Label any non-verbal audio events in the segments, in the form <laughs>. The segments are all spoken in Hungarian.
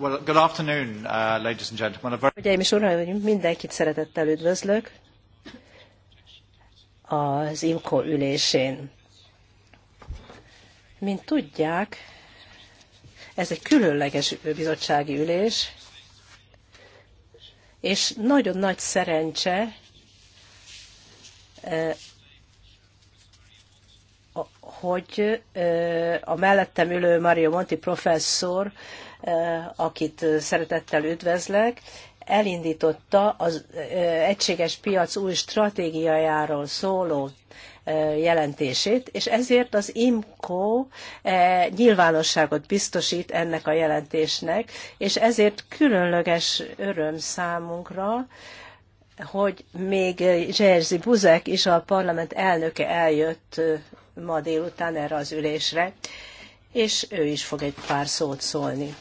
Well, good afternoon, uh, ladies and gentlemen. Hölgyeim és uraim, mindenkit szeretettel üdvözlök az IMCO ülésén. Mint tudják, ez egy különleges bizottsági ülés, és nagyon nagy szerencse hogy a mellettem ülő Mario Monti professzor, akit szeretettel üdvözlek, elindította az egységes piac új stratégiájáról szóló jelentését, és ezért az IMCO nyilvánosságot biztosít ennek a jelentésnek, és ezért különleges öröm számunkra, hogy még Jerzy Buzek is a parlament elnöke eljött ma délután erre az ülésre, és ő is fog egy pár szót szólni.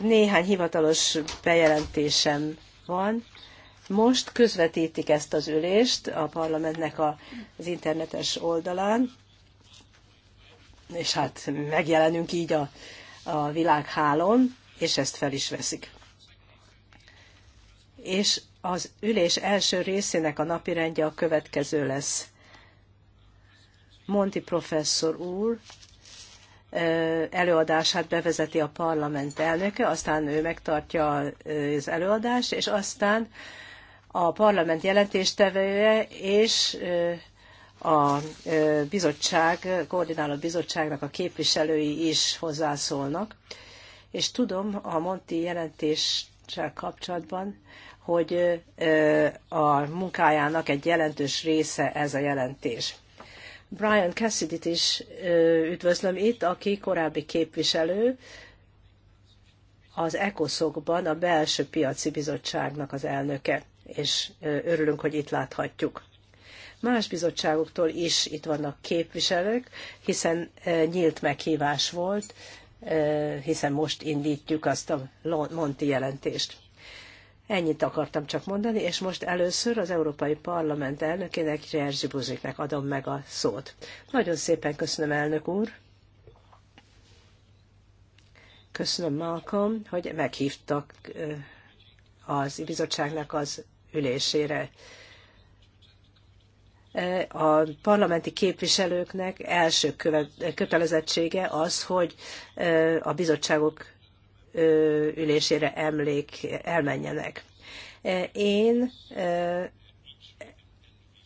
Néhány hivatalos bejelentésem van. Most közvetítik ezt az ülést a parlamentnek az internetes oldalán, és hát megjelenünk így a, a világhálón, és ezt fel is veszik. És az ülés első részének a napirendje a következő lesz. Monti professzor úr előadását bevezeti a parlament elnöke, aztán ő megtartja az előadást, és aztán a parlament jelentéstevője és a bizottság, koordináló bizottságnak a képviselői is hozzászólnak. És tudom, a Monti jelentéssel kapcsolatban hogy a munkájának egy jelentős része ez a jelentés. Brian Cassidy-t is üdvözlöm itt, aki korábbi képviselő az ECOSZOK-ban a belső piaci bizottságnak az elnöke, és örülünk, hogy itt láthatjuk. Más bizottságoktól is itt vannak képviselők, hiszen nyílt meghívás volt, hiszen most indítjuk azt a Monti jelentést. Ennyit akartam csak mondani, és most először az Európai Parlament elnökének, Jerzy Buziknek adom meg a szót. Nagyon szépen köszönöm, elnök úr! Köszönöm, Malcolm, hogy meghívtak az bizottságnak az ülésére. A parlamenti képviselőknek első követ, kötelezettsége az, hogy a bizottságok ülésére emlék, elmenjenek. E, én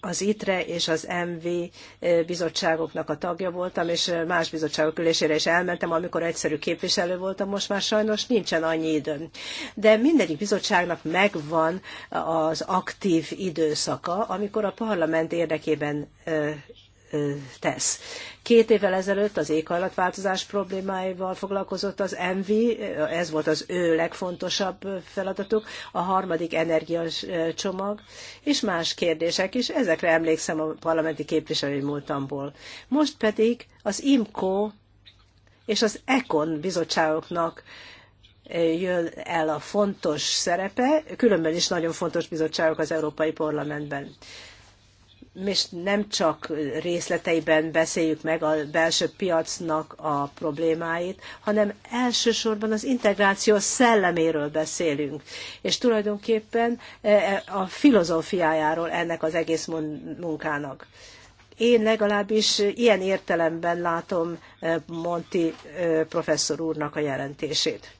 az ITRE és az MV bizottságoknak a tagja voltam, és más bizottságok ülésére is elmentem, amikor egyszerű képviselő voltam, most már sajnos nincsen annyi időm. De mindegyik bizottságnak megvan az aktív időszaka, amikor a parlament érdekében tesz. Két évvel ezelőtt az éghajlatváltozás problémáival foglalkozott az ENVI, ez volt az ő legfontosabb feladatuk, a harmadik energiacsomag, és más kérdések is, ezekre emlékszem a parlamenti képviselői múltamból. Most pedig az IMCO és az ECON bizottságoknak jön el a fontos szerepe, különben is nagyon fontos bizottságok az Európai Parlamentben és nem csak részleteiben beszéljük meg a belső piacnak a problémáit, hanem elsősorban az integráció szelleméről beszélünk, és tulajdonképpen e, e, a filozófiájáról ennek az egész munkának. Én legalábbis ilyen értelemben látom e, Monti professzor úrnak a jelentését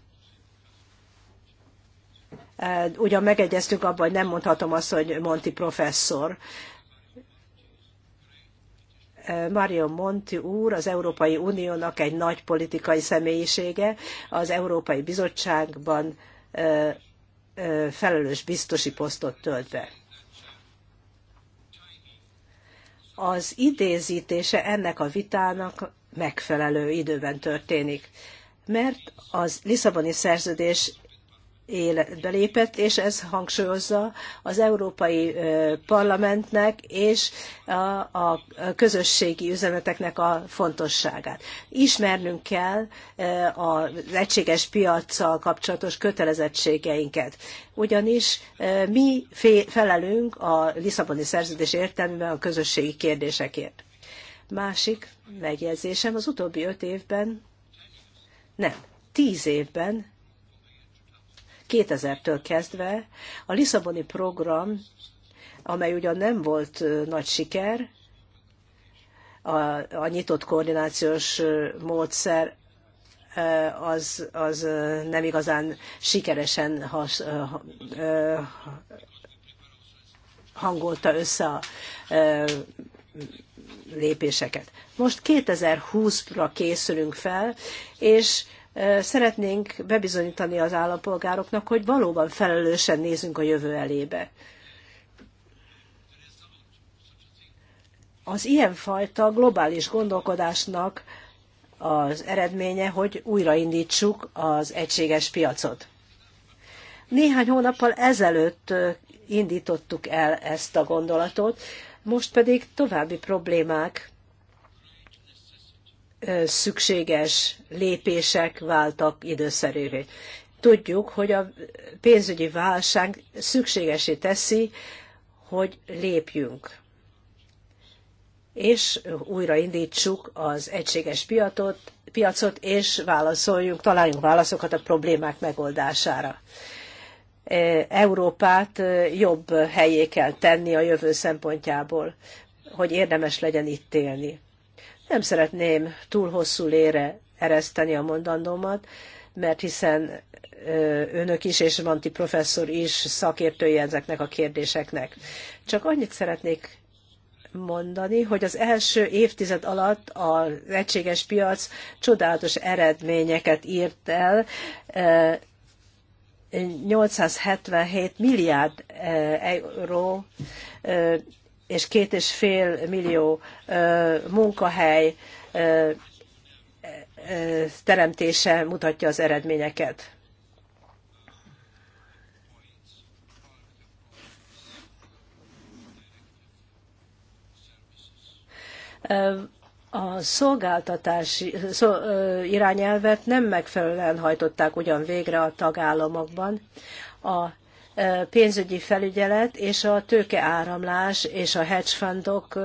ugyan megegyeztünk abban, hogy nem mondhatom azt, hogy Monti professzor, Mario Monti úr az Európai Uniónak egy nagy politikai személyisége, az Európai Bizottságban felelős biztosi posztot tölt be. Az idézítése ennek a vitának megfelelő időben történik, mert az Lisszaboni szerződés életbe lépett, és ez hangsúlyozza az Európai Parlamentnek és a közösségi üzeneteknek a fontosságát. Ismernünk kell az egységes piaccal kapcsolatos kötelezettségeinket, ugyanis mi felelünk a Lisszaboni szerződés értelmében a közösségi kérdésekért. Másik megjegyzésem az utóbbi öt évben, nem, tíz évben 2000-től kezdve a Lisszaboni program, amely ugyan nem volt nagy siker, a, a nyitott koordinációs módszer az, az nem igazán sikeresen has, hangolta össze a lépéseket. Most 2020-ra készülünk fel, és Szeretnénk bebizonyítani az állampolgároknak, hogy valóban felelősen nézünk a jövő elébe. Az ilyenfajta globális gondolkodásnak az eredménye, hogy újraindítsuk az egységes piacot. Néhány hónappal ezelőtt indítottuk el ezt a gondolatot, most pedig további problémák szükséges lépések váltak időszerűvé. Tudjuk, hogy a pénzügyi válság szükségesé teszi, hogy lépjünk és újraindítsuk az egységes piacot, piacot, és válaszoljunk, találjunk válaszokat a problémák megoldására. Európát jobb helyé kell tenni a jövő szempontjából, hogy érdemes legyen itt élni. Nem szeretném túl hosszú lére ereszteni a mondandómat, mert hiszen önök is, és Manti professzor is szakértői ezeknek a kérdéseknek. Csak annyit szeretnék mondani, hogy az első évtized alatt az egységes piac csodálatos eredményeket írt el, 877 milliárd euró és két és fél millió munkahely teremtése mutatja az eredményeket. A szolgáltatási szó, irányelvet nem megfelelően hajtották ugyan végre a tagállamokban. A pénzügyi felügyelet és a tőkeáramlás és a hedge fundok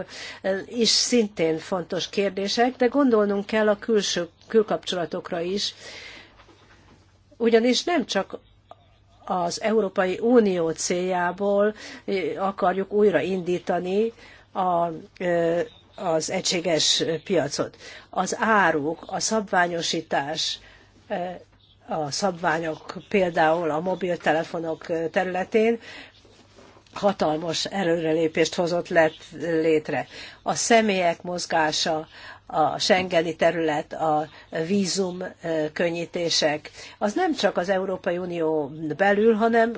is szintén fontos kérdések, de gondolnunk kell a külső külkapcsolatokra is, ugyanis nem csak az Európai Unió céljából akarjuk újraindítani a az egységes piacot. Az áruk, a szabványosítás a szabványok például a mobiltelefonok területén hatalmas előrelépést hozott lett létre. A személyek mozgása, a Schengeni terület, a vízum könnyítések, az nem csak az Európai Unió belül, hanem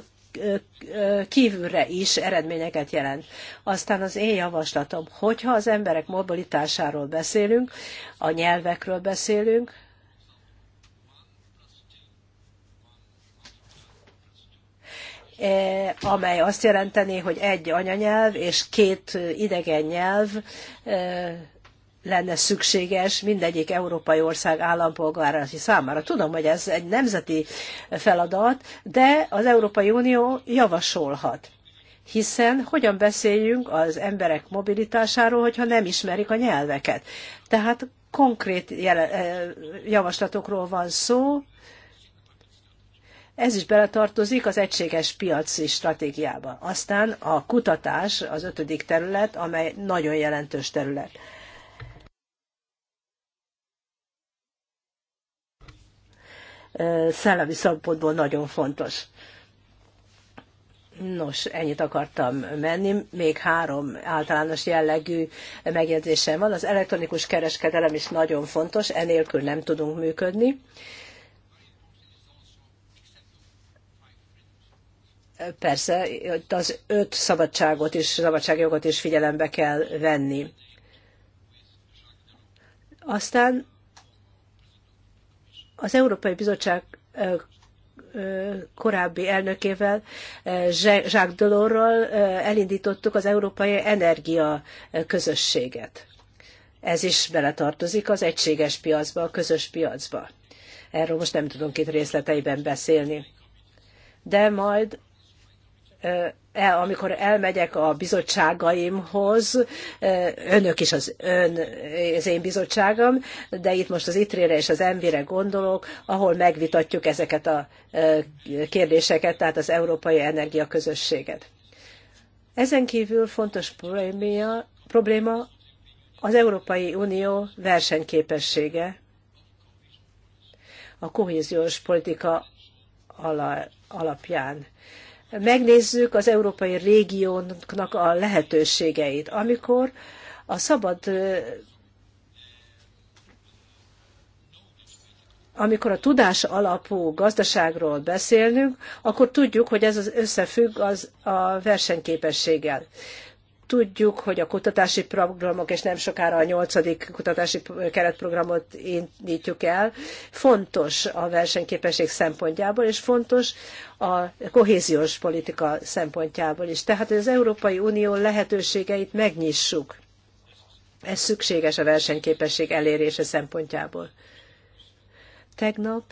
kívülre is eredményeket jelent. Aztán az én javaslatom, hogyha az emberek mobilitásáról beszélünk, a nyelvekről beszélünk, E, amely azt jelenteni, hogy egy anyanyelv és két idegen nyelv e, lenne szükséges mindegyik európai ország állampolgára számára. Tudom, hogy ez egy nemzeti feladat, de az Európai Unió javasolhat. Hiszen hogyan beszéljünk az emberek mobilitásáról, hogyha nem ismerik a nyelveket? Tehát konkrét e, javaslatokról van szó, ez is beletartozik az egységes piaci stratégiába. Aztán a kutatás az ötödik terület, amely nagyon jelentős terület. Szellemi szempontból nagyon fontos. Nos, ennyit akartam menni. Még három általános jellegű megjegyzésem van. Az elektronikus kereskedelem is nagyon fontos, enélkül nem tudunk működni. persze az öt szabadságot és szabadságjogot is figyelembe kell venni. Aztán az Európai Bizottság korábbi elnökével, Jacques Delorral elindítottuk az Európai Energia Közösséget. Ez is beletartozik az egységes piacba, a közös piacba. Erről most nem tudunk itt részleteiben beszélni. De majd el, amikor elmegyek a bizottságaimhoz, önök is az, ön, az én bizottságom, de itt most az ITRE-re és az ENVI-re gondolok, ahol megvitatjuk ezeket a kérdéseket, tehát az Európai Energia Közösséget. Ezen kívül fontos probléma, probléma az Európai Unió versenyképessége a kohéziós politika alapján megnézzük az európai régiónknak a lehetőségeit. Amikor a szabad amikor a tudás alapú gazdaságról beszélünk, akkor tudjuk, hogy ez összefügg az a versenyképességgel. Tudjuk, hogy a kutatási programok, és nem sokára a nyolcadik kutatási keretprogramot indítjuk el, fontos a versenyképesség szempontjából, és fontos a kohéziós politika szempontjából is. Tehát az Európai Unió lehetőségeit megnyissuk. Ez szükséges a versenyképesség elérése szempontjából. Tegnap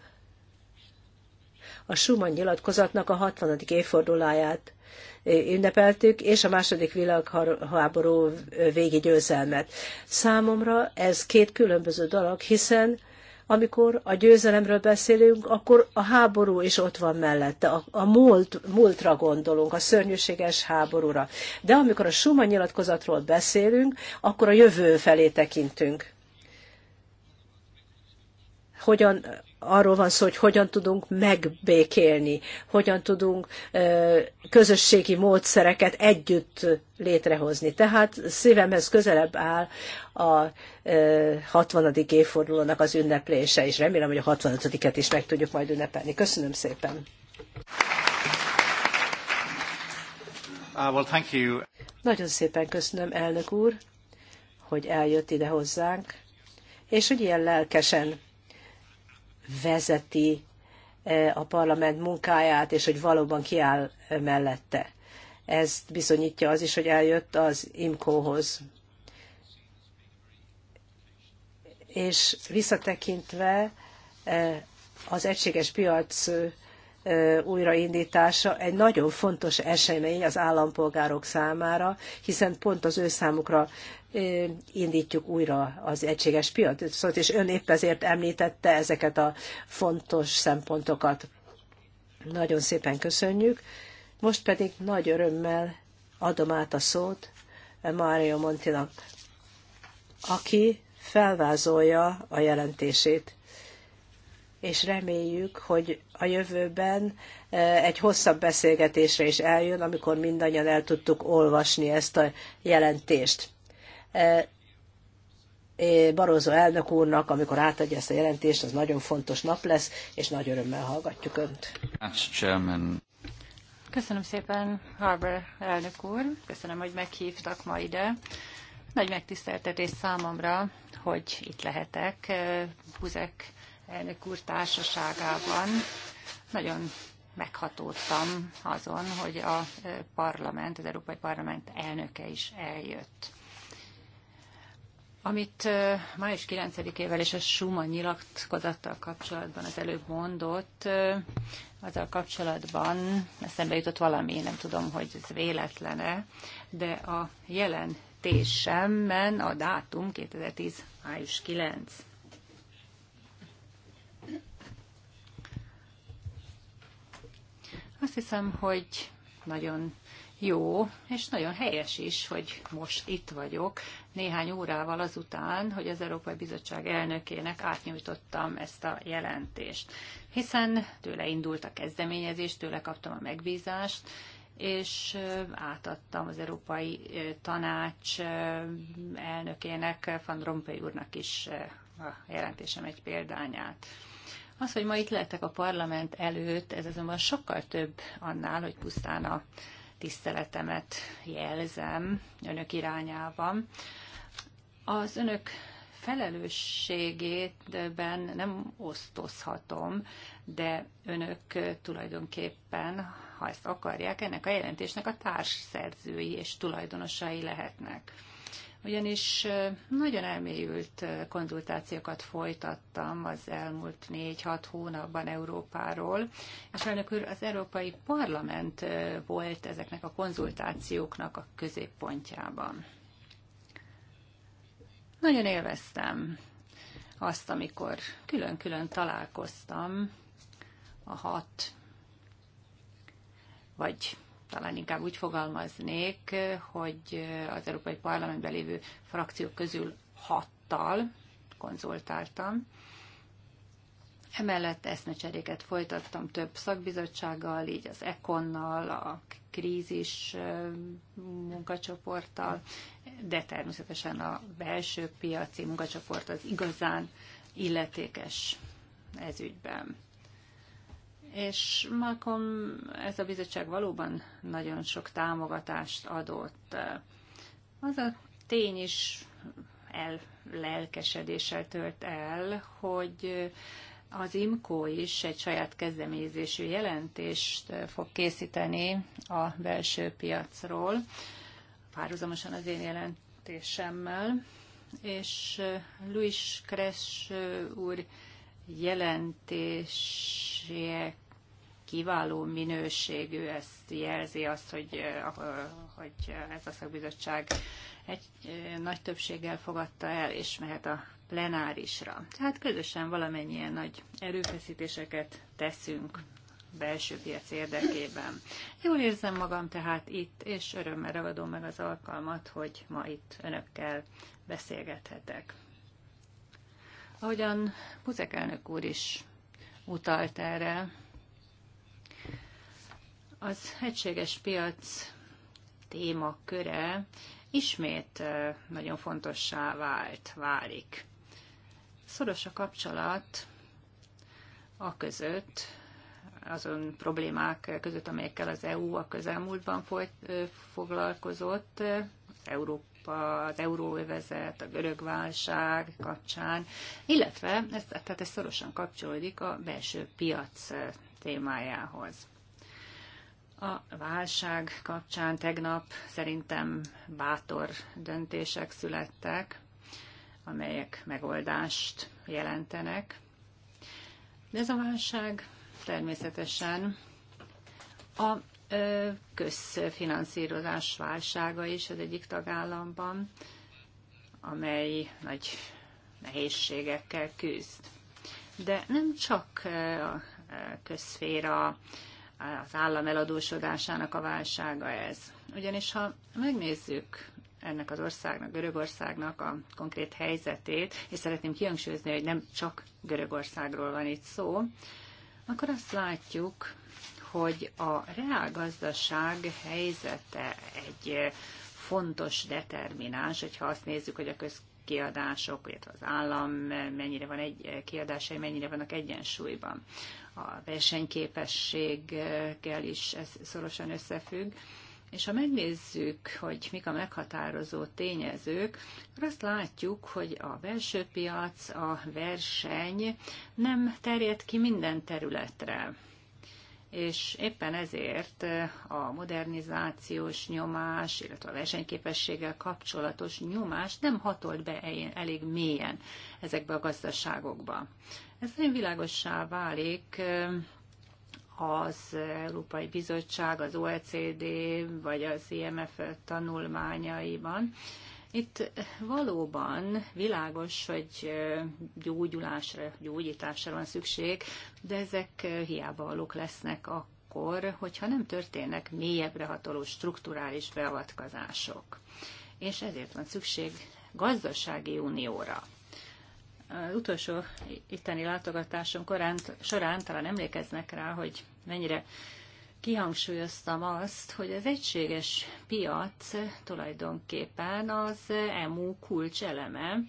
a Schumann nyilatkozatnak a 60. évfordulóját ünnepeltük, és a második világháború végi győzelmet. Számomra ez két különböző dolog, hiszen amikor a győzelemről beszélünk, akkor a háború is ott van mellette, a, a múlt, múltra gondolunk, a szörnyűséges háborúra. De amikor a Suma nyilatkozatról beszélünk, akkor a jövő felé tekintünk. Hogyan arról van szó, hogy hogyan tudunk megbékélni, hogyan tudunk közösségi módszereket együtt létrehozni. Tehát szívemhez közelebb áll a 60. évfordulónak az ünneplése, és remélem, hogy a 65-et is meg tudjuk majd ünnepelni. Köszönöm szépen! Uh, well, thank you. Nagyon szépen köszönöm, elnök úr, hogy eljött ide hozzánk, és hogy ilyen lelkesen vezeti e, a parlament munkáját, és hogy valóban kiáll mellette. Ezt bizonyítja az is, hogy eljött az IMCO-hoz. És visszatekintve e, az egységes piac e, újraindítása egy nagyon fontos esemény az állampolgárok számára, hiszen pont az ő számukra indítjuk újra az egységes piacot, szóval, és ön épp ezért említette ezeket a fontos szempontokat. Nagyon szépen köszönjük. Most pedig nagy örömmel adom át a szót Mário Montinak, aki felvázolja a jelentését és reméljük, hogy a jövőben egy hosszabb beszélgetésre is eljön, amikor mindannyian el tudtuk olvasni ezt a jelentést. E, e, Barózó elnök úrnak, amikor átadja ezt a jelentést, az nagyon fontos nap lesz, és nagy örömmel hallgatjuk Önt. Köszönöm szépen, Harbour elnök úr. Köszönöm, hogy meghívtak ma ide. Nagy megtiszteltetés számomra, hogy itt lehetek e, Buzek elnök úr társaságában. Nagyon meghatódtam azon, hogy a parlament, az Európai Parlament elnöke is eljött. Amit május 9-ével és a Suma nyilatkozattal kapcsolatban az előbb mondott, azzal kapcsolatban eszembe jutott valami, nem tudom, hogy ez véletlene, de a jelentésemben a dátum 2010. május 9. Azt hiszem, hogy nagyon jó, és nagyon helyes is, hogy most itt vagyok, néhány órával azután, hogy az Európai Bizottság elnökének átnyújtottam ezt a jelentést. Hiszen tőle indult a kezdeményezés, tőle kaptam a megbízást, és átadtam az Európai Tanács elnökének, Van Rompuy úrnak is a jelentésem egy példányát. Az, hogy ma itt lehetek a parlament előtt, ez azonban sokkal több annál, hogy pusztán a tiszteletemet jelzem önök irányában. Az önök ben nem osztozhatom, de önök tulajdonképpen, ha ezt akarják, ennek a jelentésnek a társszerzői és tulajdonosai lehetnek ugyanis nagyon elmélyült konzultációkat folytattam az elmúlt négy-hat hónapban Európáról, és elnök úr, az Európai Parlament volt ezeknek a konzultációknak a középpontjában. Nagyon élveztem azt, amikor külön-külön találkoztam a hat vagy talán inkább úgy fogalmaznék, hogy az Európai Parlamentben lévő frakciók közül hattal konzultáltam. Emellett eszmecseréket folytattam több szakbizottsággal, így az Econnal, a krízis munkacsoporttal, de természetesen a belső piaci munkacsoport az igazán illetékes ez ügyben. És Malcolm, ez a bizottság valóban nagyon sok támogatást adott. Az a tény is el lelkesedéssel tölt el, hogy az IMCO is egy saját kezdeményezésű jelentést fog készíteni a belső piacról, párhuzamosan az én jelentésemmel, és Luis Kress úr jelentések kiváló minőségű, ezt jelzi azt, hogy, hogy ez a szakbizottság egy nagy többséggel fogadta el, és mehet a plenárisra. Tehát közösen valamennyien nagy erőfeszítéseket teszünk belső piac érdekében. Jól érzem magam tehát itt, és örömmel ragadom meg az alkalmat, hogy ma itt önökkel beszélgethetek. Ahogyan Puzek elnök úr is utalt erre, az egységes piac témaköre ismét nagyon fontossá vált, válik. Szoros a kapcsolat a között, azon problémák között, amelyekkel az EU a közelmúltban folyt, foglalkozott, az Európa, az euróövezet, a görög válság kapcsán, illetve ez, tehát ez szorosan kapcsolódik a belső piac témájához. A válság kapcsán tegnap szerintem bátor döntések születtek, amelyek megoldást jelentenek. De ez a válság természetesen a közfinanszírozás válsága is az egyik tagállamban, amely nagy nehézségekkel küzd. De nem csak a közféra az állam eladósodásának a válsága ez. Ugyanis ha megnézzük ennek az országnak, Görögországnak a konkrét helyzetét, és szeretném kihangsúlyozni, hogy nem csak Görögországról van itt szó, akkor azt látjuk, hogy a reálgazdaság helyzete egy fontos determináns, hogyha azt nézzük, hogy a közkiadások, illetve az állam mennyire van egy kiadásai, mennyire vannak egyensúlyban a versenyképességgel is ez szorosan összefügg. És ha megnézzük, hogy mik a meghatározó tényezők, akkor azt látjuk, hogy a belső piac, a verseny nem terjed ki minden területre. És éppen ezért a modernizációs nyomás, illetve a versenyképességgel kapcsolatos nyomás nem hatolt be elég mélyen ezekbe a gazdaságokba. Ez nagyon világossá válik az Európai Bizottság, az OECD vagy az IMF tanulmányaiban. Itt valóban világos, hogy gyógyulásra, gyógyításra van szükség, de ezek hiába valók lesznek akkor, hogyha nem történnek mélyebbre hatoló strukturális beavatkozások. És ezért van szükség gazdasági unióra az utolsó itteni látogatásom korán, során talán emlékeznek rá, hogy mennyire kihangsúlyoztam azt, hogy az egységes piac tulajdonképpen az EMU kulcseleme,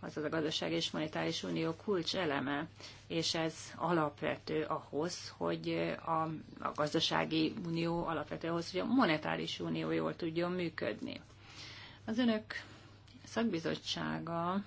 azaz a gazdaság és monetáris unió kulcseleme, és ez alapvető ahhoz, hogy a, a gazdasági unió alapvető ahhoz, hogy a monetáris unió jól tudjon működni. Az önök szakbizottsága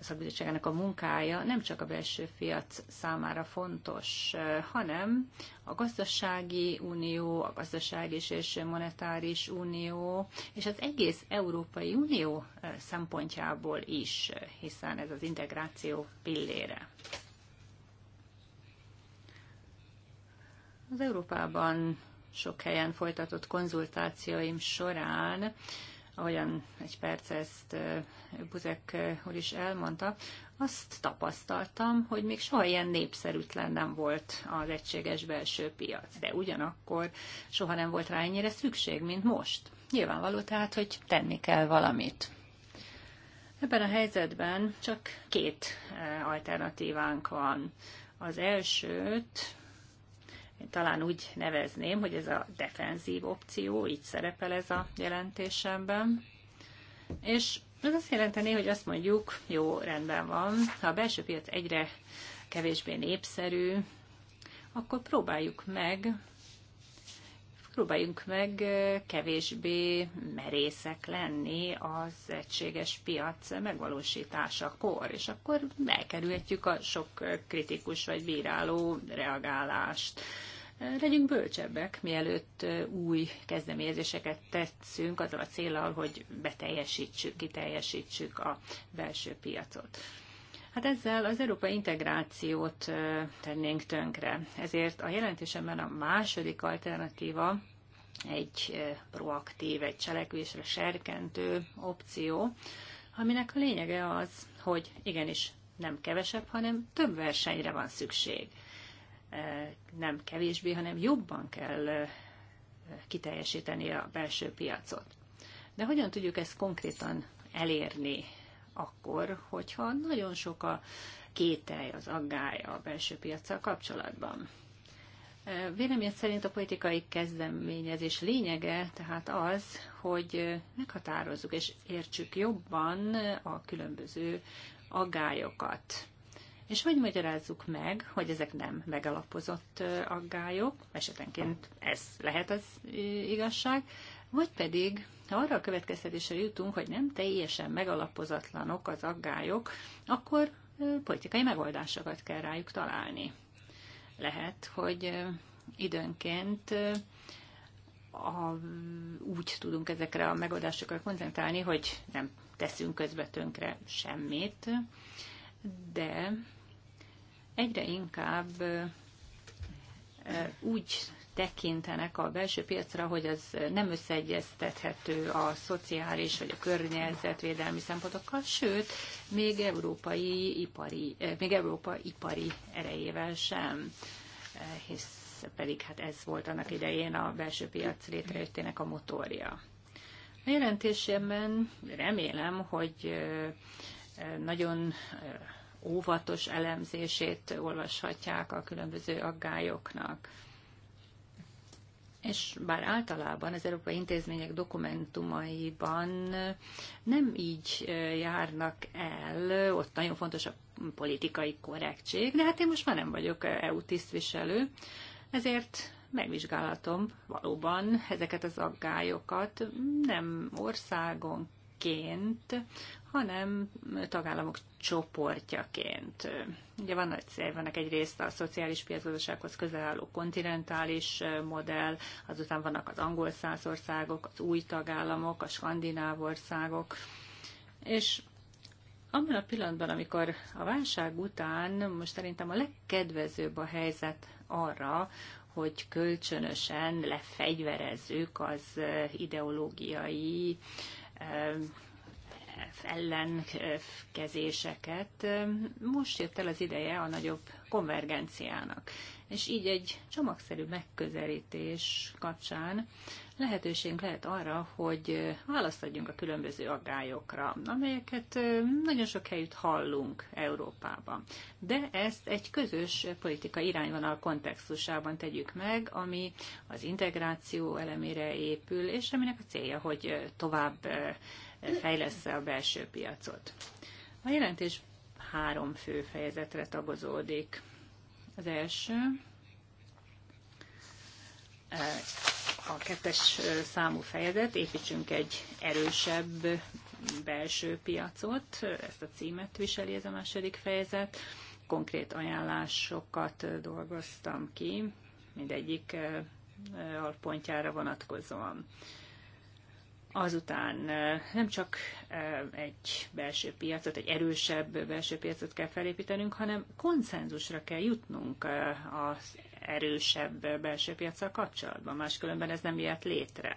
szakbizottságának a munkája nem csak a belső piac számára fontos, hanem a gazdasági unió, a gazdaság és monetáris unió, és az egész Európai Unió eh, szempontjából is, hiszen ez az integráció pillére. Az Európában sok helyen folytatott konzultációim során ahogyan egy perc ezt Buzek úr is elmondta, azt tapasztaltam, hogy még soha ilyen népszerűtlen nem volt az egységes belső piac, de ugyanakkor soha nem volt rá ennyire szükség, mint most. Nyilvánvaló tehát, hogy tenni kell valamit. Ebben a helyzetben csak két alternatívánk van. Az elsőt én talán úgy nevezném, hogy ez a defenzív opció, így szerepel ez a jelentésemben. És ez azt jelenteni, hogy azt mondjuk, jó, rendben van, ha a belső piac egyre kevésbé népszerű, akkor próbáljuk meg próbáljunk meg kevésbé merészek lenni az egységes piac megvalósításakor, és akkor elkerülhetjük a sok kritikus vagy bíráló reagálást. Legyünk bölcsebbek, mielőtt új kezdeményezéseket tetszünk, azzal a célral, hogy beteljesítsük, kiteljesítsük a belső piacot. Hát ezzel az európai integrációt tennénk tönkre. Ezért a jelentésemben a második alternatíva egy proaktív, egy cselekvésre serkentő opció, aminek a lényege az, hogy igenis nem kevesebb, hanem több versenyre van szükség. Nem kevésbé, hanem jobban kell kiteljesíteni a belső piacot. De hogyan tudjuk ezt konkrétan elérni, akkor, hogyha nagyon sok a kételj, az aggály a belső piacsal kapcsolatban. Véleményem szerint a politikai kezdeményezés lényege tehát az, hogy meghatározzuk és értsük jobban a különböző aggályokat. És hogy magyarázzuk meg, hogy ezek nem megalapozott aggályok, esetenként ez lehet az igazság, vagy pedig ha arra a következtetésre jutunk, hogy nem teljesen megalapozatlanok az aggályok, akkor politikai megoldásokat kell rájuk találni. Lehet, hogy időnként a, úgy tudunk ezekre a megoldásokra koncentrálni, hogy nem teszünk közvetőnkre semmit, de egyre inkább úgy tekintenek a belső piacra, hogy az nem összeegyeztethető a szociális vagy a környezetvédelmi szempontokkal, sőt, még európai ipari, még Európa ipari erejével sem, hisz pedig hát ez volt annak idején a belső piac létrejöttének a motorja. A jelentésében remélem, hogy nagyon óvatos elemzését olvashatják a különböző aggályoknak és bár általában az európai intézmények dokumentumaiban nem így járnak el, ott nagyon fontos a politikai korrektség, de hát én most már nem vagyok EU tisztviselő, ezért megvizsgálhatom valóban ezeket az aggályokat, nem országon ként, hanem tagállamok csoportjaként. Ugye van nagy vannak egyrészt a szociális piacgazdasághoz közel álló kontinentális eh, modell, azután vannak az angol százországok, az új tagállamok, a skandináv országok, és abban a pillanatban, amikor a válság után most szerintem a legkedvezőbb a helyzet arra, hogy kölcsönösen lefegyverezzük az eh, ideológiai ellenkezéseket. Most jött el az ideje a nagyobb konvergenciának és így egy csomagszerű megközelítés kapcsán lehetőségünk lehet arra, hogy választ adjunk a különböző aggályokra, amelyeket nagyon sok helyütt hallunk Európában. De ezt egy közös politika irányvonal kontextusában tegyük meg, ami az integráció elemére épül, és aminek a célja, hogy tovább fejlesz a belső piacot. A jelentés három fő fejezetre tagozódik. Az első e, a kettes e, számú fejezet, építsünk egy erősebb belső piacot, ezt a címet viseli ez a második fejezet. Konkrét ajánlásokat e, dolgoztam ki, mindegyik alpontjára vonatkozóan azután nem csak egy belső piacot, egy erősebb belső piacot kell felépítenünk, hanem konszenzusra kell jutnunk az erősebb belső piacsal kapcsolatban, máskülönben ez nem jöhet létre.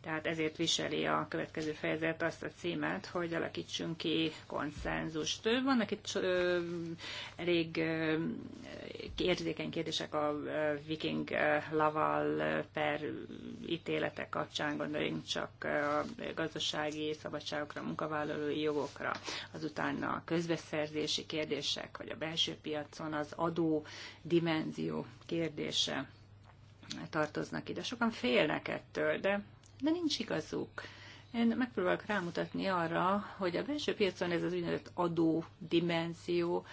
Tehát ezért viseli a következő fejezet azt a címet, hogy alakítsunk ki konszenzust. Vannak itt ö, elég ö, érzékeny kérdések a ö, viking laval per ítéletek kapcsán, gondoljunk csak a gazdasági szabadságokra, munkavállalói jogokra, azután a közbeszerzési kérdések, vagy a belső piacon az adó dimenzió kérdése tartoznak ide. Sokan félnek ettől, de de nincs igazuk. Én megpróbálok rámutatni arra, hogy a belső piacon ez az úgynevezett adó dimenzió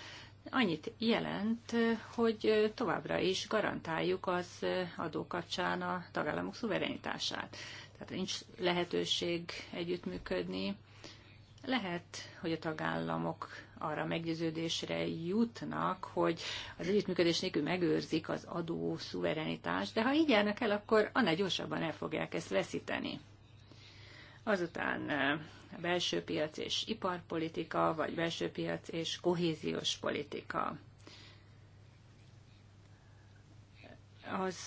annyit jelent, hogy továbbra is garantáljuk az adó kapcsán a tagállamok szuverenitását. Tehát nincs lehetőség együttműködni. Lehet, hogy a tagállamok arra meggyőződésre jutnak, hogy az együttműködés nélkül megőrzik az adó szuverenitást, de ha így járnak el, akkor annál gyorsabban el fogják ezt veszíteni. Azután a belső piac és iparpolitika, vagy belső piac és kohéziós politika. Az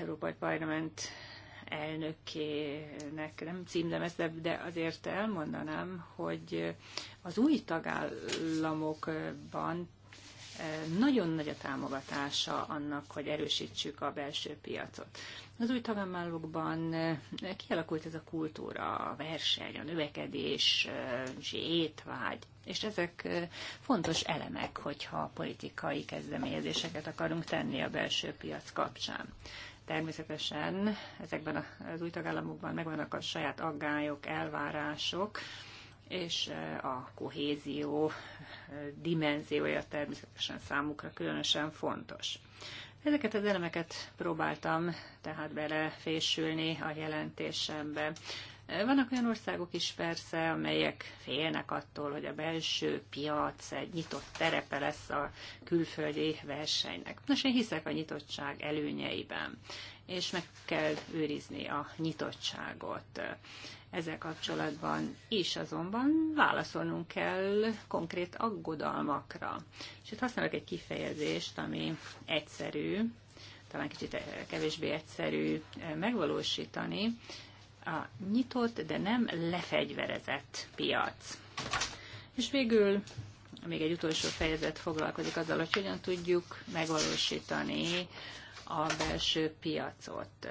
Európai Parlament elnökének nem címzem ezt, de azért elmondanám, hogy az új tagállamokban eh, nagyon nagy a támogatása annak, hogy erősítsük a belső piacot. Az új tagállamokban eh, kialakult ez a kultúra, a verseny, a növekedés és eh, étvágy, és ezek fontos elemek, hogyha politikai kezdeményezéseket akarunk tenni a belső piac kapcsán. Természetesen ezekben az új tagállamokban megvannak a saját aggályok, elvárások, és eh, a kohézió eh, dimenziója természetesen számukra különösen fontos. Ezeket az elemeket próbáltam tehát belefésülni a jelentésembe. Vannak olyan országok is persze, amelyek félnek attól, hogy a belső piac egy nyitott terepe lesz a külföldi versenynek. Nos, én hiszek a nyitottság előnyeiben, és meg kell őrizni a nyitottságot. Ezzel kapcsolatban is azonban válaszolnunk kell konkrét aggodalmakra. És itt használok egy kifejezést, ami egyszerű, talán kicsit kevésbé egyszerű megvalósítani, a nyitott, de nem lefegyverezett piac. És végül még egy utolsó fejezet foglalkozik azzal, hogy hogyan tudjuk megvalósítani a belső piacot,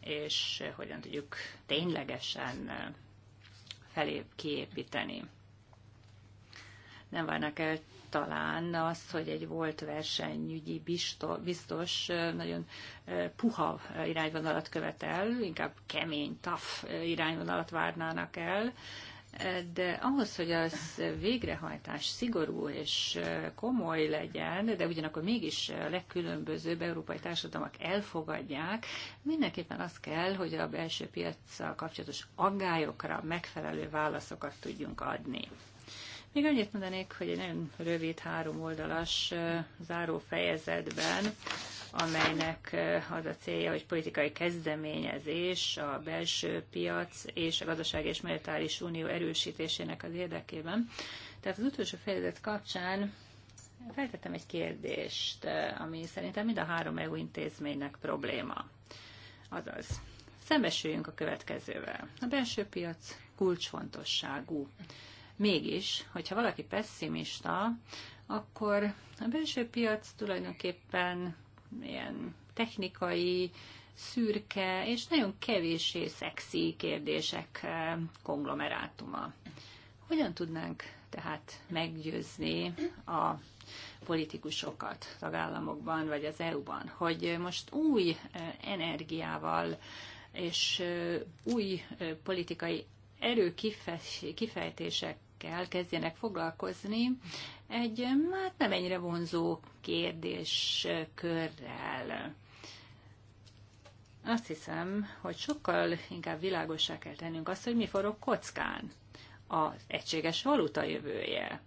és hogyan tudjuk ténylegesen felép kiépíteni. Nem várnak el talán az, hogy egy volt versenyügyi biztos nagyon puha irányvonalat követel, inkább kemény, taf irányvonalat várnának el, de ahhoz, hogy az végrehajtás szigorú és komoly legyen, de ugyanakkor mégis a legkülönbözőbb európai társadalmak elfogadják, mindenképpen az kell, hogy a belső piacsal kapcsolatos aggályokra megfelelő válaszokat tudjunk adni. Még annyit mondanék, hogy egy nagyon rövid három oldalas záró amelynek az a célja, hogy politikai kezdeményezés a belső piac és a gazdaság és monetáris unió erősítésének az érdekében. Tehát az utolsó fejezet kapcsán feltettem egy kérdést, ami szerintem mind a három EU intézménynek probléma. Azaz, szembesüljünk a következővel. A belső piac kulcsfontosságú Mégis, hogyha valaki pessimista, akkor a belső piac tulajdonképpen ilyen technikai, szürke és nagyon kevéssé szexi kérdések eh, konglomerátuma. Hogyan tudnánk tehát meggyőzni a politikusokat tagállamokban vagy az EU-ban, hogy most új eh, energiával és eh, új politikai erő kifejtések kell kezdjenek foglalkozni egy hát nem ennyire vonzó kérdéskörrel. Azt hiszem, hogy sokkal inkább világosá kell tennünk azt, hogy mi forog kockán az egységes valuta jövője,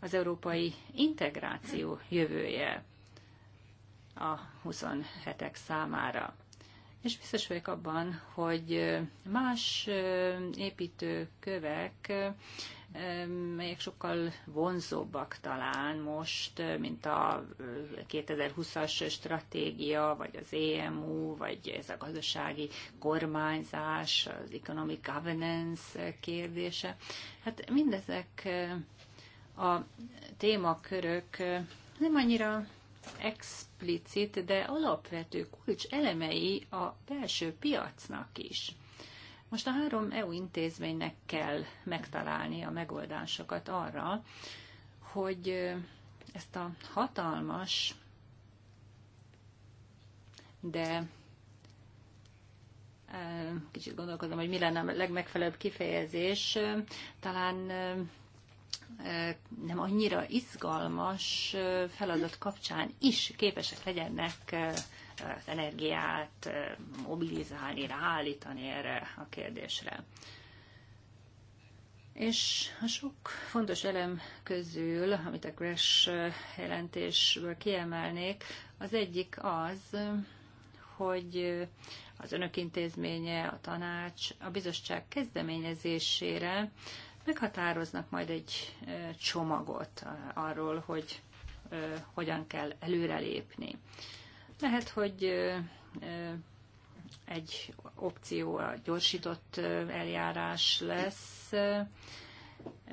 az európai integráció jövője a 27-ek számára. És biztos vagyok abban, hogy más építőkövek melyek sokkal vonzóbbak talán most, eh, mint a 2020-as eh, stratégia, vagy az EMU, vagy ez a gazdasági kormányzás, az economic governance kérdése. Hát mindezek eh, a témakörök nem annyira explicit, de alapvető kulcs elemei a belső piacnak is. Most a három EU intézménynek kell megtalálni a megoldásokat arra, hogy ezt a hatalmas, de kicsit gondolkozom, hogy mi lenne a legmegfelelőbb kifejezés, talán nem annyira izgalmas feladat kapcsán is képesek legyenek az energiát mobilizálni, ráállítani erre a kérdésre. És a sok fontos elem közül, amit a crash jelentésből kiemelnék, az egyik az, hogy az önök intézménye, a tanács, a bizottság kezdeményezésére meghatároznak majd egy csomagot arról, hogy hogyan kell előrelépni. Lehet, hogy egy opció a gyorsított eljárás lesz,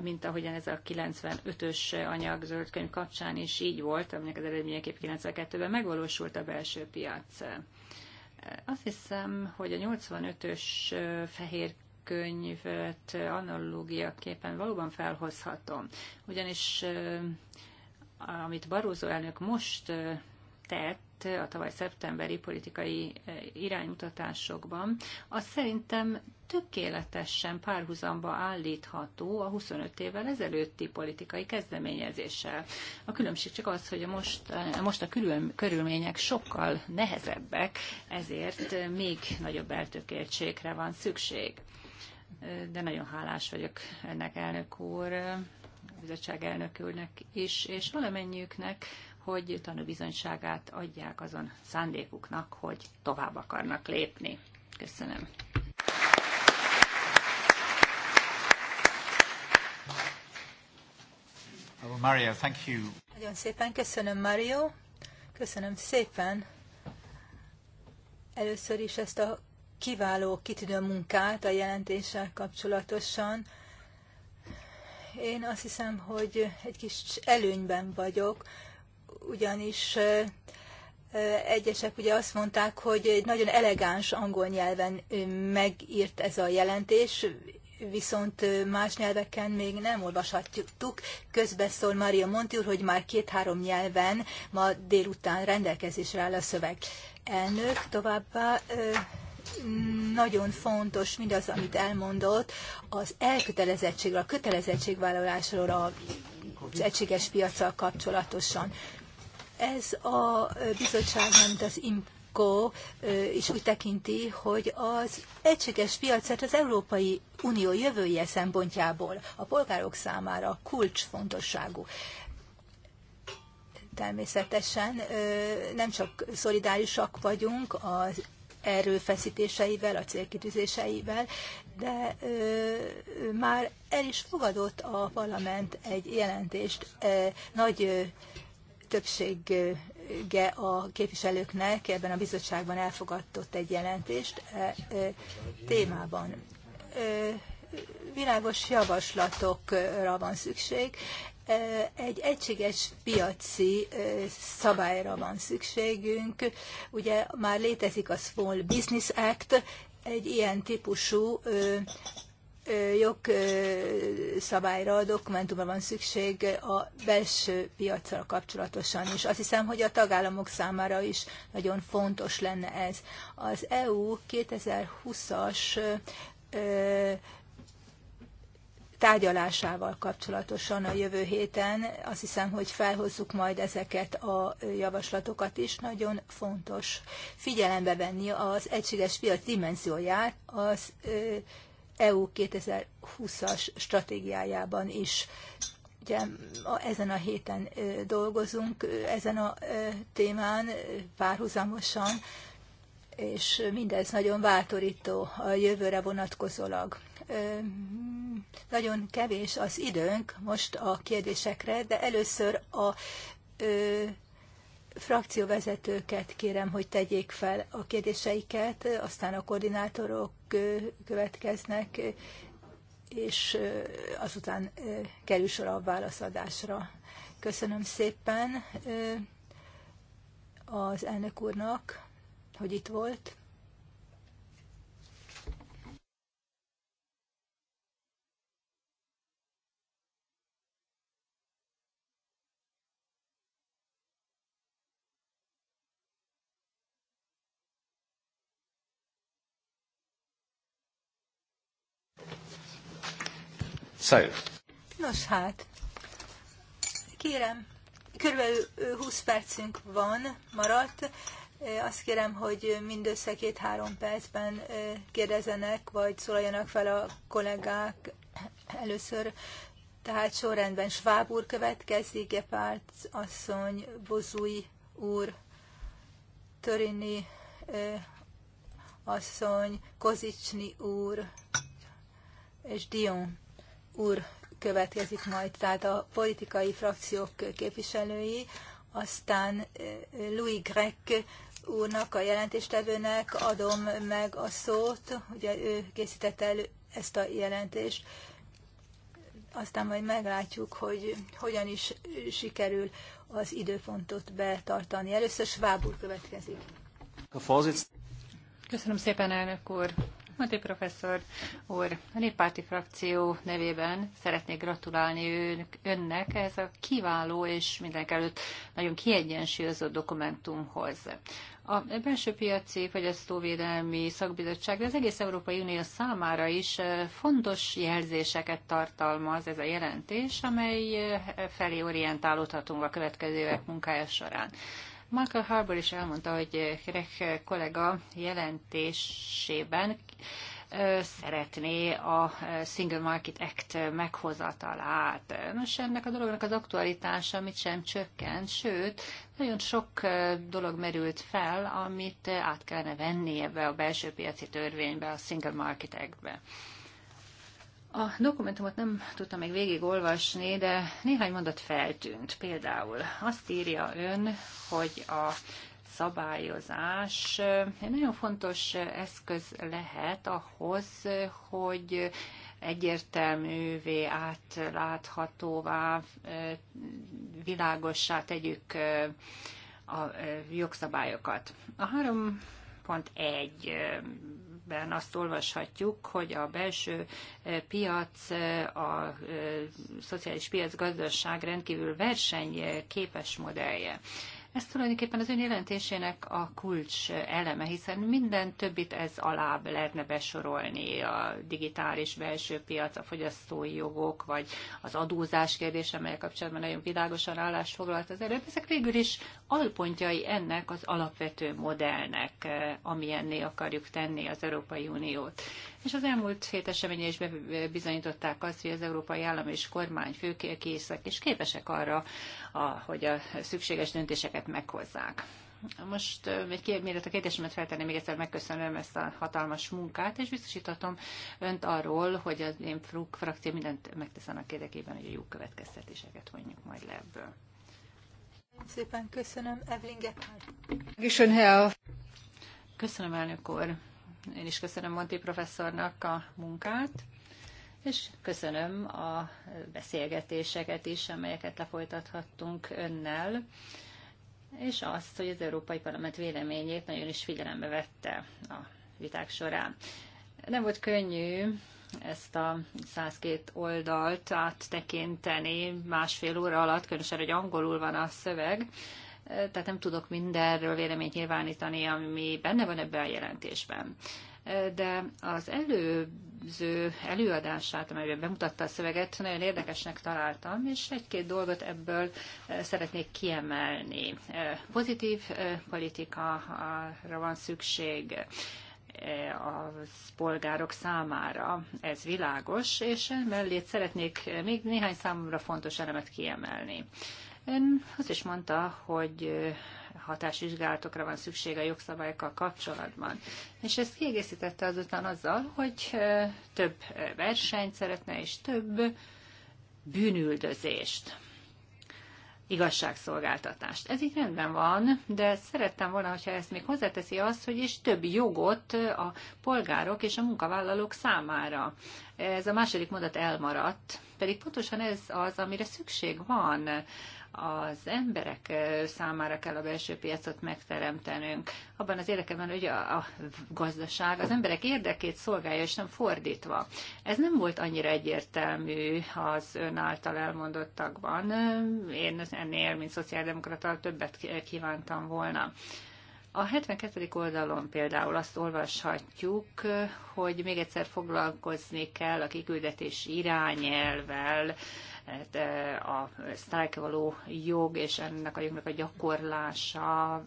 mint ahogyan ez a 95-ös anyag zöldkönyv kapcsán is így volt, aminek az eredményeképp 92-ben megvalósult a belső piac. Azt hiszem, hogy a 85-ös fehér könyvet analógiaképpen valóban felhozhatom. Ugyanis amit Barózó elnök most tett, a tavaly szeptemberi politikai eh, iránymutatásokban, az szerintem tökéletesen párhuzamba állítható a 25 évvel ezelőtti politikai kezdeményezéssel. A különbség csak az, hogy most, eh, most a külön, körülmények sokkal nehezebbek, ezért eh, még nagyobb eltökéltségre van szükség. De nagyon hálás vagyok ennek elnök úr, bizottság elnök úrnak is, és valamennyiüknek, hogy tanúbizonyságát adják azon szándékuknak, hogy tovább akarnak lépni. Köszönöm. Oh, Mario, thank you. Nagyon szépen köszönöm, Mario. Köszönöm szépen. Először is ezt a kiváló, kitűnő munkát a jelentéssel kapcsolatosan. Én azt hiszem, hogy egy kis előnyben vagyok, ugyanis egyesek ugye azt mondták, hogy egy nagyon elegáns angol nyelven megírt ez a jelentés, viszont más nyelveken még nem olvashatjuk. Közbeszól Maria Monti úr, hogy már két-három nyelven ma délután rendelkezésre áll a szöveg. Elnök továbbá nagyon fontos mindaz, amit elmondott, az elkötelezettségről, a kötelezettségvállalásról a az egységes piacsal kapcsolatosan. Ez a bizottság, mint az IMCO is úgy tekinti, hogy az egységes piacet az Európai Unió jövője szempontjából a polgárok számára kulcsfontosságú természetesen nem csak szolidárisak vagyunk az erőfeszítéseivel, a célkitűzéseivel, de már el is fogadott a parlament egy jelentést nagy többsége a képviselőknek ebben a bizottságban elfogadott egy jelentést e, e, témában. E, világos javaslatokra van szükség, egy egységes piaci szabályra van szükségünk. Ugye már létezik a Small Business Act, egy ilyen típusú jogszabályra, dokumentumra van szükség a belső piacra kapcsolatosan is. Azt hiszem, hogy a tagállamok számára is nagyon fontos lenne ez. Az EU 2020-as tárgyalásával kapcsolatosan a jövő héten. Azt hiszem, hogy felhozzuk majd ezeket a javaslatokat is. Nagyon fontos figyelembe venni az egységes piac dimenzióját az EU 2020-as stratégiájában is. Ugye ezen a héten dolgozunk ezen a témán párhuzamosan, és mindez nagyon bátorító a jövőre vonatkozólag. Nagyon kevés az időnk most a kérdésekre, de először a frakcióvezetőket kérem, hogy tegyék fel a kérdéseiket, aztán a koordinátorok következnek, és azután kerül sor a válaszadásra. Köszönöm szépen az elnök úrnak, hogy itt volt. Nos hát, kérem, körülbelül 20 percünk van, maradt. Azt kérem, hogy mindössze két-három percben kérdezenek, vagy szólaljanak fel a kollégák először. Tehát sorrendben Schwab úr következik, Gepárt asszony, Bozúj úr, Törini asszony, Kozicsni úr és Dion úr következik majd, tehát a politikai frakciók képviselői, aztán eh, Louis Grec úrnak, a jelentéstevőnek adom meg a szót, ugye ő készítette elő ezt a jelentést, aztán majd meglátjuk, hogy hogyan is sikerül az időpontot betartani. Először Schwab úr következik. Köszönöm szépen, elnök úr. Monti professzor úr, a néppárti frakció nevében szeretnék gratulálni önnek ez a kiváló és mindenek előtt nagyon kiegyensúlyozott dokumentumhoz. A belső piaci fogyasztóvédelmi szakbizottság, de az egész Európai Unió számára is eh, fontos jelzéseket tartalmaz ez a jelentés, amely eh, felé orientálódhatunk a következő évek munkája során. Michael Harbour is elmondta, hogy Greg kollega jelentésében szeretné a Single Market Act meghozatalát. Most ennek a dolognak az aktualitása mit sem csökkent, sőt, nagyon sok dolog merült fel, amit át kellene venni ebbe a belső piaci törvénybe, a Single Market Actbe. A dokumentumot nem tudtam még végigolvasni, de néhány mondat feltűnt. Például azt írja ön, hogy a szabályozás egy nagyon fontos eszköz lehet ahhoz, hogy egyértelművé, átláthatóvá, világossá tegyük a jogszabályokat. A 3.1 amelyekben azt olvashatjuk, hogy a belső e, piac, e, a e, szociális piac gazdaság rendkívül versenyképes modellje. Ez tulajdonképpen az ön jelentésének a kulcs eleme, hiszen minden többit ez alá lehetne besorolni, a digitális belső piac, a fogyasztói jogok, vagy az adózás kérdése, amelyek kapcsolatban nagyon világosan állásfoglalt foglalt az előbb. Ezek végül is alpontjai ennek az alapvető modellnek, eh, amilyenné akarjuk tenni az Európai Uniót. És az elmúlt hét eseménye is bizonyították azt, hogy az európai állam és kormány főkészek és képesek arra, hogy a szükséges döntéseket meghozzák. Most még eh, mielőtt a kérdésemet feltenném, még egyszer megköszönöm ezt a hatalmas munkát, és biztosítatom önt arról, hogy az én frakció mindent megtesz annak érdekében, hogy a jó következtetéseket vonjuk majd le ebből. Szépen köszönöm, Evelyn Köszönöm, elnök úr. Én is köszönöm Monti professzornak a munkát, és köszönöm a beszélgetéseket is, amelyeket lefolytathattunk önnel, és azt, hogy az Európai Parlament véleményét nagyon is figyelembe vette a viták során. Nem volt könnyű ezt a 102 oldalt áttekinteni másfél óra alatt, különösen, hogy angolul van a szöveg, tehát nem tudok mindenről véleményt nyilvánítani, ami benne van ebben a jelentésben. De az előző előadását, amelyben bemutatta a szöveget, nagyon érdekesnek találtam, és egy-két dolgot ebből szeretnék kiemelni. Pozitív politikára van szükség a polgárok számára. Ez világos, és mellé szeretnék még néhány számomra fontos elemet kiemelni. Ön azt is mondta, hogy hatásvizsgálatokra van szükség a jogszabályokkal kapcsolatban. És ezt kiegészítette azután azzal, hogy több versenyt szeretne, és több bűnüldözést igazságszolgáltatást. Ez így rendben van, de szerettem volna, hogyha ezt még hozzáteszi azt, hogy is több jogot a polgárok és a munkavállalók számára. Ez a második mondat elmaradt, pedig pontosan ez az, amire szükség van az emberek számára kell a belső piacot megteremtenünk. Abban az érdekében, hogy a, a gazdaság az emberek érdekét szolgálja, és nem fordítva. Ez nem volt annyira egyértelmű az ön által elmondottakban. Én ennél, mint szociáldemokrata, többet kívántam volna. A 72. oldalon például azt olvashatjuk, hogy még egyszer foglalkozni kell a kiküldetés irányelvel, Hát, a sztrájkra való jog és ennek a jognak a gyakorlása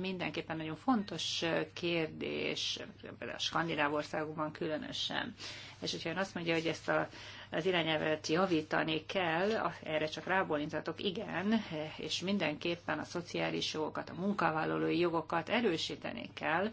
mindenképpen nagyon fontos kérdés, a skandináv országokban különösen. És hogyha ön azt mondja, hogy ezt a, az irányelvet javítani kell, erre csak rábólintatok, igen, és mindenképpen a szociális jogokat, a munkavállalói jogokat erősíteni kell,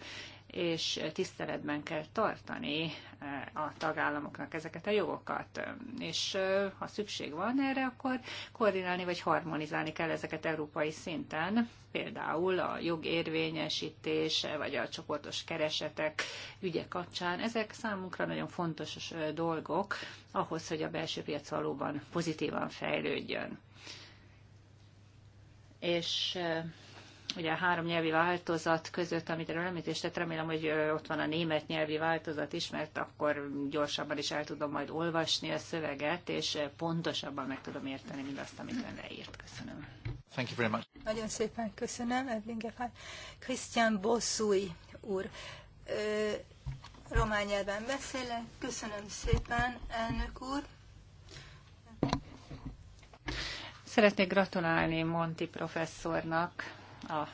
és tiszteletben kell tartani eh, a tagállamoknak ezeket a jogokat. És eh, ha szükség van erre, akkor koordinálni vagy harmonizálni kell ezeket európai szinten, például a jogérvényesítés vagy a csoportos keresetek ügye kapcsán. Ezek számunkra nagyon fontos eh, dolgok ahhoz, hogy a belső piac valóban pozitívan fejlődjön. És ugye a három nyelvi változat között, amit erről említést tett, remélem, hogy ott van a német nyelvi változat is, mert akkor gyorsabban is el tudom majd olvasni a szöveget, és pontosabban meg tudom érteni mindazt, amit ön leírt. Köszönöm. Thank you very much. Nagyon szépen köszönöm, Edlingefán. Christian Bosszúj úr, román nyelven beszélek. Köszönöm szépen, elnök úr. Szeretnék gratulálni Monti professzornak az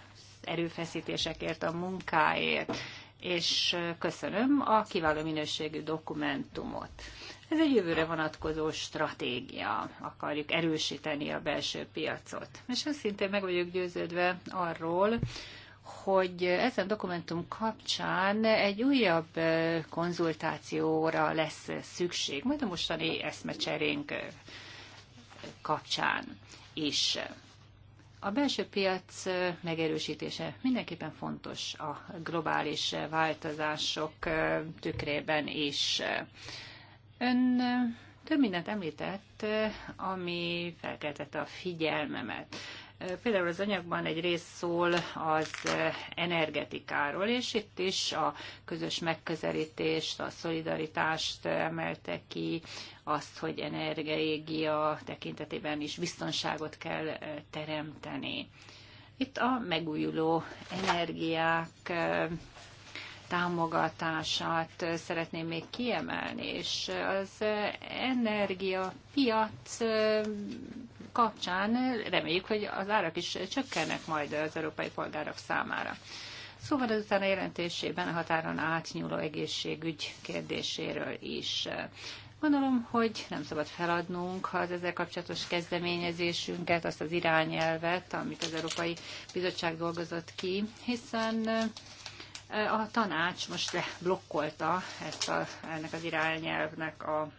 erőfeszítésekért, a munkáért, és köszönöm a kiváló minőségű dokumentumot. Ez egy jövőre vonatkozó stratégia. Akarjuk erősíteni a belső piacot. És szintén meg vagyok győződve arról, hogy ezen dokumentum kapcsán egy újabb konzultációra lesz szükség, majd a mostani eszmecserénk kapcsán is. A belső piac megerősítése mindenképpen fontos a globális változások tükrében is. Ön több mindent említett, ami felkeltette a figyelmemet. Például az anyagban egy rész szól az eh, energetikáról, és itt is a közös megközelítést, a szolidaritást emelte ki, azt, hogy energia tekintetében is biztonságot kell eh, teremteni. Itt a megújuló energiák eh, támogatását szeretném még kiemelni, és az energiapiac kapcsán reméljük, hogy az árak is csökkennek majd az európai polgárok számára. Szóval ezután a jelentésében a határon átnyúló egészségügy kérdéséről is. Gondolom, hogy nem szabad feladnunk az ezzel kapcsolatos kezdeményezésünket, azt az irányelvet, amit az Európai Bizottság dolgozott ki, hiszen eh, a tanács most leblokkolta ezt a, ennek az irányelvnek a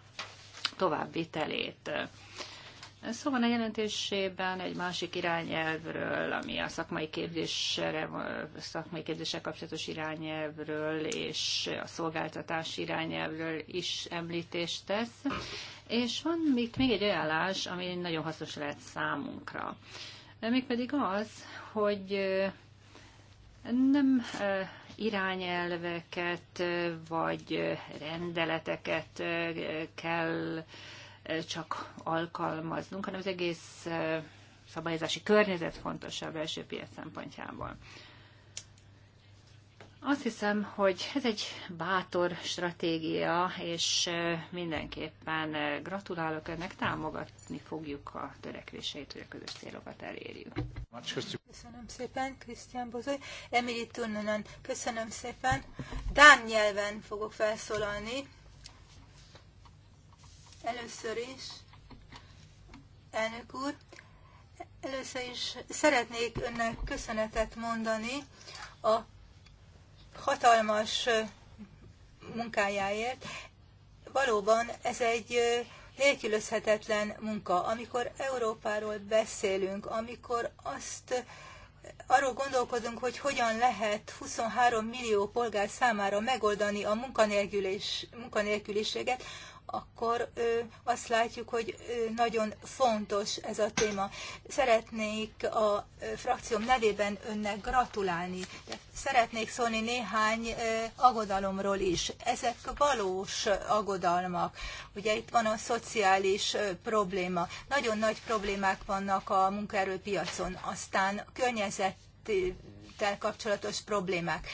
továbbvitelét szóval a jelentésében egy másik irányelvről, ami a szakmai képzésre, szakmai képzéssel kapcsolatos irányelvről és a szolgáltatás irányelvről is említést tesz. És van itt még egy ajánlás, ami nagyon hasznos lehet számunkra. Mégpedig az, hogy nem irányelveket vagy rendeleteket kell csak alkalmaznunk, hanem az egész szabályozási környezet fontos a belső piac szempontjából. Azt hiszem, hogy ez egy bátor stratégia, és mindenképpen gratulálok önnek, támogatni fogjuk a törekvéseit, hogy a közös célokat elérjük. Köszönöm szépen, Krisztián Bozoly. Emily Tunnanen, köszönöm szépen. Dán nyelven fogok felszólalni. Először is, elnök úr, először is szeretnék önnek köszönetet mondani a hatalmas munkájáért. Valóban ez egy nélkülözhetetlen munka. Amikor Európáról beszélünk, amikor azt arról gondolkodunk, hogy hogyan lehet 23 millió polgár számára megoldani a munkanélküliséget, akkor azt látjuk, hogy nagyon fontos ez a téma. Szeretnék a frakcióm nevében önnek gratulálni, de szeretnék szólni néhány aggodalomról is. Ezek valós aggodalmak. Ugye itt van a szociális probléma. Nagyon nagy problémák vannak a munkaerőpiacon. Aztán környezettel kapcsolatos problémák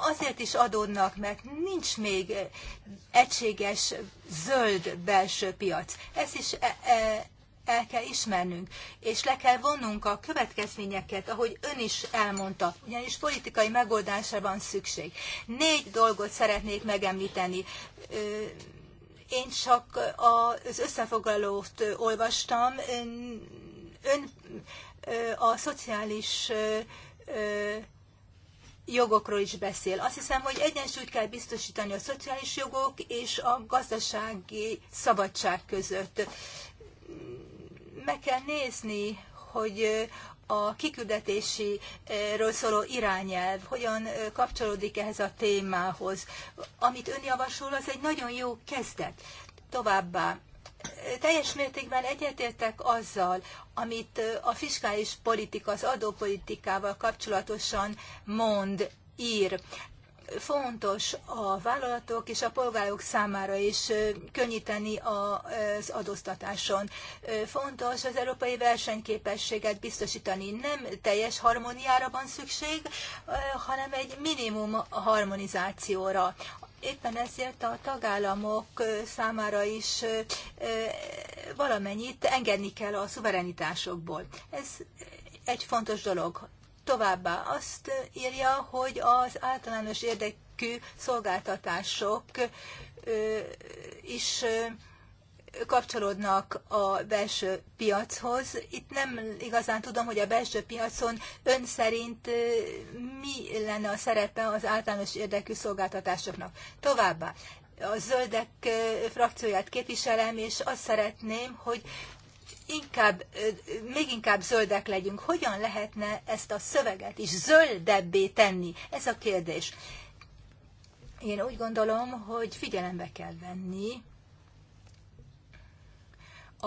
azért is adódnak, mert nincs még egységes zöld belső piac. Ezt is e, e, el kell ismernünk, és le kell vonnunk a következményeket, ahogy ön is elmondta, ugyanis politikai megoldásra van szükség. Négy dolgot szeretnék megemlíteni. Én csak az összefoglalót olvastam. Ön a szociális jogokról is beszél. Azt hiszem, hogy egyensúlyt kell biztosítani a szociális jogok és a gazdasági szabadság között. Meg kell nézni, hogy a kiküldetésiről szóló irányelv hogyan kapcsolódik ehhez a témához. Amit ön javasol, az egy nagyon jó kezdet. Továbbá teljes mértékben egyetértek azzal, amit a fiskális politika, az adópolitikával kapcsolatosan mond, ír. Fontos a vállalatok és a polgárok számára is könnyíteni az adóztatáson. Fontos az európai versenyképességet biztosítani. Nem teljes harmóniára van szükség, hanem egy minimum harmonizációra. Éppen ezért a tagállamok számára is valamennyit engedni kell a szuverenitásokból. Ez egy fontos dolog. Továbbá azt írja, hogy az általános érdekű szolgáltatások is kapcsolódnak a belső piachoz. Itt nem igazán tudom, hogy a belső piacon ön szerint mi lenne a szerepe az általános érdekű szolgáltatásoknak. Továbbá, a zöldek frakcióját képviselem, és azt szeretném, hogy inkább, még inkább zöldek legyünk. Hogyan lehetne ezt a szöveget is zöldebbé tenni? Ez a kérdés. Én úgy gondolom, hogy figyelembe kell venni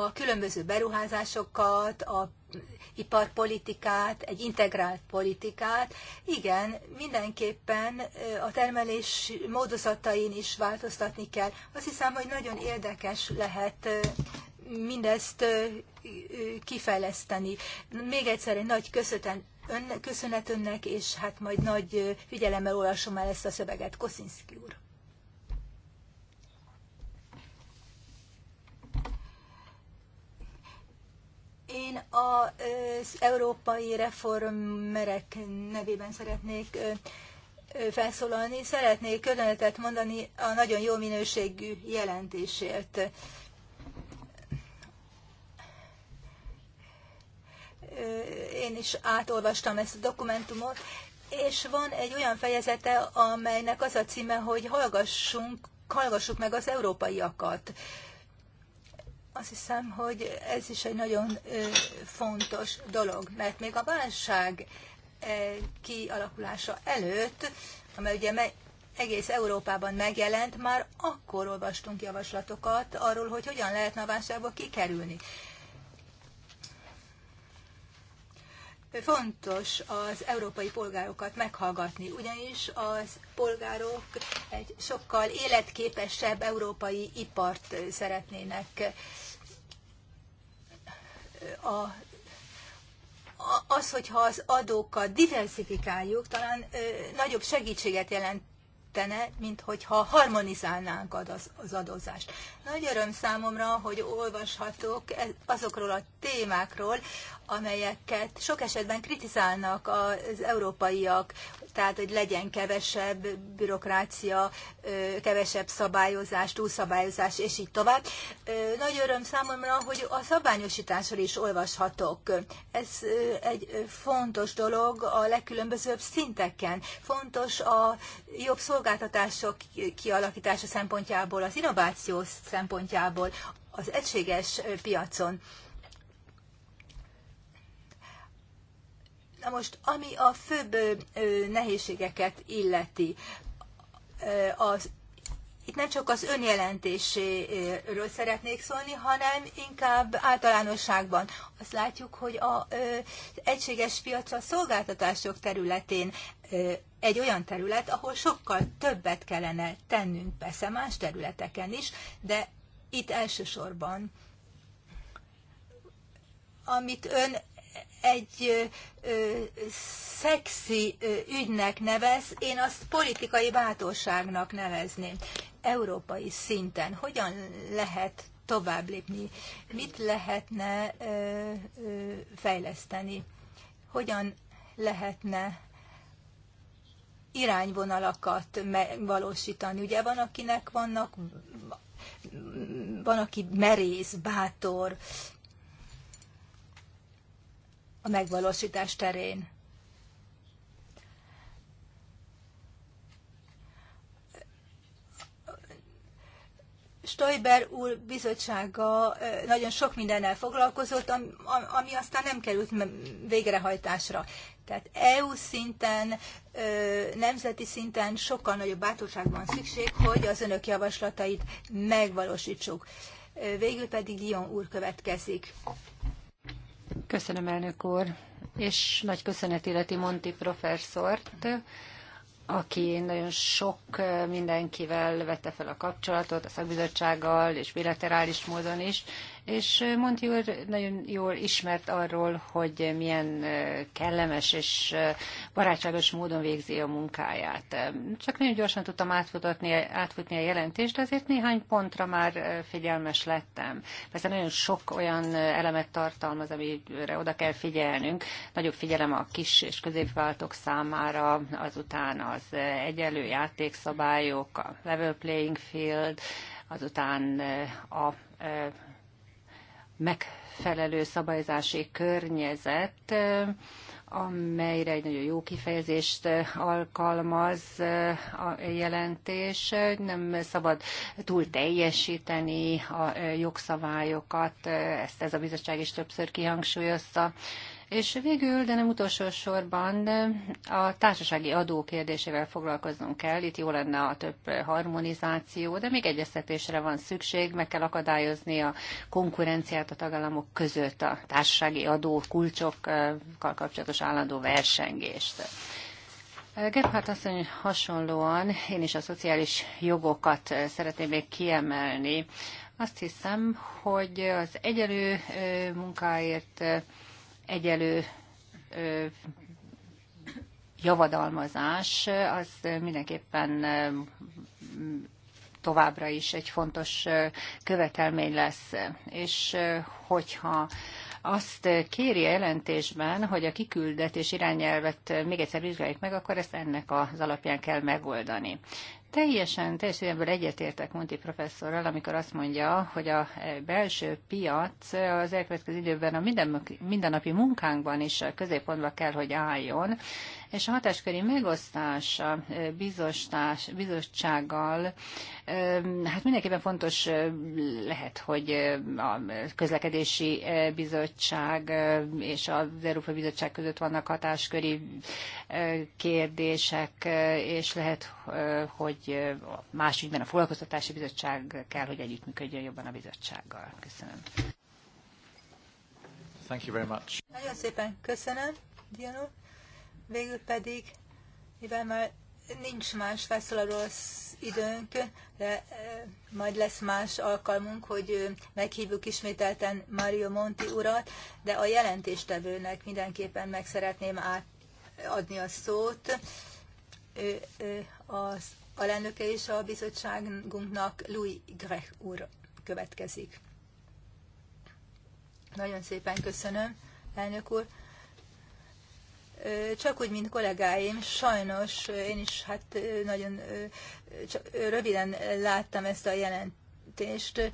a különböző beruházásokat, a iparpolitikát, egy integrált politikát. Igen, mindenképpen a termelés módozatain is változtatni kell. Azt hiszem, hogy nagyon érdekes lehet mindezt kifejleszteni. Még egyszer egy nagy köszönet, ön, köszönet önnek, és hát majd nagy figyelemmel olvasom el ezt a szöveget. Koszinszki úr. Én az európai reformerek nevében szeretnék felszólalni. Szeretnék köszönetet mondani a nagyon jó minőségű jelentésért. Én is átolvastam ezt a dokumentumot, és van egy olyan fejezete, amelynek az a címe, hogy hallgassunk, hallgassuk meg az európaiakat. Azt hiszem, hogy ez is egy nagyon fontos dolog, mert még a válság kialakulása előtt, amely ugye egész Európában megjelent, már akkor olvastunk javaslatokat arról, hogy hogyan lehetne a válságból kikerülni. Fontos az európai polgárokat meghallgatni, ugyanis az polgárok egy sokkal életképesebb európai ipart szeretnének a az, hogyha az adókat diversifikáljuk, talán ö, nagyobb segítséget jelentene, mint hogyha harmonizálnánk az, az adózást. Nagy öröm számomra, hogy olvashatok e- azokról a témákról, amelyeket sok esetben kritizálnak az európaiak, tehát hogy legyen kevesebb bürokrácia, kevesebb szabályozás, túlszabályozás, és így tovább. Nagy öröm számomra, hogy a szabványosításról is olvashatok. Ez egy fontos dolog a legkülönbözőbb szinteken. Fontos a jobb szolgáltatások kialakítása szempontjából, az innováció szempontjából szempontjából az egységes piacon. Na most, ami a főbb nehézségeket illeti, az itt nem csak az önjelentéséről szeretnék szólni, hanem inkább általánosságban. Azt látjuk, hogy az egységes piac a szolgáltatások területén egy olyan terület, ahol sokkal többet kellene tennünk, persze más területeken is, de itt elsősorban, amit ön egy ö, szexi ö, ügynek nevez, én azt politikai bátorságnak nevezném. Európai szinten hogyan lehet tovább lépni? Mit lehetne ö, ö, fejleszteni? Hogyan lehetne irányvonalakat megvalósítani. Ugye van, akinek vannak, van, aki merész, bátor, a megvalósítás terén. Stoiber úr bizottsága nagyon sok mindennel foglalkozott, ami aztán nem került végrehajtásra. Tehát EU szinten, nemzeti szinten sokkal nagyobb bátorság van szükség, hogy az önök javaslatait megvalósítsuk. Végül pedig Ion úr következik. Köszönöm, elnök úr, és nagy köszönet illeti Monti professzort, aki nagyon sok mindenkivel vette fel a kapcsolatot, a szakbizottsággal és bilaterális módon is, és Monti úr nagyon jól ismert arról, hogy milyen kellemes és barátságos módon végzi a munkáját. Csak nagyon gyorsan tudtam átfutatni, átfutni a jelentést, de azért néhány pontra már figyelmes lettem. Persze nagyon sok olyan elemet tartalmaz, amire oda kell figyelnünk. Nagyobb figyelem a kis és középváltók számára, azután az egyenlő játékszabályok, a level playing field, azután a megfelelő szabályzási környezet, amelyre egy nagyon jó kifejezést alkalmaz a jelentés. Nem szabad túl teljesíteni a jogszabályokat, ezt ez a bizottság is többször kihangsúlyozta. És végül, de nem utolsó sorban a társasági adó kérdésével foglalkoznunk kell. Itt jó lenne a több harmonizáció, de még egyeztetésre van szükség, meg kell akadályozni a konkurenciát a tagállamok között, a társasági adó kulcsokkal kapcsolatos állandó versengést. Gebhardt asszony hasonlóan én is a szociális jogokat szeretném még kiemelni. Azt hiszem, hogy az egyelő munkáért egyelő javadalmazás az mindenképpen továbbra is egy fontos követelmény lesz. És hogyha azt kéri a jelentésben, hogy a kiküldetés irányelvet még egyszer vizsgáljuk meg, akkor ezt ennek az alapján kell megoldani. Teljesen, teljesen ebből egyetértek Monti professzorral, amikor azt mondja, hogy a belső piac az elkövetkező időben a minden, mindennapi munkánkban is a középpontba kell, hogy álljon, és a hatásköri megosztása bizostás, bizottsággal, hát mindenképpen fontos lehet, hogy a közlekedési bizottság és az Európai Bizottság között vannak hatásköri kérdések, és lehet, hogy más ügyben a foglalkoztatási bizottság kell, hogy együttműködjön jobban a bizottsággal. Köszönöm. Thank you very much. Nagyon szépen köszönöm, Diana. Végül pedig, mivel már nincs más rossz időnk, de eh, majd lesz más alkalmunk, hogy eh, meghívjuk ismételten Mario Monti urat, de a jelentéstevőnek mindenképpen meg szeretném átadni a szót. Ő, ő az alelnöke és a bizottságunknak Louis Grech úr következik. Nagyon szépen köszönöm, elnök úr. Csak úgy, mint kollégáim, sajnos én is hát nagyon csak röviden láttam ezt a jelentést,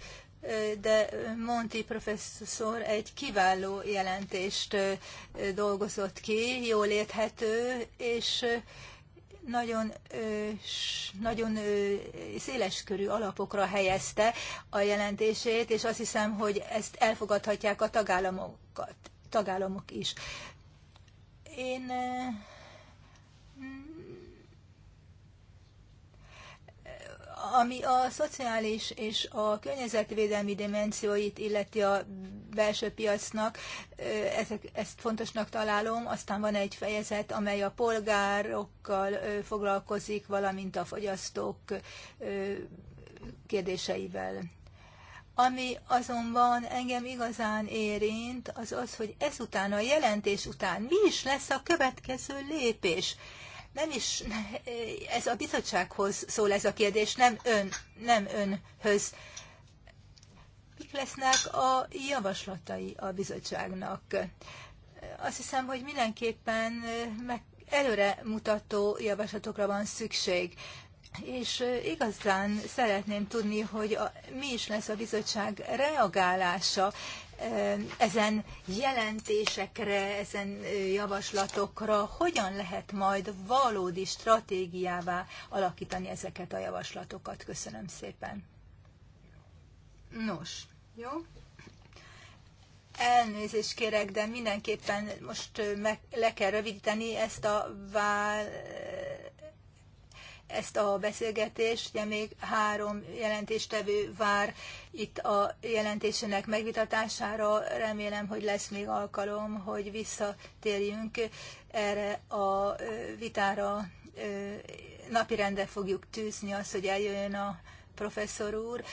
de Monti professzor egy kiváló jelentést dolgozott ki, jól érthető, és nagyon, nagyon széleskörű alapokra helyezte a jelentését, és azt hiszem, hogy ezt elfogadhatják a tagállamokat, tagállamok is. Én mm, ami a szociális és a környezetvédelmi dimenzióit illeti a belső piacnak, ezek, ezt fontosnak találom. Aztán van egy fejezet, amely a polgárokkal foglalkozik, valamint a fogyasztók kérdéseivel. Ami azonban engem igazán érint, az az, hogy ezután, a jelentés után mi is lesz a következő lépés. Nem is, <laughs> ez a bizottsághoz szól ez a kérdés, nem ön, nem önhöz. Mik lesznek a javaslatai a bizottságnak? Azt hiszem, hogy mindenképpen meg előre mutató javaslatokra van szükség és igazán szeretném tudni, hogy a, mi is lesz a bizottság reagálása ezen jelentésekre, ezen javaslatokra, hogyan lehet majd valódi stratégiává alakítani ezeket a javaslatokat. Köszönöm szépen. Nos, jó? Elnézést kérek, de mindenképpen most meg, le kell rövidíteni ezt a vál ezt a beszélgetést, ugye még három jelentéstevő vár itt a jelentésének megvitatására. Remélem, hogy lesz még alkalom, hogy visszatérjünk erre a vitára. Napirendre fogjuk tűzni azt, hogy eljöjjön a professzor úr,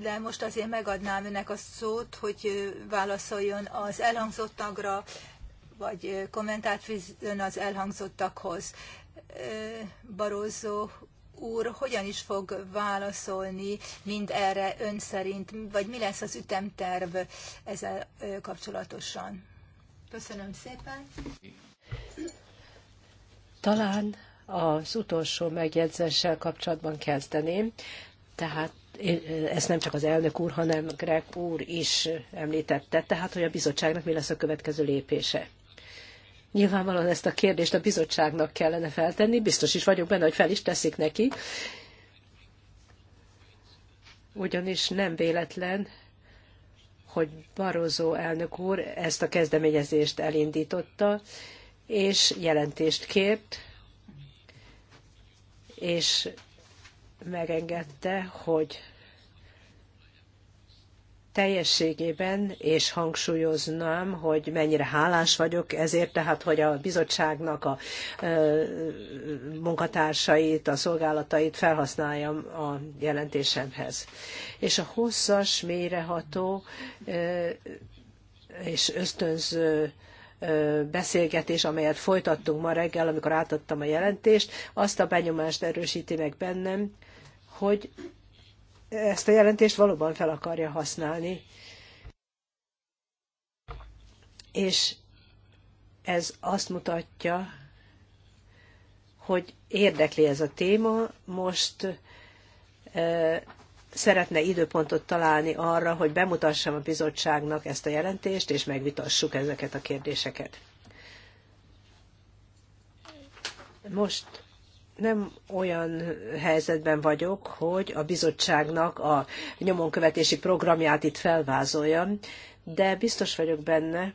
de most azért megadnám önnek a szót, hogy válaszoljon az elhangzottakra, vagy kommentált fűzön az elhangzottakhoz. Barózó úr hogyan is fog válaszolni mind erre ön szerint, vagy mi lesz az ütemterv ezzel kapcsolatosan? Köszönöm szépen. Talán az utolsó megjegyzéssel kapcsolatban kezdeném. Tehát ezt nem csak az elnök úr, hanem Greg úr is említette, tehát hogy a bizottságnak mi lesz a következő lépése. Nyilvánvalóan ezt a kérdést a bizottságnak kellene feltenni, biztos is vagyok benne, hogy fel is teszik neki, ugyanis nem véletlen, hogy Barozó elnök úr ezt a kezdeményezést elindította, és jelentést kért, és megengedte, hogy teljességében, és hangsúlyoznám, hogy mennyire hálás vagyok ezért, tehát hogy a bizottságnak a munkatársait, a szolgálatait felhasználjam a jelentésemhez. És a hosszas, mélyreható és ösztönző beszélgetés, amelyet folytattunk ma reggel, amikor átadtam a jelentést, azt a benyomást erősíti meg bennem, hogy ezt a jelentést valóban fel akarja használni. És ez azt mutatja, hogy érdekli ez a téma, most e, szeretne időpontot találni arra, hogy bemutassam a bizottságnak ezt a jelentést, és megvitassuk ezeket a kérdéseket. Most nem olyan helyzetben vagyok, hogy a bizottságnak a nyomonkövetési programját itt felvázoljam, de biztos vagyok benne,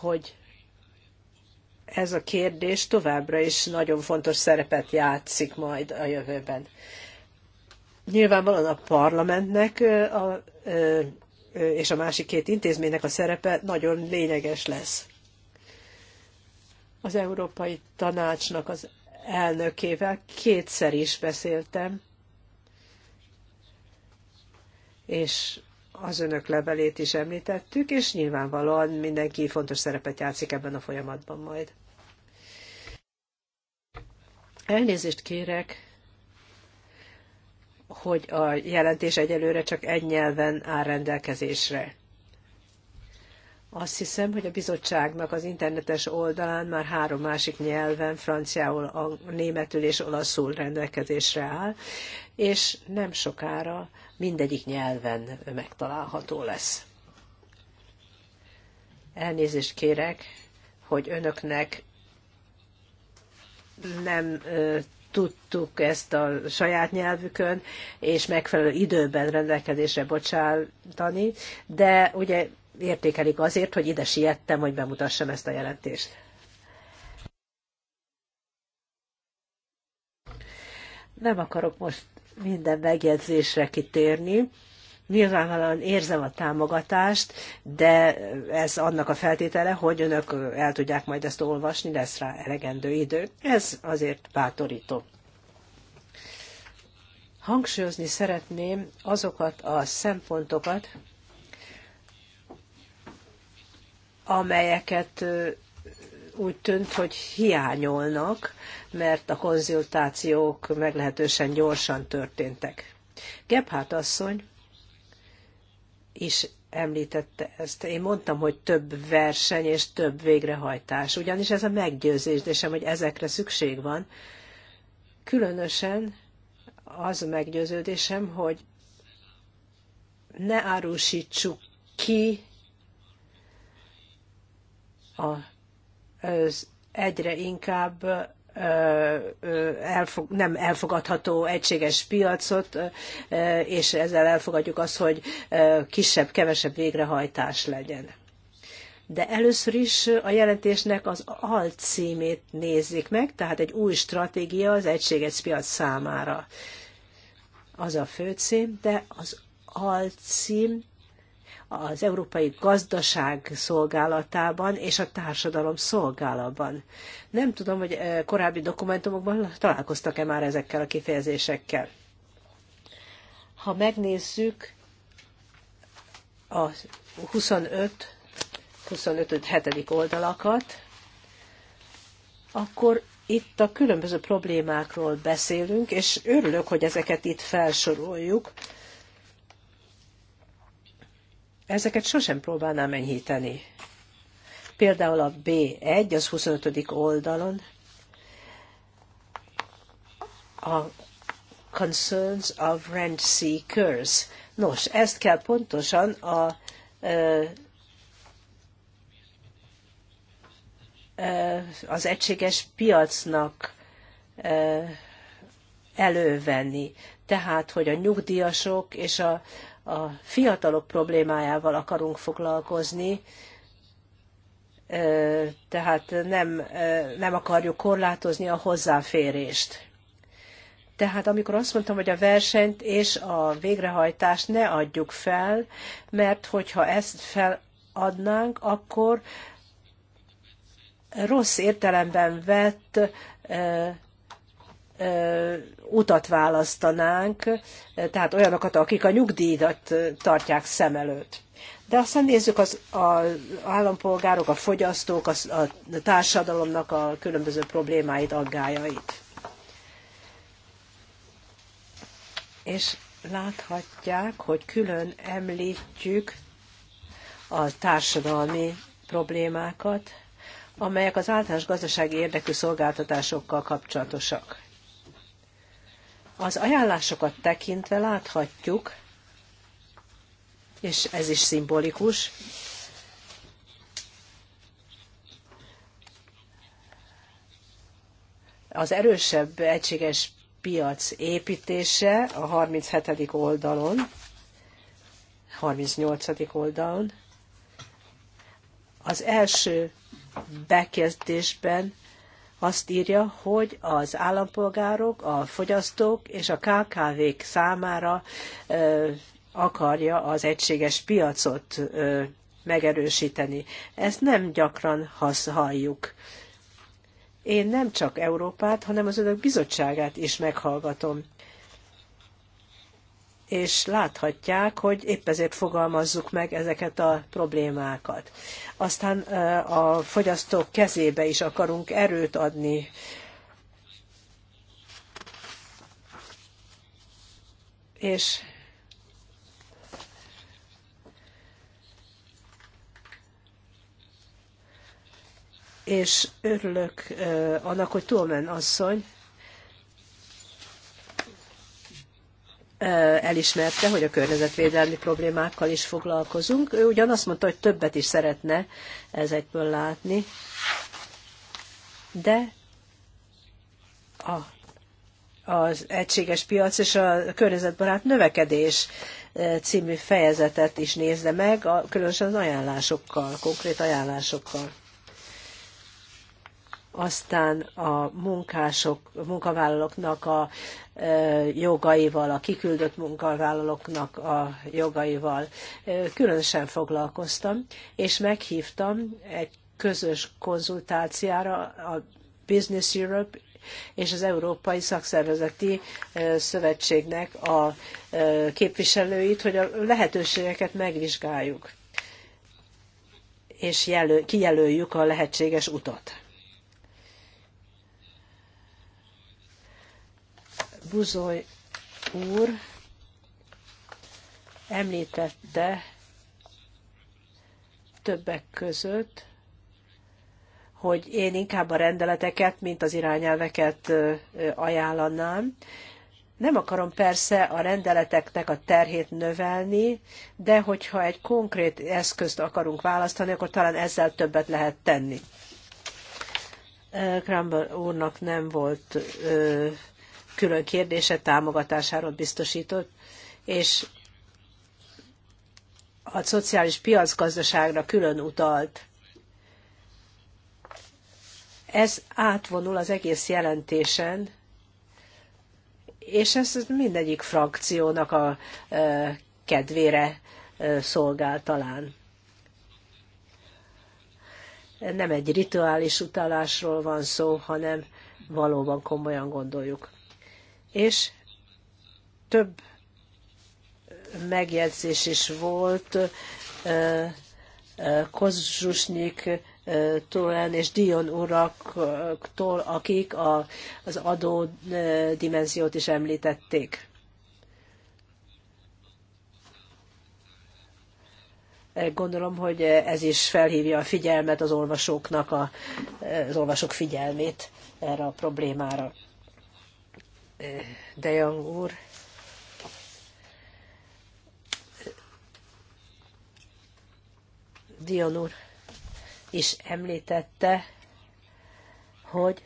hogy ez a kérdés továbbra is nagyon fontos szerepet játszik majd a jövőben. Nyilvánvalóan a parlamentnek a, és a másik két intézménynek a szerepe nagyon lényeges lesz az Európai Tanácsnak az elnökével kétszer is beszéltem, és az önök levelét is említettük, és nyilvánvalóan mindenki fontos szerepet játszik ebben a folyamatban majd. Elnézést kérek, hogy a jelentés egyelőre csak egy nyelven áll rendelkezésre. Azt hiszem, hogy a bizottságnak az internetes oldalán már három másik nyelven, franciául, a németül és olaszul rendelkezésre áll, és nem sokára mindegyik nyelven megtalálható lesz. Elnézést kérek, hogy önöknek nem tudtuk ezt a saját nyelvükön, és megfelelő időben rendelkezésre bocsátani, de ugye értékelik azért, hogy ide siettem, hogy bemutassam ezt a jelentést. Nem akarok most minden megjegyzésre kitérni. Nyilvánvalóan érzem a támogatást, de ez annak a feltétele, hogy önök el tudják majd ezt olvasni, lesz rá elegendő idő. Ez azért bátorító. Hangsúlyozni szeretném azokat a szempontokat, amelyeket úgy tűnt, hogy hiányolnak, mert a konzultációk meglehetősen gyorsan történtek. Gebhardt asszony is említette ezt. Én mondtam, hogy több verseny és több végrehajtás. Ugyanis ez a meggyőződésem, hogy ezekre szükség van. Különösen az a meggyőződésem, hogy ne árusítsuk ki az egyre inkább elfog, nem elfogadható egységes piacot, és ezzel elfogadjuk azt, hogy kisebb, kevesebb végrehajtás legyen. De először is a jelentésnek az alcímét nézzük meg, tehát egy új stratégia az egységes piac számára. Az a főcím, de az alcím az európai gazdaság szolgálatában és a társadalom szolgálatban. Nem tudom, hogy eh, korábbi dokumentumokban találkoztak-e már ezekkel a kifejezésekkel. Ha megnézzük a 25 25 hetedik oldalakat, akkor itt a különböző problémákról beszélünk, és örülök, hogy ezeket itt felsoroljuk, ezeket sosem próbálnám enyhíteni. Például a B1, az 25. oldalon a Concerns of Rent Seekers. Nos, ezt kell pontosan a az egységes piacnak elővenni. Tehát, hogy a nyugdíjasok és a, a fiatalok problémájával akarunk foglalkozni, tehát nem, nem akarjuk korlátozni a hozzáférést. Tehát amikor azt mondtam, hogy a versenyt és a végrehajtást ne adjuk fel, mert hogyha ezt feladnánk, akkor rossz értelemben vett ö, ö, utat választanánk, tehát olyanokat, akik a nyugdíjat tartják szem előtt. De aztán nézzük az a állampolgárok, a fogyasztók, a, a társadalomnak a különböző problémáit, aggájait. És láthatják, hogy külön említjük a társadalmi problémákat, amelyek az általános gazdasági érdekű szolgáltatásokkal kapcsolatosak. Az ajánlásokat tekintve láthatjuk, és ez is szimbolikus, az erősebb egységes piac építése a 37. oldalon, 38. oldalon, az első bekezdésben azt írja, hogy az állampolgárok, a fogyasztók és a KKV-k számára akarja az egységes piacot megerősíteni. Ezt nem gyakran halljuk. Én nem csak Európát, hanem az önök bizottságát is meghallgatom és láthatják, hogy épp ezért fogalmazzuk meg ezeket a problémákat. Aztán a fogyasztók kezébe is akarunk erőt adni. És és örülök annak, hogy Tuomen asszony elismerte, hogy a környezetvédelmi problémákkal is foglalkozunk. Ő ugyan azt mondta, hogy többet is szeretne ezekből látni, de a, az egységes piac és a környezetbarát növekedés című fejezetet is nézze meg, a, különösen az ajánlásokkal, konkrét ajánlásokkal aztán a munkások, a munkavállalóknak a e, jogaival, a kiküldött munkavállalóknak a jogaival e, különösen foglalkoztam, és meghívtam egy közös konzultáciára a Business Europe és az Európai Szakszervezeti e, Szövetségnek a képviselőit, hogy a lehetőségeket megvizsgáljuk és jelöl, kijelöljük a lehetséges utat. Buzoly úr említette többek között, hogy én inkább a rendeleteket, mint az irányelveket ajánlanám. Nem akarom persze a rendeleteknek a terhét növelni, de hogyha egy konkrét eszközt akarunk választani, akkor talán ezzel többet lehet tenni. Kramber úrnak nem volt külön kérdése támogatásáról biztosított, és a szociális piacgazdaságra külön utalt. Ez átvonul az egész jelentésen, és ez mindegyik frakciónak a kedvére szolgál talán. Nem egy rituális utalásról van szó, hanem valóban komolyan gondoljuk és több megjegyzés is volt Kozsusnyik Tulán és Dion uraktól, akik a, az adó dimenziót is említették. Gondolom, hogy ez is felhívja a figyelmet az olvasóknak, a, az olvasók figyelmét erre a problémára. De Jong úr, Dion úr is említette, hogy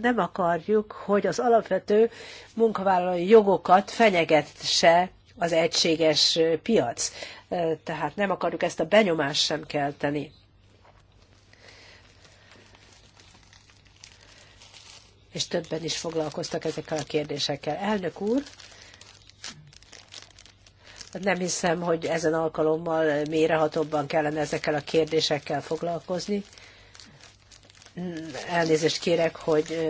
nem akarjuk, hogy az alapvető munkavállalói jogokat fenyegetse az egységes piac. Tehát nem akarjuk ezt a benyomást sem kelteni. és többen is foglalkoztak ezekkel a kérdésekkel. Elnök úr, nem hiszem, hogy ezen alkalommal mélyrehatóbban kellene ezekkel a kérdésekkel foglalkozni. Elnézést kérek, hogy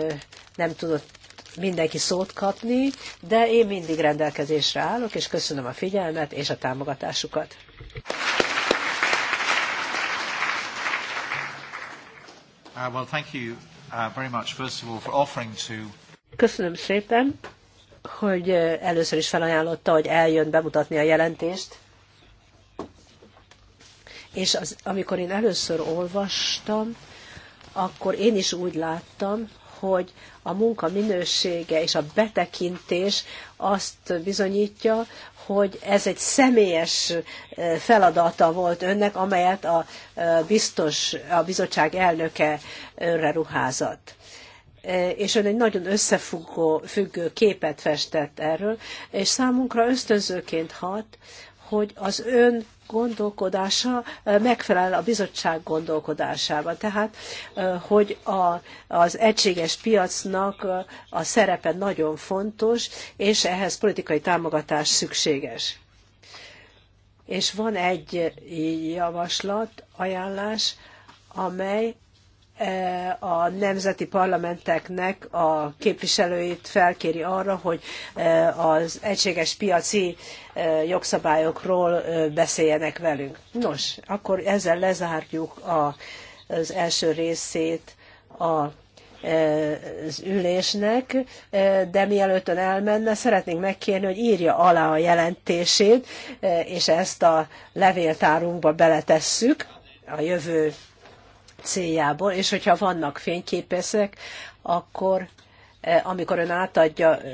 nem tudott mindenki szót kapni, de én mindig rendelkezésre állok, és köszönöm a figyelmet és a támogatásukat. Uh, well, thank you Uh, very much, first of all, for offering to... Köszönöm szépen, hogy uh, először is felajánlotta, hogy eljön bemutatni a jelentést. És az, amikor én először olvastam, akkor én is úgy láttam, hogy a munka minősége és a betekintés azt bizonyítja, hogy ez egy személyes feladata volt önnek, amelyet a, biztos, a bizottság elnöke önre ruházott és ön egy nagyon összefüggő függő képet festett erről, és számunkra ösztönzőként hat, hogy az ön gondolkodása megfelel a bizottság gondolkodásába. Tehát, hogy a, az egységes piacnak a szerepe nagyon fontos, és ehhez politikai támogatás szükséges. És van egy javaslat, ajánlás, amely a nemzeti parlamenteknek a képviselőit felkéri arra, hogy e, az egységes piaci e, jogszabályokról e, beszéljenek velünk. Nos, akkor ezzel lezárjuk az első részét a az ülésnek, de mielőtt ön elmenne, szeretnénk megkérni, hogy írja alá a jelentését, és ezt a levéltárunkba beletesszük a jövő céljából, és hogyha vannak fényképezek, akkor e, amikor ön átadja e,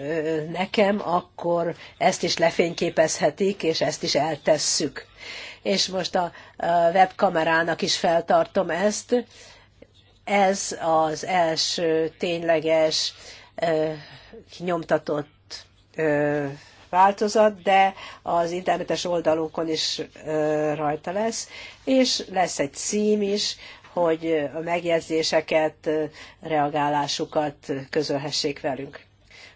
nekem, akkor ezt is lefényképezhetik, és ezt is eltesszük. És most a webkamerának is feltartom ezt. Ez az első tényleges e, nyomtatott változat, de az internetes oldalunkon is rajta lesz, és lesz egy cím is, hogy a megjegyzéseket, reagálásukat közölhessék velünk.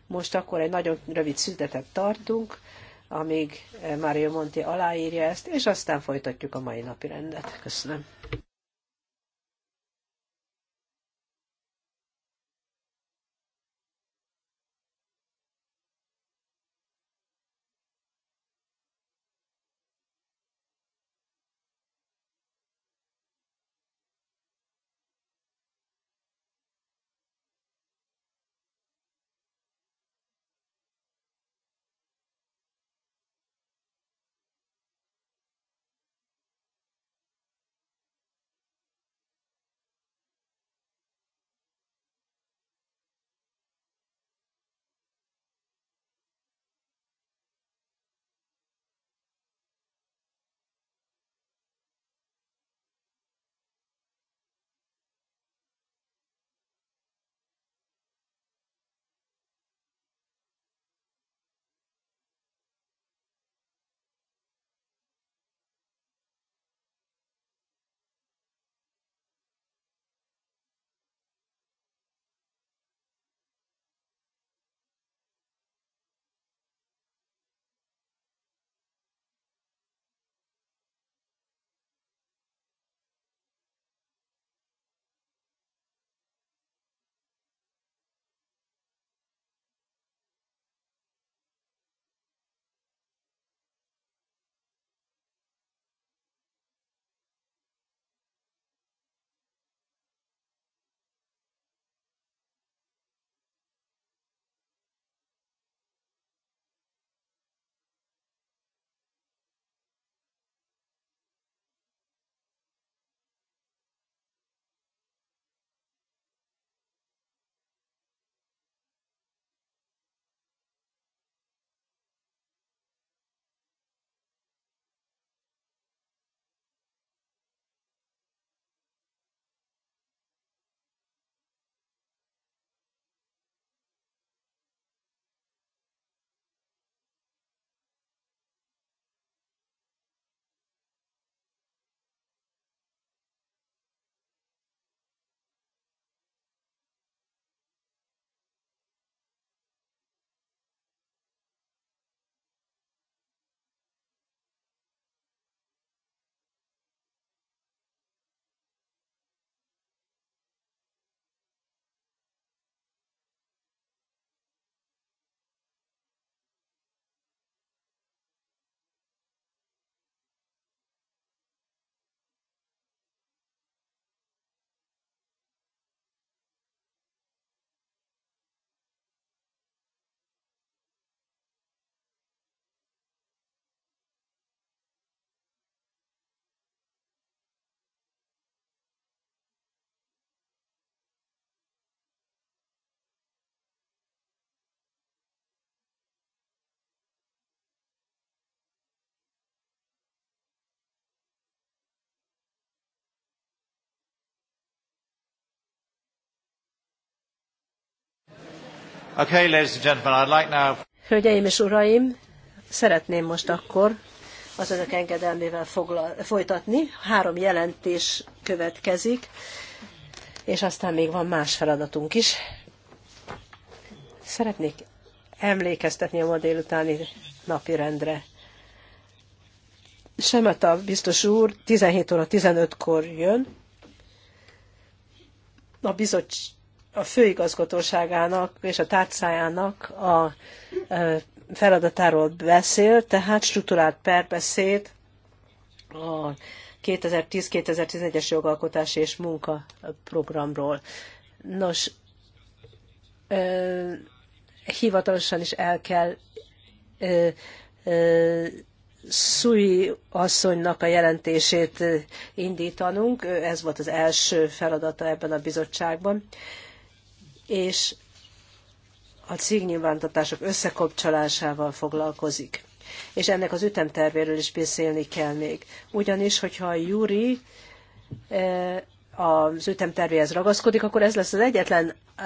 Most akkor egy nagyon rövid szünetet tartunk, amíg Mario Monti aláírja ezt, és aztán folytatjuk a mai napi rendet. Köszönöm. Okay, ladies and gentlemen, I'd like now... Hölgyeim és uraim, szeretném most akkor az önök engedelmével folytatni. Három jelentés következik, és aztán még van más feladatunk is. Szeretnék emlékeztetni a ma délutáni napi rendre. Semeta biztos úr 17 óra 15-kor jön. A bizottság a főigazgatóságának és a tárcájának a feladatáról beszél, tehát struktúrált perbeszéd a 2010-2011-es jogalkotási és munkaprogramról. Nos, hivatalosan is el kell Szui asszonynak a jelentését indítanunk. Ez volt az első feladata ebben a bizottságban és a cégnyilvántatások összekapcsolásával foglalkozik. És ennek az ütemtervéről is beszélni kell még. Ugyanis, hogyha a Júri e, az ütemtervéhez ragaszkodik, akkor ez lesz az egyetlen e,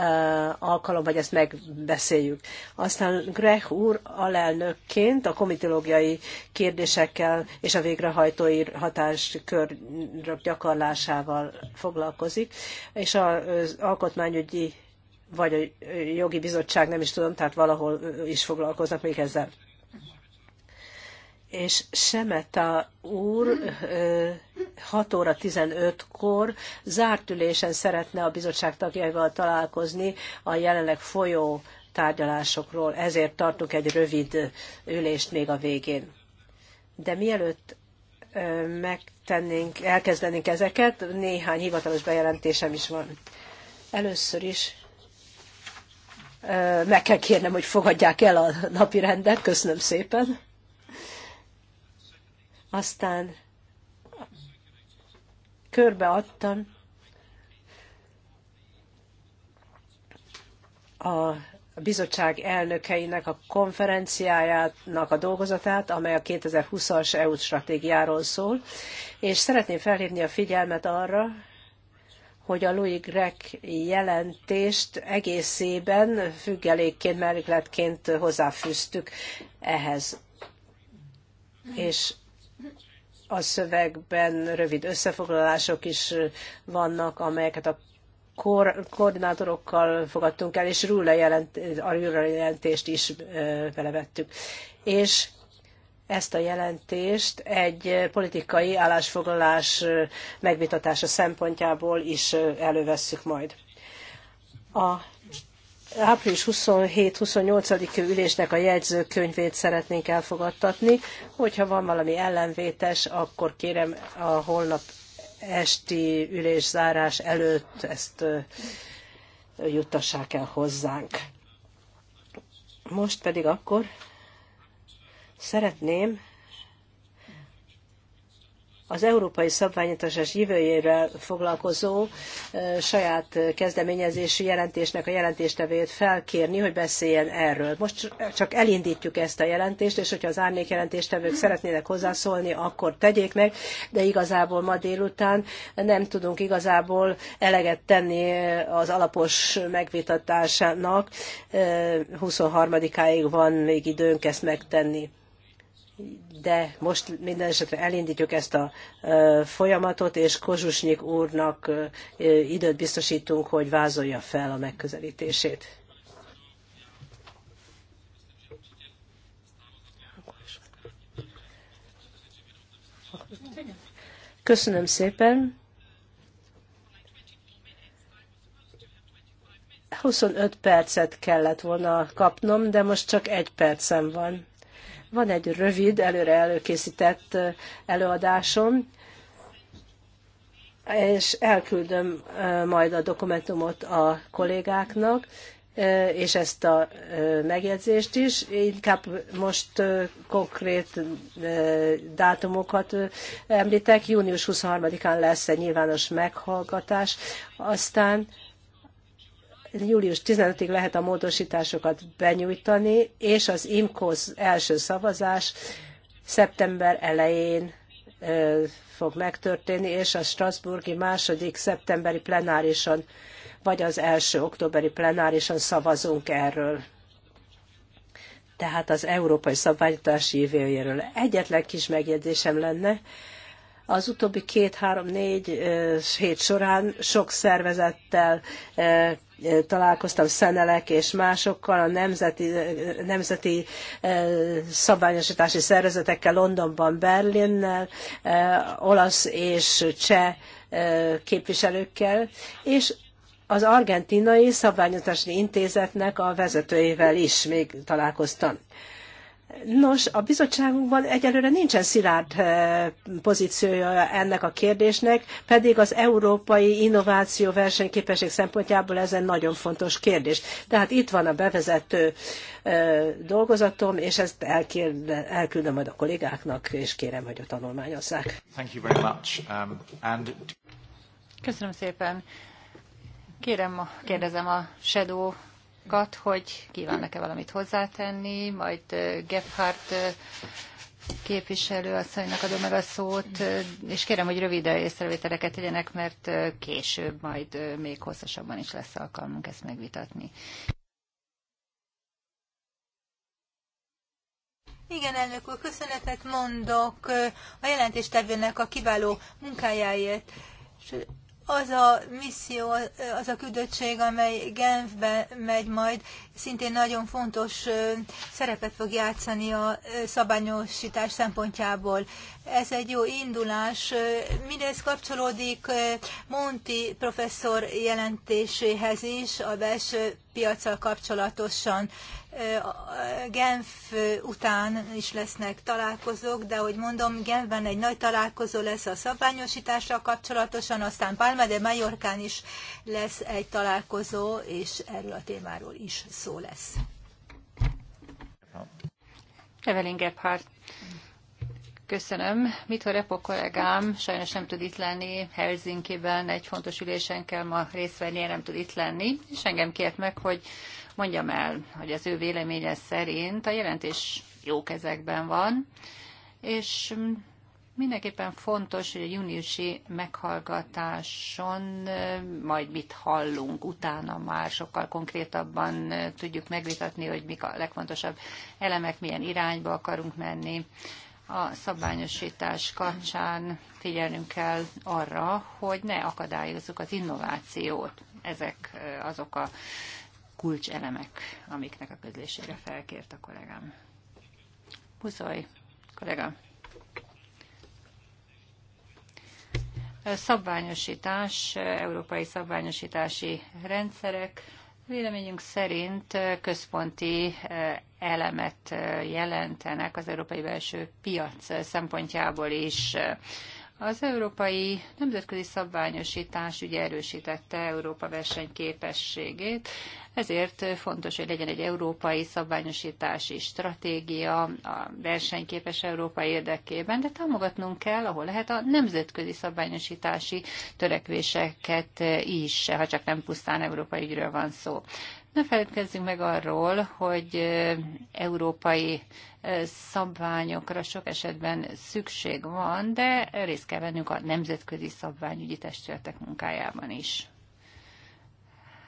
alkalom, hogy ezt megbeszéljük. Aztán Grech úr alelnökként a komitológiai kérdésekkel és a végrehajtói hatáskörök gyakorlásával foglalkozik, és az alkotmányügyi vagy a jogi bizottság, nem is tudom, tehát valahol is foglalkoznak még ezzel. És Semeta úr 6 óra 15-kor zárt ülésen szeretne a bizottság tagjaival találkozni a jelenleg folyó tárgyalásokról, ezért tartunk egy rövid ülést még a végén. De mielőtt megtennénk, elkezdenénk ezeket, néhány hivatalos bejelentésem is van. Először is meg kell kérnem, hogy fogadják el a napi rendet. Köszönöm szépen. Aztán körbeadtam a bizottság elnökeinek a konferenciájának a dolgozatát, amely a 2020-as EU stratégiáról szól, és szeretném felhívni a figyelmet arra, hogy a Louis Greg jelentést egészében függelékként, merikletként hozzáfűztük ehhez. És a szövegben rövid összefoglalások is vannak, amelyeket a kor, koordinátorokkal fogadtunk el, és Rüle jelent, a Rüle jelentést is belevettük. És ezt a jelentést egy politikai állásfoglalás megvitatása szempontjából is elővesszük majd. A április 27-28-i ülésnek a jegyzőkönyvét szeretnénk elfogadtatni. Hogyha van valami ellenvétes, akkor kérem a holnap esti ülés zárás előtt ezt juttassák el hozzánk. Most pedig akkor Szeretném az európai szabványítás jövőjével foglalkozó saját kezdeményezésű jelentésnek a jelentéstevőjét felkérni, hogy beszéljen erről. Most csak elindítjuk ezt a jelentést, és hogyha az árnék jelentéstevők szeretnének hozzászólni, akkor tegyék meg, de igazából ma délután nem tudunk igazából eleget tenni az alapos megvitatásának. 23-áig van még időnk ezt megtenni de most minden esetre elindítjuk ezt a folyamatot, és Kozsusnyik úrnak időt biztosítunk, hogy vázolja fel a megközelítését. Köszönöm szépen. 25 percet kellett volna kapnom, de most csak egy percem van. Van egy rövid, előre előkészített előadásom, és elküldöm majd a dokumentumot a kollégáknak, és ezt a megjegyzést is. Inkább most konkrét dátumokat említek. Június 23-án lesz egy nyilvános meghallgatás, aztán július 15-ig lehet a módosításokat benyújtani, és az IMKOZ első szavazás szeptember elején fog megtörténni, és a Strasburgi második szeptemberi plenárison, vagy az első októberi plenárison szavazunk erről. Tehát az európai szabályozás jövőjéről. Egyetlen kis megjegyzésem lenne, az utóbbi két, három, négy hét során sok szervezettel találkoztam szenelek és másokkal, a nemzeti, nemzeti eh, szabványosítási szervezetekkel Londonban, Berlinnel, eh, olasz és cseh eh, képviselőkkel, és az argentinai szabványozási intézetnek a vezetőivel is még találkoztam. Nos, a bizottságunkban egyelőre nincsen szilárd eh, pozíciója ennek a kérdésnek, pedig az európai innováció versenyképesség szempontjából ez egy nagyon fontos kérdés. Tehát itt van a bevezető eh, dolgozatom, és ezt elküldöm majd a kollégáknak, és kérem, hogy a tanulmányozzák. Thank you very much. Um, and... Köszönöm szépen. Kérem, kérdezem a Shadow kollégákat, hogy kívánnak-e valamit hozzátenni, majd Gebhardt képviselő asszonynak adom el a szót, és kérem, hogy rövid észrevételeket tegyenek, mert később majd még hosszasabban is lesz alkalmunk ezt megvitatni. Igen, elnök úr, köszönetet mondok a jelentéstevőnek a kiváló munkájáért az a misszió, az a küldöttség, amely Genfbe megy majd, szintén nagyon fontos szerepet fog játszani a szabályosítás szempontjából. Ez egy jó indulás. Mindez kapcsolódik Monti professzor jelentéséhez is a belső piacsal kapcsolatosan. Genf után is lesznek találkozók, de ahogy mondom, Genfben egy nagy találkozó lesz a szabványosításra kapcsolatosan, aztán Palma de Mallorcán is lesz egy találkozó, és erről a témáról is szó szó lesz. Evelyn Gebhardt. Köszönöm. a Repo kollégám sajnos nem tud itt lenni, Helsinki-ben egy fontos ülésen kell ma részt vennie, nem tud itt lenni, és engem kért meg, hogy mondjam el, hogy az ő véleménye szerint a jelentés jó kezekben van, és Mindenképpen fontos, hogy a júniusi meghallgatáson majd mit hallunk, utána már sokkal konkrétabban tudjuk megvitatni, hogy mik a legfontosabb elemek, milyen irányba akarunk menni. A szabványosítás kapcsán figyelnünk kell arra, hogy ne akadályozzuk az innovációt. Ezek azok a kulcselemek, amiknek a közlésére felkért a kollégám. Puszolj, kollégám! szabványosítás, európai szabványosítási rendszerek véleményünk szerint központi eh, elemet eh, jelentenek az európai belső piac szempontjából is. Eh, az európai nemzetközi szabványosítás ugye erősítette Európa versenyképességét, ezért fontos, hogy legyen egy európai szabványosítási stratégia a versenyképes Európa érdekében, de támogatnunk kell, ahol lehet a nemzetközi szabványosítási törekvéseket is, ha csak nem pusztán európai ügyről van szó. Ne feledkezzünk meg arról, hogy európai szabványokra sok esetben szükség van, de részt kell vennünk a nemzetközi szabványügyi testületek munkájában is.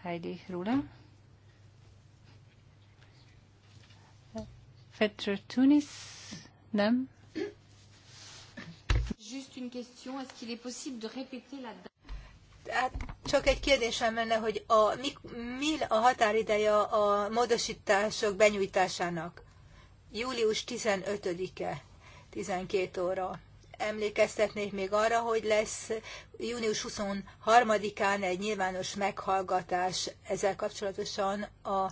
Heidi Rula. Petra Tunis? Nem? Just une question, est-ce qu'il est possible de répéter la date Hát csak egy kérdésem lenne, hogy a, mi, mi a határideje a módosítások benyújtásának? Július 15-e, 12 óra. Emlékeztetnék még arra, hogy lesz június 23-án egy nyilvános meghallgatás ezzel kapcsolatosan a,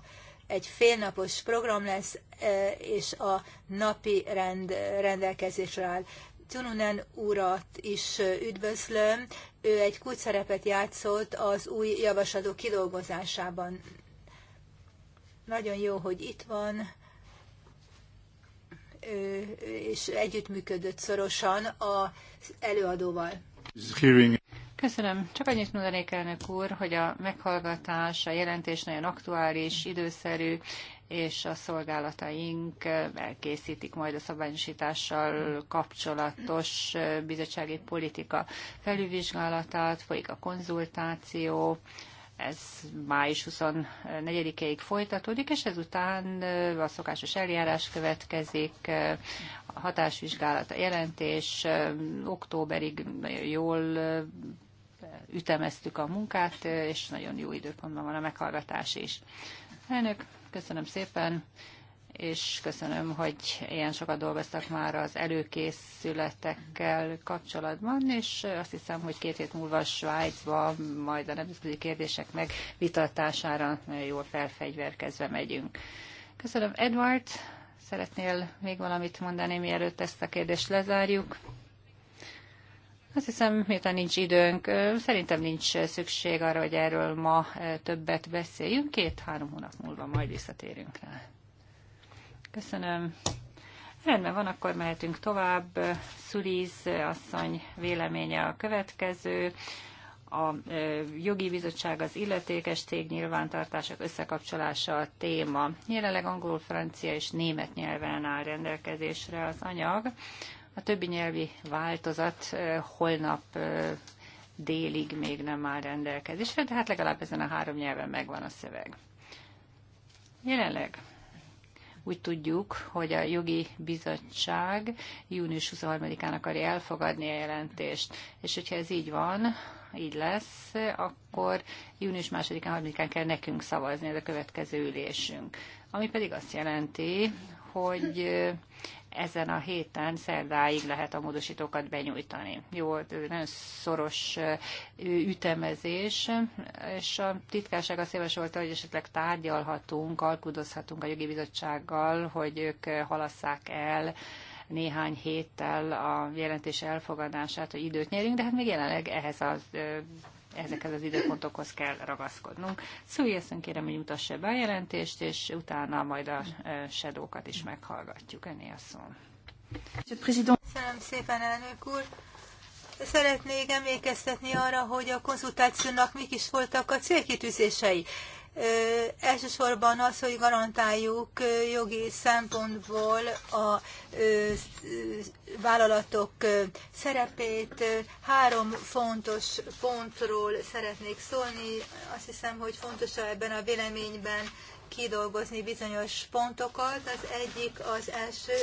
egy félnapos program lesz, e, és a napi rend rendelkezésre áll. Tununen úrat is üdvözlöm, ő egy kulcsszerepet játszott az új javaslatok kidolgozásában. Nagyon jó, hogy itt van, és együttműködött szorosan az előadóval. Köszönöm. Csak annyit mondanék, elnök úr, hogy a meghallgatás, a jelentés nagyon aktuális, időszerű, és a szolgálataink elkészítik majd a szabványosítással kapcsolatos bizottsági politika felülvizsgálatát, folyik a konzultáció, ez május 24-ig folytatódik, és ezután a szokásos eljárás következik, a hatásvizsgálata jelentés, októberig nagyon jól ütemeztük a munkát, és nagyon jó időpontban van a meghallgatás is. Elnök, Köszönöm szépen, és köszönöm, hogy ilyen sokat dolgoztak már az előkészületekkel kapcsolatban, és azt hiszem, hogy két hét múlva Svájcba majd a nemzetközi kérdések megvitatására jól felfegyverkezve megyünk. Köszönöm, Edward. Szeretnél még valamit mondani, mielőtt ezt a kérdést lezárjuk? Azt hiszem, miután nincs időnk, szerintem nincs szükség arra, hogy erről ma többet beszéljünk. Két-három hónap múlva majd visszatérünk rá. Köszönöm. Rendben van, akkor mehetünk tovább. Szuliz asszony véleménye a következő. A jogi bizottság az illetékes cég nyilvántartások összekapcsolása a téma. Jelenleg angol, francia és német nyelven áll rendelkezésre az anyag. A többi nyelvi változat holnap délig még nem áll rendelkezésre, de hát legalább ezen a három nyelven megvan a szöveg. Jelenleg úgy tudjuk, hogy a jogi bizottság június 23-án akarja elfogadni a jelentést. És hogyha ez így van, így lesz, akkor június 2-án, 3-án kell nekünk szavazni, ez a következő ülésünk. Ami pedig azt jelenti, hogy ezen a héten szerdáig lehet a módosítókat benyújtani. Jó, nagyon szoros ütemezés, és a titkárság azt javasolta, hogy esetleg tárgyalhatunk, alkudozhatunk a jogi bizottsággal, hogy ők halasszák el néhány héttel a jelentés elfogadását, hogy időt nyerünk, de hát még jelenleg ehhez az ezekhez az időpontokhoz kell ragaszkodnunk. Szújjeszön kérem, hogy mutassa be a jelentést, és utána majd a e, sedókat is meghallgatjuk. a szó. Köszönöm szépen, elnök úr! Szeretnék emlékeztetni arra, hogy a konzultációnak mik is voltak a célkitűzései elsősorban az, hogy garantáljuk jogi szempontból a vállalatok szerepét. Három fontos pontról szeretnék szólni. Azt hiszem, hogy fontos ebben a véleményben kidolgozni bizonyos pontokat. Az egyik, az első,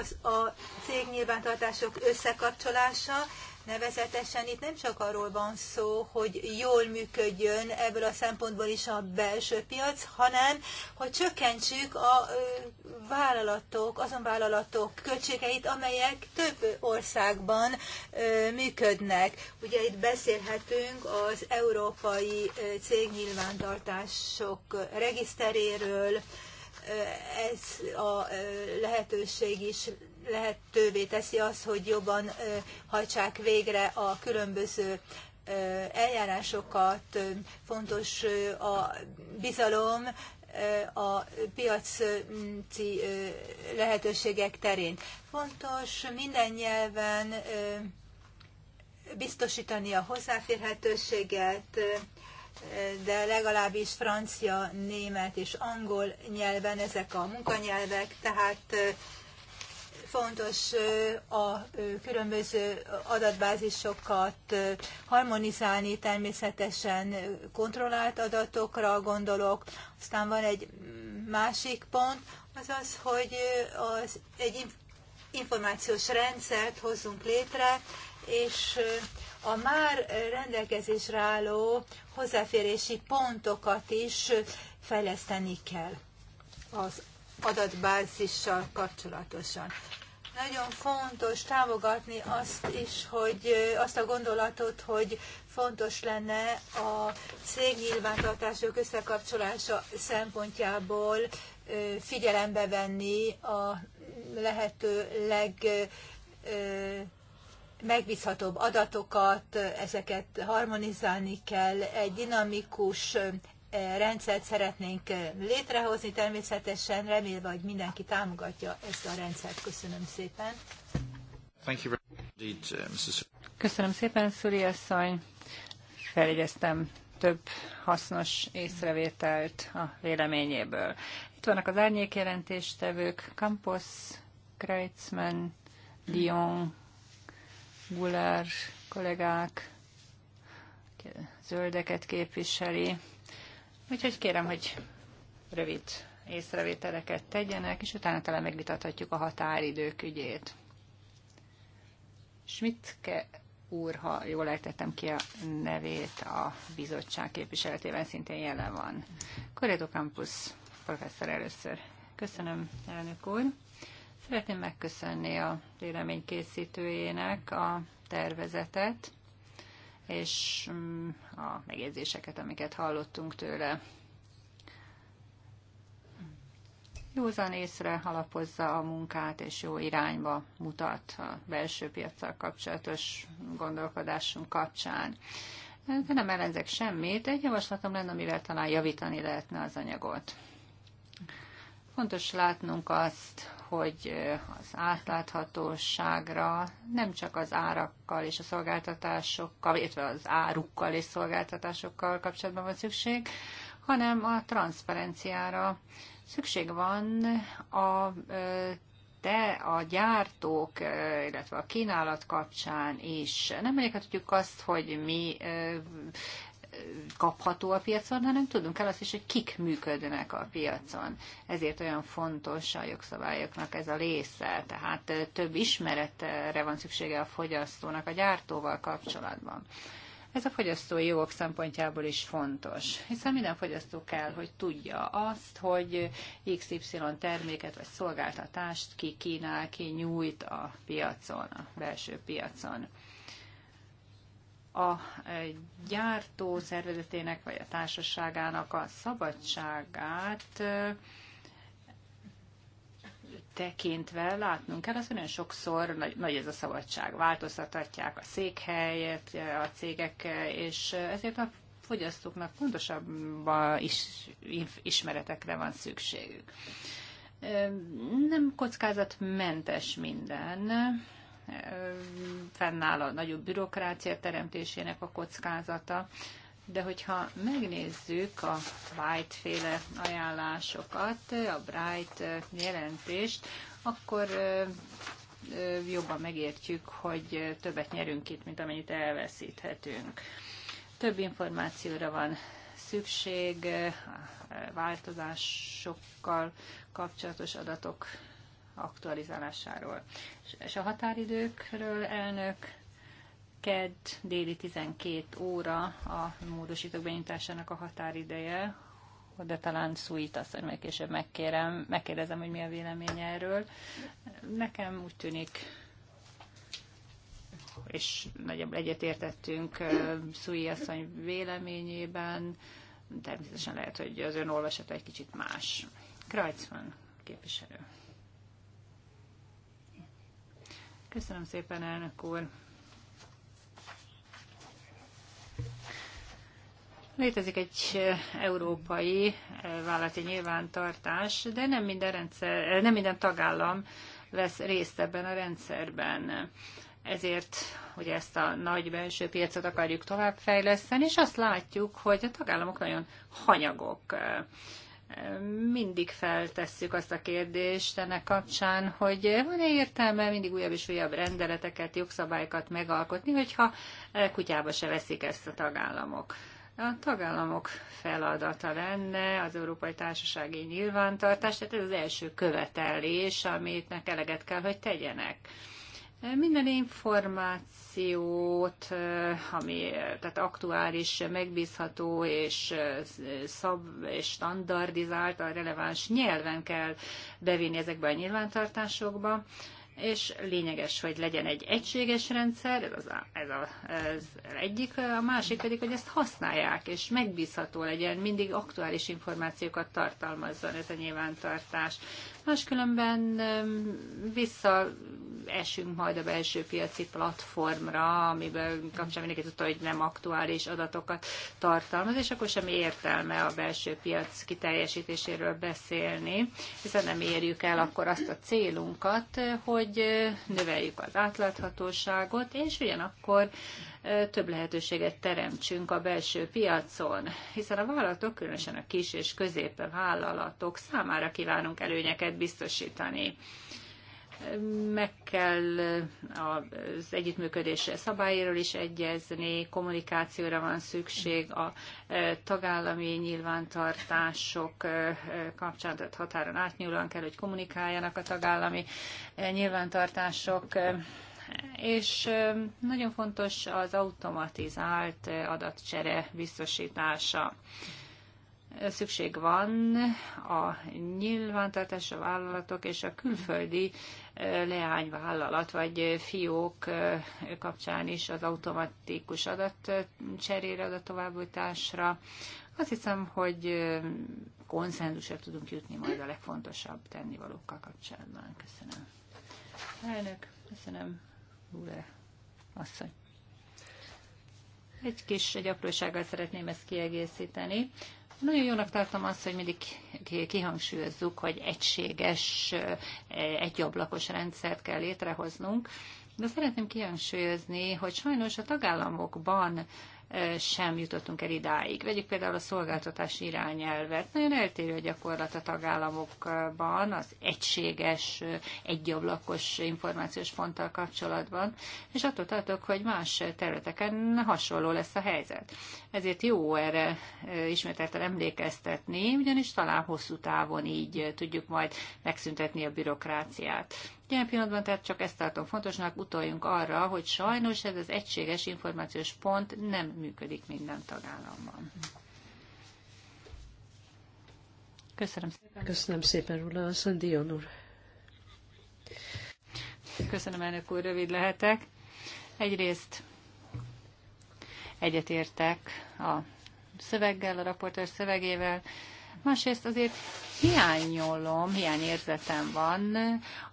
az a cég nyilvántartások összekapcsolása. Nevezetesen itt nem csak arról van szó, hogy jól működjön ebből a szempontból is a belső piac, hanem hogy csökkentsük a vállalatok, azon vállalatok költségeit, amelyek több országban működnek. Ugye itt beszélhetünk az európai cégnyilvántartások regiszteréről, ez a lehetőség is lehetővé teszi az, hogy jobban hajtsák végre a különböző eljárásokat. Fontos a bizalom a piaci lehetőségek terén. Fontos minden nyelven biztosítani a hozzáférhetőséget, de legalábbis francia, német és angol nyelven ezek a munkanyelvek, tehát Fontos a különböző adatbázisokat harmonizálni, természetesen kontrollált adatokra gondolok. Aztán van egy másik pont, az az, hogy az egy információs rendszert hozzunk létre, és a már rendelkezésre álló hozzáférési pontokat is fejleszteni kell az adatbázissal kapcsolatosan. Nagyon fontos támogatni azt is, hogy azt a gondolatot, hogy fontos lenne a cégnyilvántartások összekapcsolása szempontjából figyelembe venni a lehető leg megbízhatóbb adatokat, ezeket harmonizálni kell, egy dinamikus rendszert szeretnénk létrehozni természetesen, remélve, hogy mindenki támogatja ezt a rendszert. Köszönöm szépen. Uh, Köszönöm szépen, Szuri asszony. Feljegyeztem több hasznos észrevételt a véleményéből. Itt vannak az árnyék árnyékjelentéstevők, Campos, Kreitzmann, Dion, Guler kollégák, zöldeket képviseli, Úgyhogy kérem, hogy rövid észrevételeket tegyenek, és utána talán megvitathatjuk a határidők ügyét. Schmidtke úr, ha jól ejtettem ki a nevét, a bizottság képviseletében szintén jelen van. Corredo Campus professzor először. Köszönöm, elnök úr. Szeretném megköszönni a véleménykészítőjének a tervezetet és mm, a megjegyzéseket, amiket hallottunk tőle. Józan észre alapozza a munkát, és jó irányba mutat a belső piacsal kapcsolatos gondolkodásunk kapcsán. De nem ellenzek semmit, egy javaslatom lenne, amivel talán javítani lehetne az anyagot. Fontos látnunk azt, hogy az átláthatóságra nem csak az árakkal és a szolgáltatásokkal, illetve az árukkal és szolgáltatásokkal kapcsolatban van szükség, hanem a transzparenciára. Szükség van a de a gyártók, illetve a kínálat kapcsán is nem tudjuk azt, hogy mi kapható a piacon, hanem tudunk kell azt is, hogy kik működnek a piacon. Ezért olyan fontos a jogszabályoknak ez a része. Tehát több ismeretre van szüksége a fogyasztónak a gyártóval kapcsolatban. Ez a fogyasztói jogok szempontjából is fontos, hiszen minden fogyasztó kell, hogy tudja azt, hogy XY terméket vagy szolgáltatást ki kínál, ki nyújt a piacon, a belső piacon a eh, gyártó szervezetének vagy a társaságának a szabadságát eh, tekintve látnunk kell, az nagyon sokszor nagy, nagy ez a szabadság. Változtathatják a székhelyet eh, a cégek, és ezért a fogyasztóknak pontosabb is, ismeretekre van szükségük. Nem kockázatmentes minden, fennáll a nagyobb bürokrácia teremtésének a kockázata, de hogyha megnézzük a White-féle ajánlásokat, a Bright jelentést, akkor jobban megértjük, hogy többet nyerünk itt, mint amennyit elveszíthetünk. Több információra van szükség, változásokkal kapcsolatos adatok aktualizálásáról. És a határidőkről elnök KED déli 12 óra a módosítók benyújtásának a határideje, de talán szújt azt, hogy meg később megkérem, megkérdezem, hogy mi a vélemény erről. Nekem úgy tűnik, és nagyjából egyetértettünk Szui asszony véleményében, természetesen lehet, hogy az ön olvasata egy kicsit más. Kreuzmann képviselő. Köszönöm szépen, elnök úr. Létezik egy európai vállalati nyilvántartás, de nem minden, rendszer, nem minden tagállam vesz részt ebben a rendszerben. Ezért hogy ezt a nagy belső piacot akarjuk továbbfejleszteni, és azt látjuk, hogy a tagállamok nagyon hanyagok mindig feltesszük azt a kérdést ennek kapcsán, hogy van-e értelme mindig újabb és újabb rendeleteket, jogszabályokat megalkotni, hogyha e, kutyába se veszik ezt a tagállamok. A tagállamok feladata lenne az Európai Társasági Nyilvántartás, tehát ez az első követelés, amit eleget kell, hogy tegyenek. Minden információt, ami tehát aktuális, megbízható és, szab, és standardizált a releváns nyelven kell bevinni ezekbe a nyilvántartásokba és lényeges, hogy legyen egy egységes rendszer, ez az, a, ez, a, ez egyik, a másik pedig, hogy ezt használják, és megbízható legyen, mindig aktuális információkat tartalmazzon ez a nyilvántartás. Máskülönben visszaesünk majd a belső piaci platformra, amiben kapcsán mindenki tudta, hogy nem aktuális adatokat tartalmaz, és akkor semmi értelme a belső piac kiteljesítéséről beszélni, hiszen nem érjük el akkor azt a célunkat, hogy növeljük az átláthatóságot, és ugyanakkor több lehetőséget teremtsünk a belső piacon, hiszen a vállalatok, különösen a kis és közép vállalatok számára kívánunk előnyeket biztosítani meg kell az együttműködés szabályról is egyezni, kommunikációra van szükség a e, tagállami nyilvántartások e, kapcsán, tehát határon átnyúlóan kell, hogy kommunikáljanak a tagállami e, nyilvántartások és nagyon fontos az automatizált adatcsere biztosítása. Szükség van a nyilvántartás, a vállalatok és a külföldi leányvállalat vagy fiók kapcsán is az automatikus adatcserére, továbbításra Azt hiszem, hogy konszenzusra tudunk jutni majd a legfontosabb tennivalókkal kapcsolatban. Köszönöm. Elnök, köszönöm. Rúle asszony. Egy kis, egy aprósággal szeretném ezt kiegészíteni. Nagyon jónak tartom azt, hogy mindig kihangsúlyozzuk, hogy egység,es eh, egyablakos rendszert kell létrehoznunk, de szeretném kihangsúlyozni, hogy sajnos a tagállamokban sem jutottunk el idáig. Vegyük például a szolgáltatás irányelvet. Nagyon eltérő a gyakorlat a tagállamokban az egységes, egyablakos információs ponttal kapcsolatban, és attól tartok, hogy más területeken hasonló lesz a helyzet. Ezért jó erre ismételten emlékeztetni, ugyanis talán hosszú távon így tudjuk majd megszüntetni a bürokráciát. Jelen pillanatban tehát csak ezt tartom fontosnak, utaljunk arra, hogy sajnos ez az egységes információs pont nem működik minden tagállamban. Köszönöm szépen. Köszönöm szépen, Rula Asszony, Dion úr. Köszönöm, elnök úr, rövid lehetek. Egyrészt egyetértek a szöveggel, a raportőr szövegével, másrészt azért hiányolom, hiányérzetem van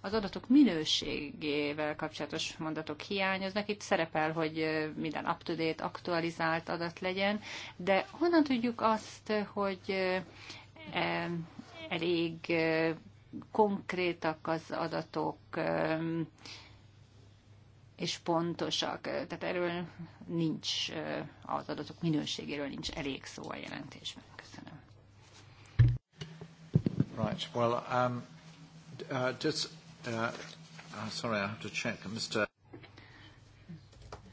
az adatok minőségével kapcsolatos mondatok hiányoznak. Itt szerepel, hogy minden up-to-date, aktualizált adat legyen, de honnan tudjuk azt, hogy elég konkrétak az adatok, és pontosak. Tehát erről nincs, az adatok minőségéről nincs elég szó a jelentésben. Right. Well, um, uh, just, uh, uh, sorry, I have to check. Mr.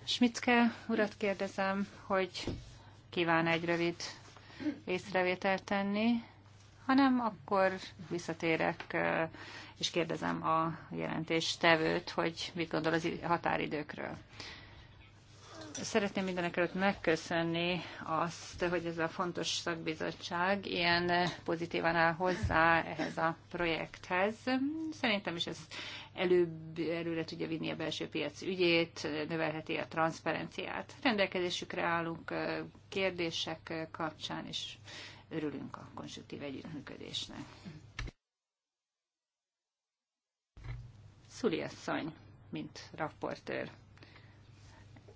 Schmitzke urat kérdezem, hogy kíván egy rövid észrevételt tenni, hanem akkor visszatérek és kérdezem a jelentéstevőt, hogy mit gondol az határidőkről. Szeretném mindenek előtt megköszönni azt, hogy ez a fontos szakbizottság ilyen pozitívan áll hozzá ehhez a projekthez. Szerintem is ez előbb, előre tudja vinni a belső piac ügyét, növelheti a transzparenciát. Rendelkezésükre állunk kérdések kapcsán, és örülünk a konstruktív együttműködésnek. Szuli asszony, mint raportőr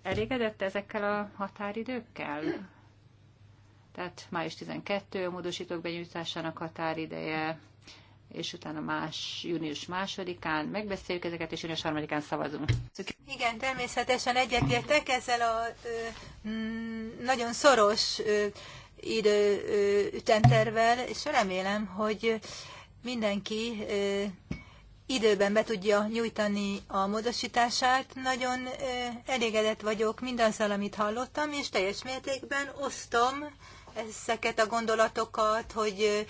elégedett ezekkel a határidőkkel? Tehát május 12 a módosítók benyújtásának határideje, és utána más, június másodikán megbeszéljük ezeket, és június harmadikán szavazunk. Igen, természetesen egyetértek ezzel a ö, mm, nagyon szoros ö, idő ütemtervel, és remélem, hogy mindenki ö, időben be tudja nyújtani a módosítását. Nagyon elégedett vagyok mindazzal, amit hallottam, és teljes mértékben osztom ezeket a gondolatokat, hogy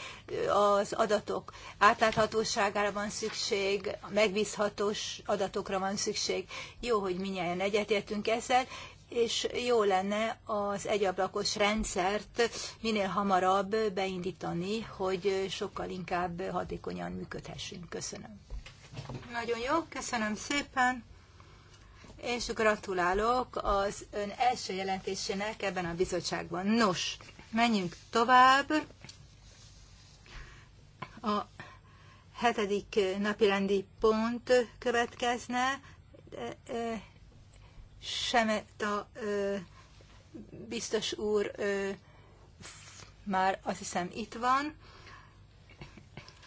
az adatok átláthatóságára van szükség, megbízhatós adatokra van szükség. Jó, hogy minnyáján egyetértünk ezzel, és jó lenne az egyablakos rendszert minél hamarabb beindítani, hogy sokkal inkább hatékonyan működhessünk. Köszönöm. Nagyon jó, köszönöm szépen, és gratulálok az ön első jelentésének ebben a bizottságban. Nos, menjünk tovább. A hetedik napirendi pont következne. Semeta biztos úr már azt hiszem itt van.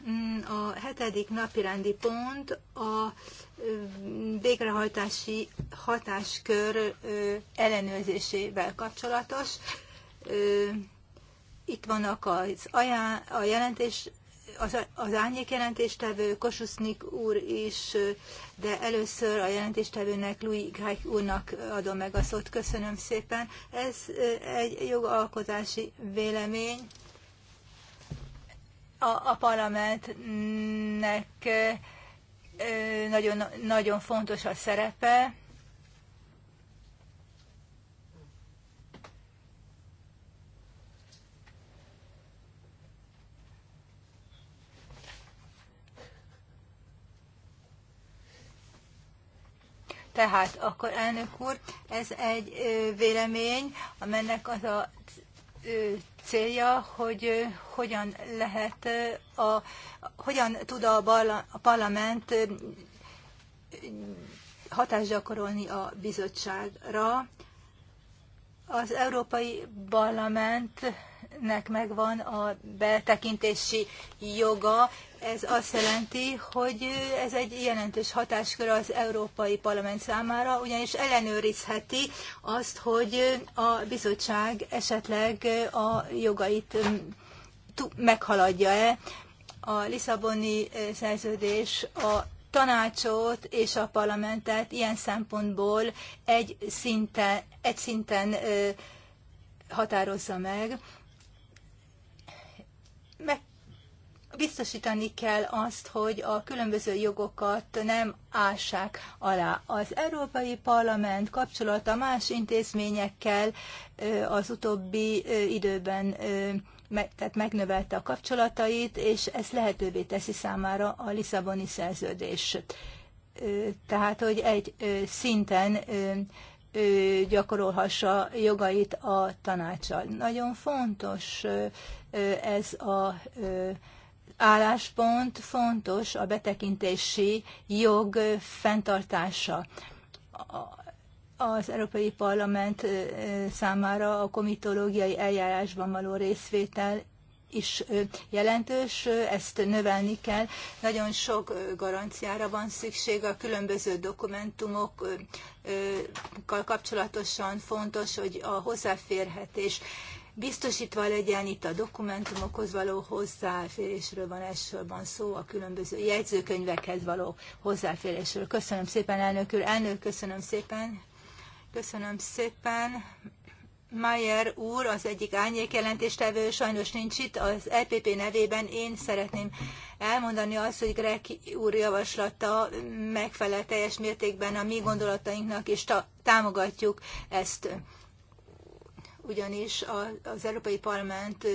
Mm, a hetedik napirendi pont a mm, végrehajtási hatáskör ellenőrzésével kapcsolatos. Itt vannak az aján, a jelentés, az, az árnyék jelentéstevő, Kosusznik úr is, de először a jelentéstevőnek, Louis Grech úrnak adom meg a szót. Köszönöm szépen. Ez egy jogalkotási vélemény a, a parlamentnek nagyon, nagyon fontos a szerepe. Tehát akkor elnök úr, ez egy vélemény, amennek az a célja, hogy hogyan lehet a, hogyan tud a, barla, a parlament hatást gyakorolni a bizottságra. Az Európai Parlament nek megvan a betekintési joga. Ez azt jelenti, hogy ez egy jelentős hatáskör az Európai Parlament számára, ugyanis ellenőrizheti azt, hogy a bizottság esetleg a jogait mm, meghaladja-e. A Lisszaboni eh, szerződés a tanácsot és a parlamentet ilyen szempontból egy szinten, egy szinten eh, határozza meg meg biztosítani kell azt, hogy a különböző jogokat nem ássák alá. Az Európai Parlament kapcsolata más intézményekkel az utóbbi időben tehát megnövelte a kapcsolatait, és ez lehetővé teszi számára a Lisszaboni szerződés. Tehát, hogy egy szinten gyakorolhassa jogait a tanácsal. Nagyon fontos ez a álláspont fontos a betekintési jog fenntartása. Az Európai Parlament számára a komitológiai eljárásban való részvétel is jelentős, ezt növelni kell. Nagyon sok garanciára van szükség a különböző dokumentumokkal kapcsolatosan fontos, hogy a hozzáférhetés biztosítva legyen itt a dokumentumokhoz való hozzáférésről van elsősorban szó, a különböző jegyzőkönyvekhez való hozzáférésről. Köszönöm szépen, elnök úr. Elnök, köszönöm szépen. Köszönöm szépen. Mayer úr, az egyik árnyék jelentéstevő sajnos nincs itt, az EPP nevében én szeretném elmondani azt, hogy Greg úr javaslata megfelel teljes mértékben a mi gondolatainknak, és támogatjuk ezt ugyanis az Európai Parlament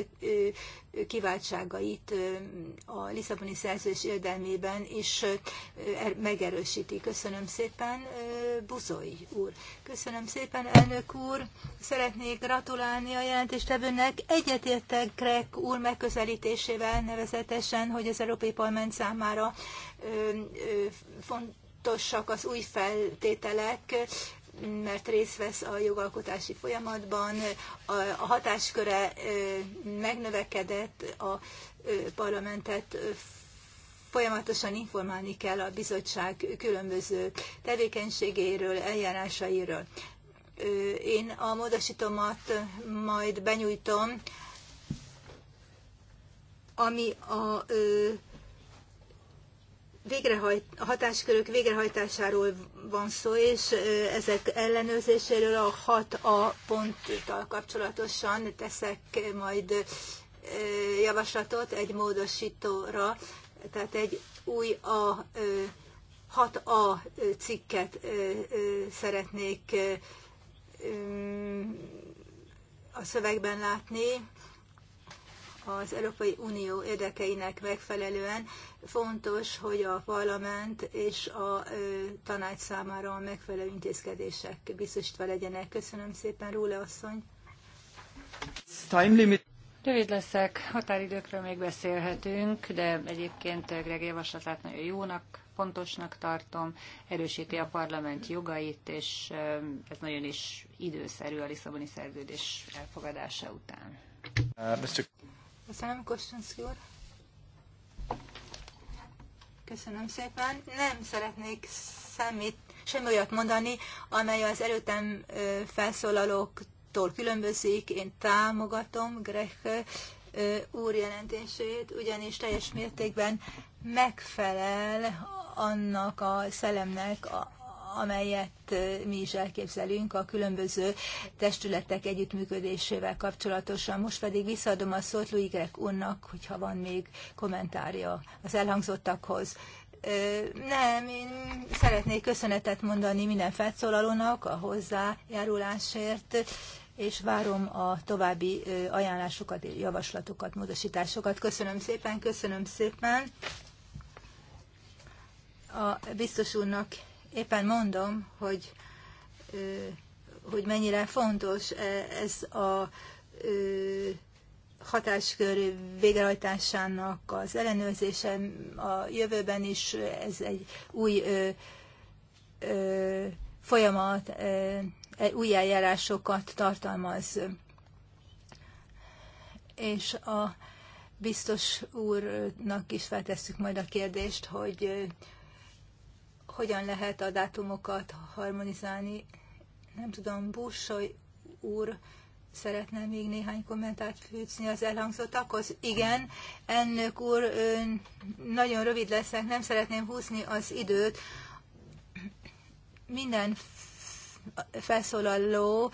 kiváltságait a Lisszaboni szerződés érdelmében is er, megerősíti. Köszönöm szépen, Buzói úr. Köszönöm szépen, elnök úr. Szeretnék gratulálni a jelentéstevőnek. Egyetértek Krek úr megközelítésével nevezetesen, hogy az Európai Parlament számára fontosak az új feltételek, mert részt vesz a jogalkotási folyamatban, a hatásköre megnövekedett, a parlamentet folyamatosan informálni kell a bizottság különböző tevékenységéről, eljárásairól. Én a módosítomat majd benyújtom, ami a végrehajt, a hatáskörök végrehajtásáról van szó, és ezek ellenőrzéséről a 6A ponttal kapcsolatosan teszek majd javaslatot egy módosítóra, tehát egy új a 6A cikket szeretnék a szövegben látni az Európai Unió érdekeinek megfelelően fontos, hogy a parlament és a tanács számára a megfelelő intézkedések biztosítva legyenek. Köszönöm szépen, Rúle asszony. Rövid leszek, határidőkről még beszélhetünk, de egyébként Greg javaslatát nagyon jónak, fontosnak tartom, erősíti a parlament jogait, és ez nagyon is időszerű a Lisszaboni szerződés elfogadása után. Uh, Köszönöm, Kostanszki úr. Köszönöm szépen. Nem szeretnék semmit, semmi olyat mondani, amely az előttem felszólalóktól különbözik. Én támogatom Grech úr jelentését, ugyanis teljes mértékben megfelel annak a szellemnek, amelyet mi is elképzelünk a különböző testületek együttműködésével kapcsolatosan. Most pedig visszaadom a szót Louis Grek úrnak, hogyha van még kommentárja az elhangzottakhoz. Nem, én szeretnék köszönetet mondani minden felszólalónak a hozzájárulásért, és várom a további ajánlásokat, javaslatokat, módosításokat. Köszönöm szépen, köszönöm szépen. A biztos úrnak éppen mondom, hogy, hogy mennyire fontos e, ez a hatáskör végrehajtásának az ellenőrzése a jövőben is, ez egy új ö, ö, folyamat, ö, e, új eljárásokat tartalmaz. És a biztos úrnak is feltesszük majd a kérdést, hogy hogyan lehet a dátumokat harmonizálni. Nem tudom, Busoly úr szeretne még néhány kommentárt fűzni az elhangzottakhoz. Igen, elnök úr, nagyon rövid leszek, nem szeretném húzni az időt. Minden felszólaló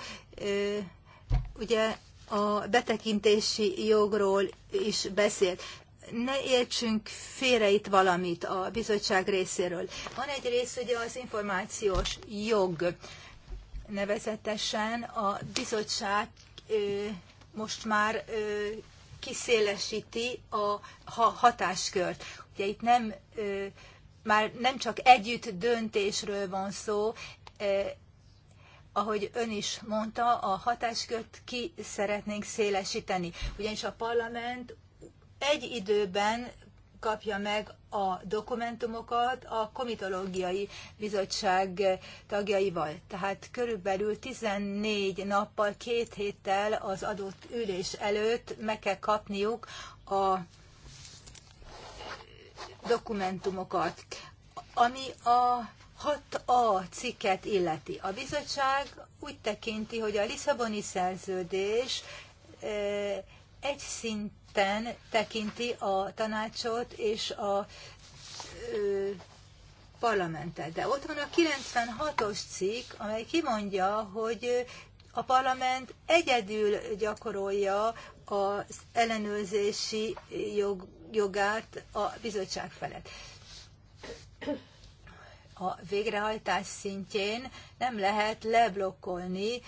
ugye a betekintési jogról is beszélt ne értsünk félre itt valamit a bizottság részéről. Van egy rész ugye az információs jog, nevezetesen a bizottság most már kiszélesíti a hatáskört. Ugye itt nem, már nem csak együtt döntésről van szó, ahogy ön is mondta, a hatáskört ki szeretnénk szélesíteni. Ugyanis a parlament egy időben kapja meg a dokumentumokat a komitológiai bizottság tagjaival. Tehát körülbelül 14 nappal, két héttel az adott ülés előtt meg kell kapniuk a dokumentumokat. Ami a 6a cikket illeti. A bizottság úgy tekinti, hogy a Lisszaboni szerződés eh, egy szint ketten tekinti a tanácsot és a ö, parlamentet. De ott van a 96-os cikk, amely kimondja, hogy a parlament egyedül gyakorolja az ellenőrzési jog, jogát a bizottság felett. A végrehajtás szintjén nem lehet leblokkolni,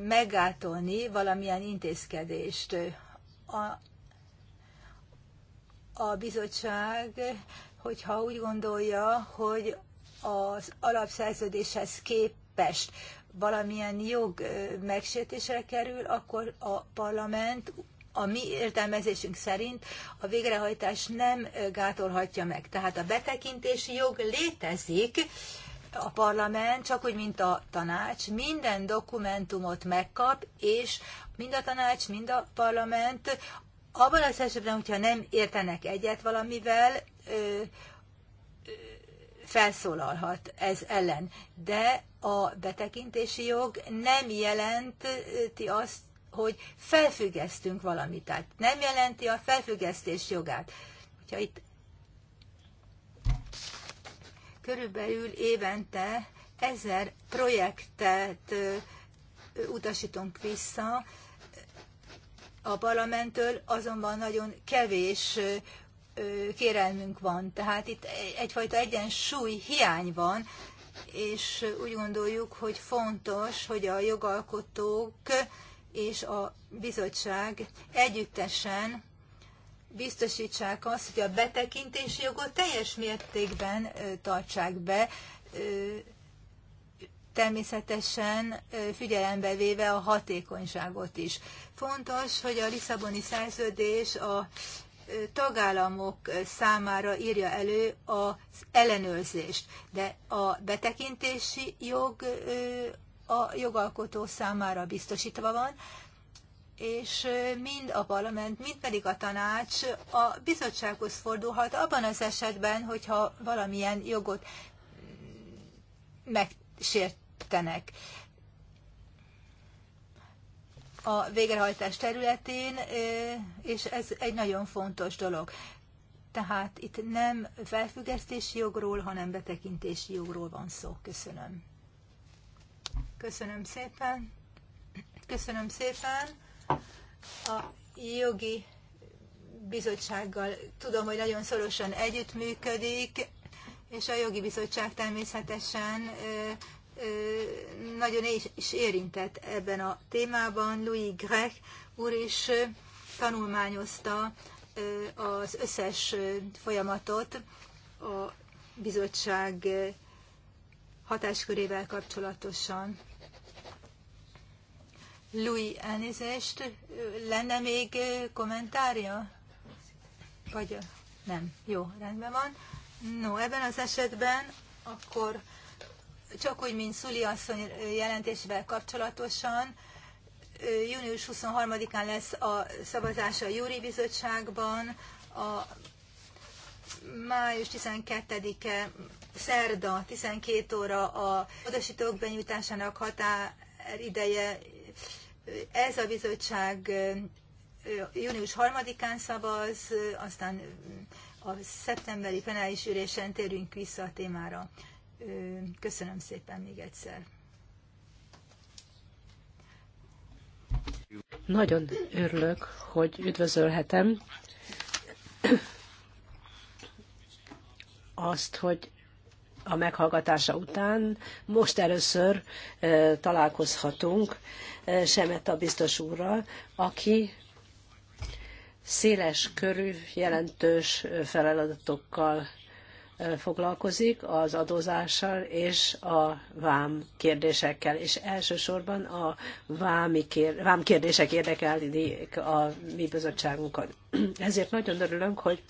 megátolni valamilyen intézkedést a, a bizottság, hogyha úgy gondolja, hogy az alapszerződéshez képest valamilyen jog megsértésre kerül, akkor a parlament a mi értelmezésünk szerint a végrehajtás nem gátolhatja meg. Tehát a betekintési jog létezik, a parlament, csak úgy, mint a tanács, minden dokumentumot megkap, és mind a tanács, mind a parlament abban az esetben, hogyha nem értenek egyet valamivel, ö, ö, felszólalhat ez ellen. De a betekintési jog nem jelenti azt, hogy felfüggesztünk valamit. Tehát nem jelenti a felfüggesztés jogát. Hogyha itt körülbelül évente ezer projektet utasítunk vissza a parlamenttől, azonban nagyon kevés kérelmünk van. Tehát itt egyfajta egyensúly hiány van, és úgy gondoljuk, hogy fontos, hogy a jogalkotók és a bizottság együttesen biztosítsák azt, hogy a betekintési jogot teljes mértékben tartsák be, természetesen figyelembe véve a hatékonyságot is. Fontos, hogy a Lisszaboni szerződés a tagállamok számára írja elő az ellenőrzést, de a betekintési jog a jogalkotó számára biztosítva van, és mind a parlament, mind pedig a tanács a bizottsághoz fordulhat abban az esetben, hogyha valamilyen jogot megsértenek. A végrehajtás területén, és ez egy nagyon fontos dolog. Tehát itt nem felfüggesztési jogról, hanem betekintési jogról van szó. Köszönöm. Köszönöm szépen. Köszönöm szépen. A jogi bizottsággal tudom, hogy nagyon szorosan együttműködik, és a jogi bizottság természetesen nagyon is érintett ebben a témában. Louis Grech úr is tanulmányozta az összes folyamatot a bizottság hatáskörével kapcsolatosan. Louis, elnézést, lenne még kommentárja? Vagy nem? Jó, rendben van. No, ebben az esetben akkor csak úgy, mint Szuli asszony jelentésével kapcsolatosan, június 23-án lesz a szavazás a Júri Bizottságban, a május 12-e szerda 12 óra a odasítók benyújtásának ideje ez a bizottság június 3-án szavaz, aztán a szeptemberi plenáris ülésen térünk vissza a témára. Köszönöm szépen még egyszer. Nagyon örülök, hogy üdvözölhetem azt, hogy a meghallgatása után most először találkozhatunk Semeta biztos úrral, aki széles körű, jelentős feladatokkal foglalkozik az adózással és a vám kérdésekkel, és elsősorban a vámi kér, vám kérdések érdekelik a mi bizottságunkat. Ezért nagyon örülünk, hogy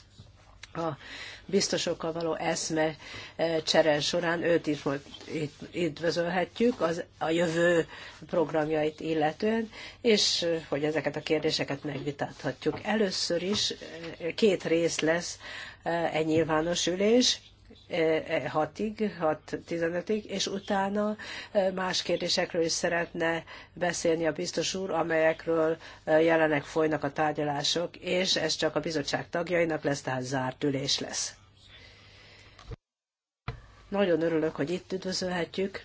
a biztosokkal való eszme e, csere során őt is majd üdvözölhetjük az, a jövő programjait illetően, és e, hogy ezeket a kérdéseket megvitathatjuk. Először is e, két rész lesz egy nyilvános ülés, 6-ig, 6-15-ig, és utána más kérdésekről is szeretne beszélni a biztos úr, amelyekről jelenek folynak a tárgyalások, és ez csak a bizottság tagjainak lesz, tehát zárt ülés lesz. Nagyon örülök, hogy itt üdvözölhetjük,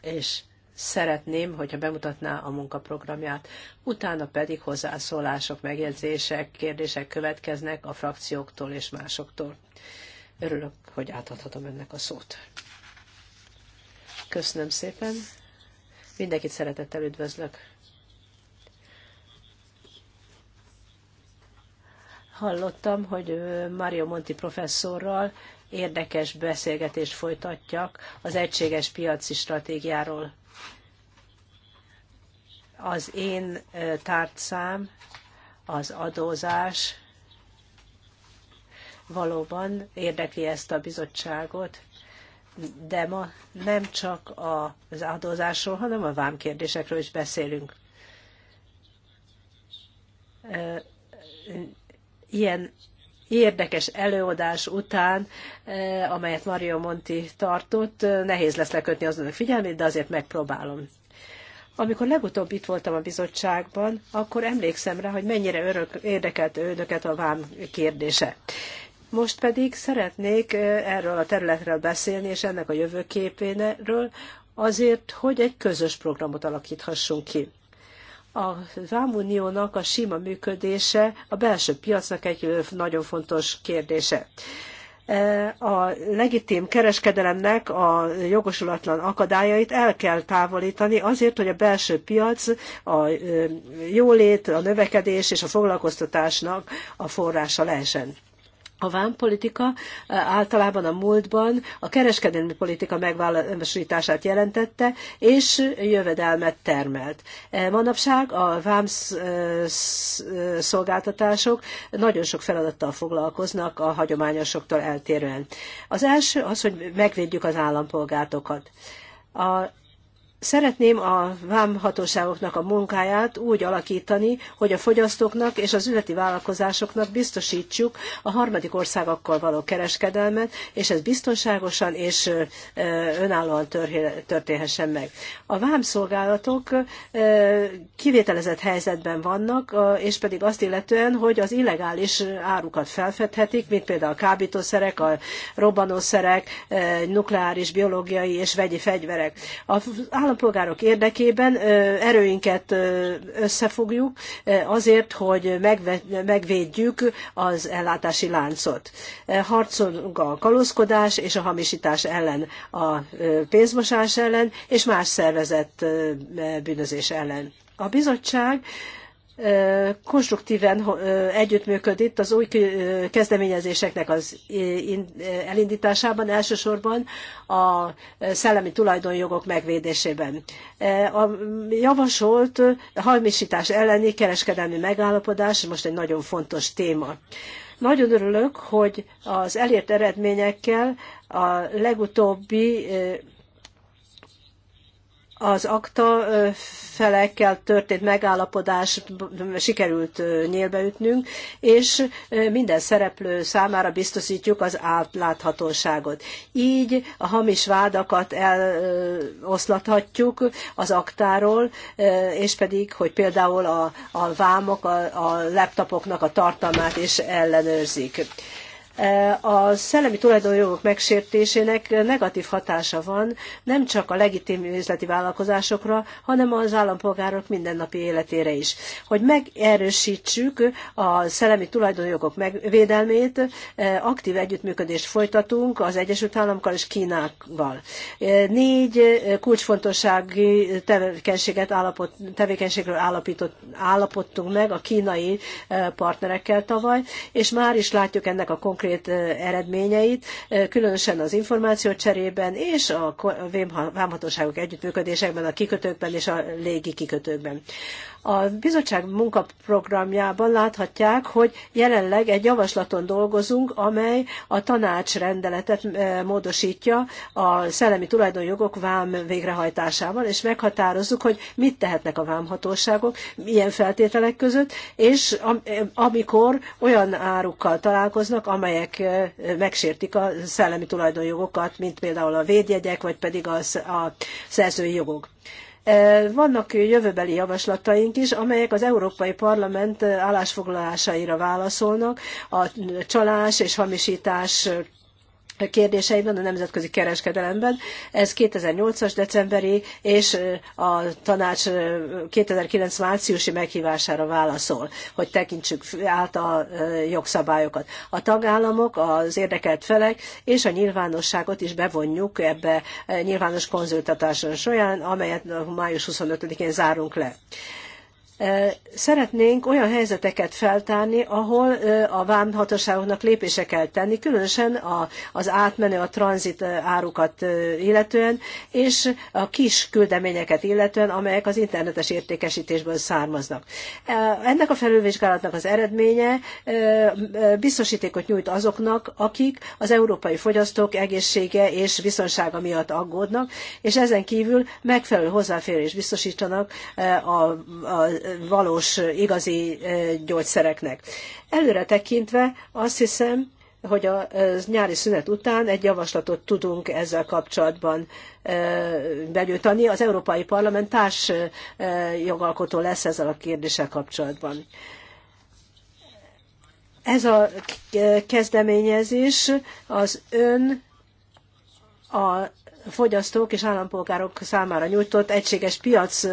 és szeretném, hogyha bemutatná a munkaprogramját. Utána pedig hozzászólások, megjegyzések, kérdések következnek a frakcióktól és másoktól. Örülök hogy átadhatom ennek a szót. Köszönöm szépen. Mindenkit szeretettel üdvözlök. Hallottam, hogy Mario Monti professzorral érdekes beszélgetést folytatjak az egységes piaci stratégiáról. Az én tárcám az adózás, valóban érdekli ezt a bizottságot, de ma nem csak az adózásról, hanem a vámkérdésekről is beszélünk. Ilyen érdekes előadás után, amelyet Mario Monti tartott, nehéz lesz lekötni az önök figyelmét, de azért megpróbálom. Amikor legutóbb itt voltam a bizottságban, akkor emlékszem rá, hogy mennyire örök, érdekelt önöket a vám kérdése. Most pedig szeretnék erről a területről beszélni, és ennek a jövőképéről, azért, hogy egy közös programot alakíthassunk ki. A vámuniónak a sima működése a belső piacnak egy nagyon fontos kérdése. A legitim kereskedelemnek a jogosulatlan akadályait el kell távolítani azért, hogy a belső piac a jólét, a növekedés és a foglalkoztatásnak a forrása lehessen a vámpolitika e, általában a múltban a kereskedelmi politika megvalósítását jelentette, és jövedelmet termelt. E, manapság a vám e, szolgáltatások nagyon sok feladattal foglalkoznak a hagyományosoktól eltérően. Az első az, hogy megvédjük az állampolgátokat. A Szeretném a vámhatóságoknak a munkáját úgy alakítani, hogy a fogyasztóknak és az üzleti vállalkozásoknak biztosítsuk a harmadik országokkal való kereskedelmet, és ez biztonságosan és önállóan történhessen meg. A vámszolgálatok kivételezett helyzetben vannak, és pedig azt illetően, hogy az illegális árukat felfedhetik, mint például a kábítószerek, a robbanószerek, nukleáris, biológiai és vegyi fegyverek. A állampolgárok érdekében erőinket összefogjuk azért, hogy megvédjük az ellátási láncot. Harcolunk a kalózkodás és a hamisítás ellen, a pénzmosás ellen és más szervezett bűnözés ellen. A bizottság konstruktíven együttműköd itt az új kezdeményezéseknek az elindításában, elsősorban a szellemi tulajdonjogok megvédésében. A javasolt hajmisítás elleni kereskedelmi megállapodás most egy nagyon fontos téma. Nagyon örülök, hogy az elért eredményekkel a legutóbbi az akta felekkel történt megállapodás sikerült nyélbeütnünk, és minden szereplő számára biztosítjuk az átláthatóságot. Így a hamis vádakat eloszlathatjuk az aktáról, és pedig, hogy például a, a vámok, a, a laptopoknak a tartalmát is ellenőrzik a szellemi tulajdonjogok megsértésének negatív hatása van nem csak a legitim üzleti vállalkozásokra, hanem az állampolgárok mindennapi életére is. Hogy megerősítsük a szellemi tulajdonjogok megvédelmét, e, aktív együttműködést folytatunk az Egyesült Államokkal és Kínával. E, négy kulcsfontossági tevékenységet állapot, tevékenységről állapított, állapodtunk meg a kínai e, partnerekkel tavaly, és már is látjuk ennek a konkrét konkrét eredményeit, különösen az információ cserében és a vámhatóságok együttműködésekben, a kikötőkben és a légi kikötőkben. A bizottság munkaprogramjában láthatják, hogy jelenleg egy javaslaton dolgozunk, amely a tanács rendeletet eh, módosítja a szellemi tulajdonjogok vám végrehajtásával, és meghatározzuk, hogy mit tehetnek a vámhatóságok, milyen feltételek között, és amikor olyan árukkal találkoznak, amelyek eh, megsértik a szellemi tulajdonjogokat, mint például a védjegyek, vagy pedig a szerzői jogok. Vannak jövőbeli javaslataink is, amelyek az Európai Parlament állásfoglalásaira válaszolnak a csalás és hamisítás kérdéseiben, a nemzetközi kereskedelemben. Ez 2008-as decemberi és a tanács 2009 márciusi meghívására válaszol, hogy tekintsük át a jogszabályokat. A tagállamok, az érdekelt felek és a nyilvánosságot is bevonjuk ebbe nyilvános konzultatáson során, amelyet május 25-én zárunk le. Szeretnénk olyan helyzeteket feltárni, ahol a vámhatóságoknak lépése kell tenni, különösen az átmenő, a tranzit árukat illetően, és a kis küldeményeket illetően, amelyek az internetes értékesítésből származnak. Ennek a felülvizsgálatnak az eredménye biztosítékot nyújt azoknak, akik az európai fogyasztók egészsége és biztonsága miatt aggódnak, és ezen kívül megfelelő hozzáférés biztosítanak a, a valós, igazi gyógyszereknek. Előre tekintve azt hiszem, hogy a nyári szünet után egy javaslatot tudunk ezzel kapcsolatban benyújtani. Az Európai Parlament társ jogalkotó lesz ezzel a kérdéssel kapcsolatban. Ez a kezdeményezés az ön a fogyasztók és állampolgárok számára nyújtott egységes piac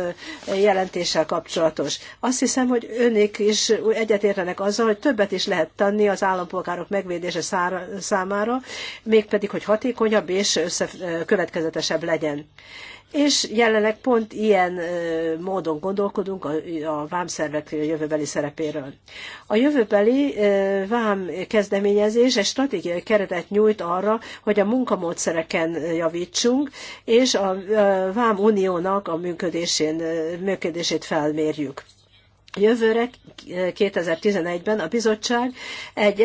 jelentéssel kapcsolatos. Azt hiszem, hogy önök is egyetértenek azzal, hogy többet is lehet tenni az állampolgárok megvédése számára, mégpedig, hogy hatékonyabb és következetesebb legyen és jelenleg pont ilyen módon gondolkodunk a, a vámszervek jövőbeli szerepéről. A jövőbeli vám kezdeményezés egy stratégiai keretet nyújt arra, hogy a munkamódszereken javítsunk, és a vám uniónak a működésén, működését felmérjük. Jövőre 2011-ben a bizottság egy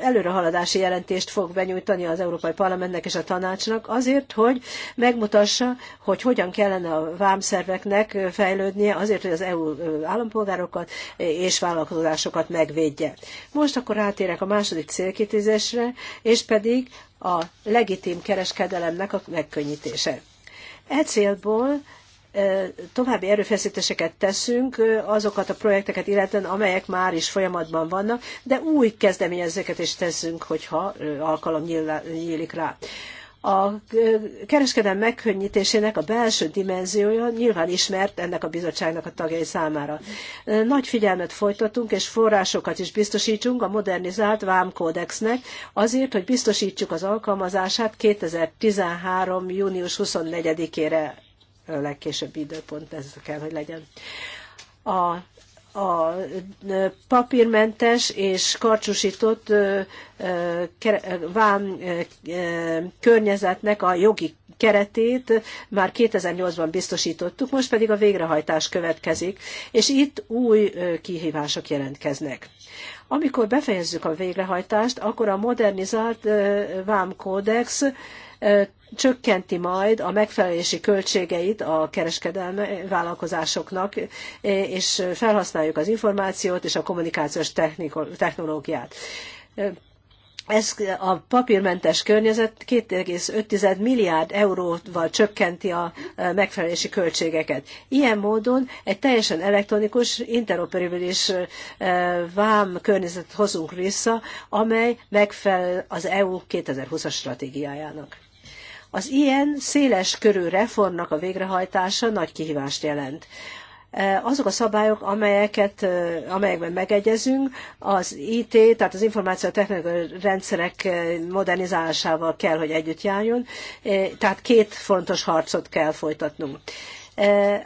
előrehaladási jelentést fog benyújtani az Európai Parlamentnek és a tanácsnak azért, hogy megmutassa, hogy hogyan kellene a vámszerveknek fejlődnie azért, hogy az EU állampolgárokat és vállalkozásokat megvédje. Most akkor átérek a második célkitűzésre, és pedig a legitim kereskedelemnek a megkönnyítése. E célból további erőfeszítéseket teszünk azokat a projekteket illetően, amelyek már is folyamatban vannak, de új kezdeményezéket is teszünk, hogyha alkalom nyílik rá. A kereskedelem megkönnyítésének a belső dimenziója nyilván ismert ennek a bizottságnak a tagjai számára. Nagy figyelmet folytatunk, és forrásokat is biztosítsunk a modernizált vámkódexnek azért, hogy biztosítsuk az alkalmazását 2013. június 24-ére legkésőbb időpont ez kell, hogy legyen. A a papírmentes és karcsúsított vám környezetnek a jogi keretét már 2008-ban biztosítottuk, most pedig a végrehajtás következik, és itt új kihívások jelentkeznek. Amikor befejezzük a végrehajtást, akkor a modernizált vámkódex csökkenti majd a megfelelési költségeit a kereskedelmi vállalkozásoknak, és felhasználjuk az információt és a kommunikációs technológiát. Ez a papírmentes környezet 2,5 milliárd euróval csökkenti a megfelelési költségeket. Ilyen módon egy teljesen elektronikus, interoperabilis vám környezetet hozunk vissza, amely megfelel az EU 2020-as stratégiájának. Az ilyen széles körű reformnak a végrehajtása nagy kihívást jelent e, azok a szabályok, amelyeket, e, amelyekben megegyezünk, az IT, tehát az technikai rendszerek e, modernizálásával kell, hogy együtt járjon, tehát két fontos harcot kell folytatnunk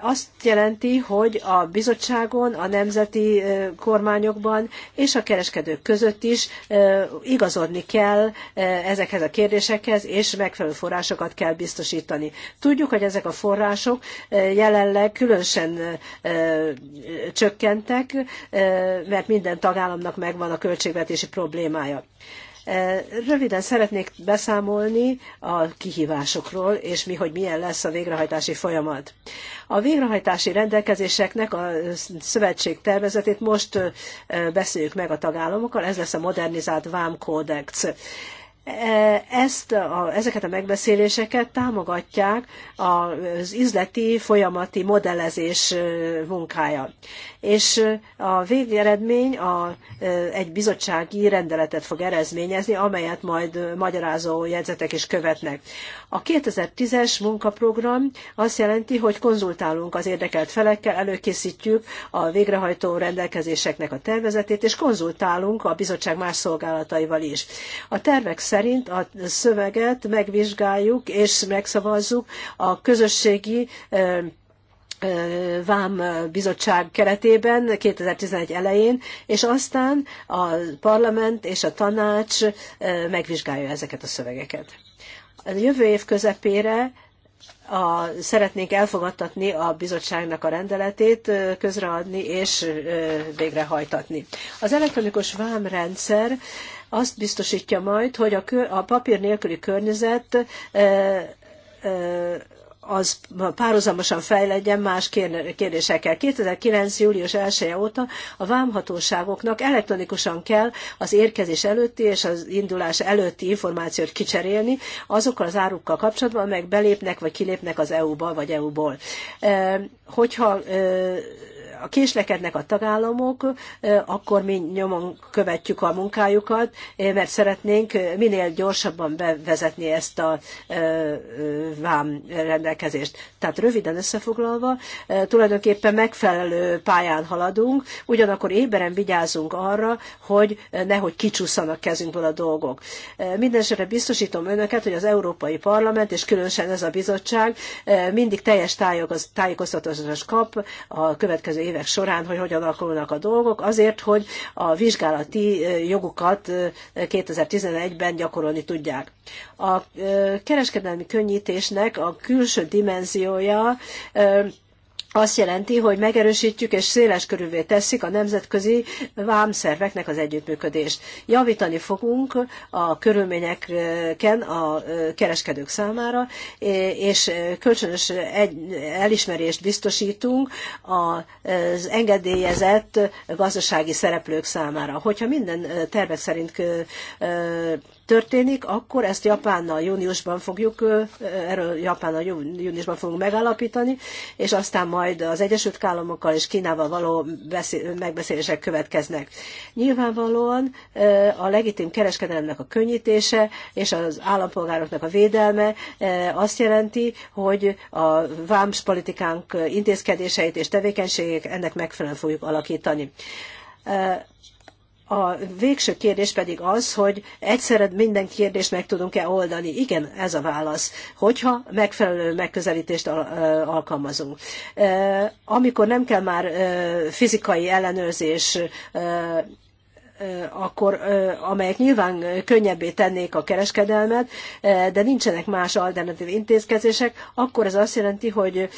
azt jelenti, hogy a bizottságon, a nemzeti kormányokban és a kereskedők között is igazodni kell ezekhez a kérdésekhez, és megfelelő forrásokat kell biztosítani. Tudjuk, hogy ezek a források jelenleg különösen csökkentek, mert minden tagállamnak megvan a költségvetési problémája. Röviden szeretnék beszámolni a kihívásokról, és mi, hogy milyen lesz a végrehajtási folyamat. A végrehajtási rendelkezéseknek a szövetség tervezetét most beszéljük meg a tagállamokkal, ez lesz a modernizált vámkódex. E, ezt a, ezeket a megbeszéléseket támogatják az üzleti folyamati modellezés e, munkája. És e, a végeredmény a, egy bizottsági rendeletet fog eredményezni, amelyet majd magyarázó jegyzetek is követnek. A 2010-es munkaprogram azt jelenti, hogy konzultálunk az érdekelt felekkel, előkészítjük a végrehajtó rendelkezéseknek a tervezetét, és konzultálunk a bizottság más szolgálataival is. A tervek szerint a szöveget megvizsgáljuk és megszavazzuk a közösségi Vám bizottság keretében 2011 elején, és aztán a parlament és a tanács megvizsgálja ezeket a szövegeket. A jövő év közepére a, szeretnénk elfogadtatni a bizottságnak a rendeletét, közreadni és végrehajtatni. Az elektronikus vámrendszer azt biztosítja majd, hogy a, kö, a papír nélküli környezet az párhuzamosan fejlegyen más kérdésekkel. 2009. július 1 -e óta a vámhatóságoknak elektronikusan kell az érkezés előtti és az indulás előtti információt kicserélni azokkal az árukkal kapcsolatban, amelyek belépnek vagy kilépnek az EU-ba vagy EU-ból. Hogyha a késlekednek a tagállamok, akkor mi nyomon követjük a munkájukat, mert szeretnénk minél gyorsabban bevezetni ezt a vám rendelkezést. Tehát röviden összefoglalva, tulajdonképpen megfelelő pályán haladunk, ugyanakkor éberen vigyázunk arra, hogy nehogy kicsúszanak kezünkből a dolgok. Mindenesetre biztosítom önöket, hogy az Európai Parlament, és különösen ez a bizottság mindig teljes tájékoztatást kap a következő évek során, hogy hogyan alakulnak a dolgok, azért, hogy a vizsgálati jogukat 2011-ben gyakorolni tudják. A kereskedelmi könnyítésnek a külső dimenziója azt jelenti, hogy megerősítjük és széles körülvé tesszük a nemzetközi vámszerveknek az együttműködést. Javítani fogunk a körülményeken a kereskedők számára, és kölcsönös elismerést biztosítunk az engedélyezett gazdasági szereplők számára. Hogyha minden tervek szerint történik, akkor ezt Japánnal júniusban fogjuk, erről Japánnal júniusban fogunk megállapítani, és aztán majd az Egyesült Államokkal és Kínával való megbeszélések következnek. Nyilvánvalóan a legitim kereskedelemnek a könnyítése és az állampolgároknak a védelme azt jelenti, hogy a VAMS politikánk intézkedéseit és tevékenységét ennek megfelelően fogjuk alakítani a végső kérdés pedig az, hogy egyszerre minden kérdést meg tudunk-e oldani. Igen, ez a válasz, hogyha megfelelő megközelítést alkalmazunk. Amikor nem kell már fizikai ellenőrzés akkor, amelyek nyilván könnyebbé tennék a kereskedelmet, de nincsenek más alternatív intézkedések, akkor ez azt jelenti, hogy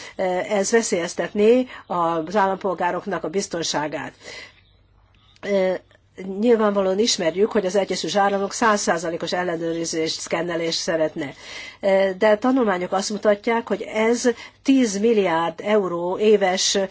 ez veszélyeztetné az állampolgároknak a biztonságát nyilvánvalóan ismerjük, hogy az Egyesült Államok százszázalékos ellenőrzést, szkennelést szeretne. E, de tanulmányok azt mutatják, hogy ez 10 milliárd euró éves e,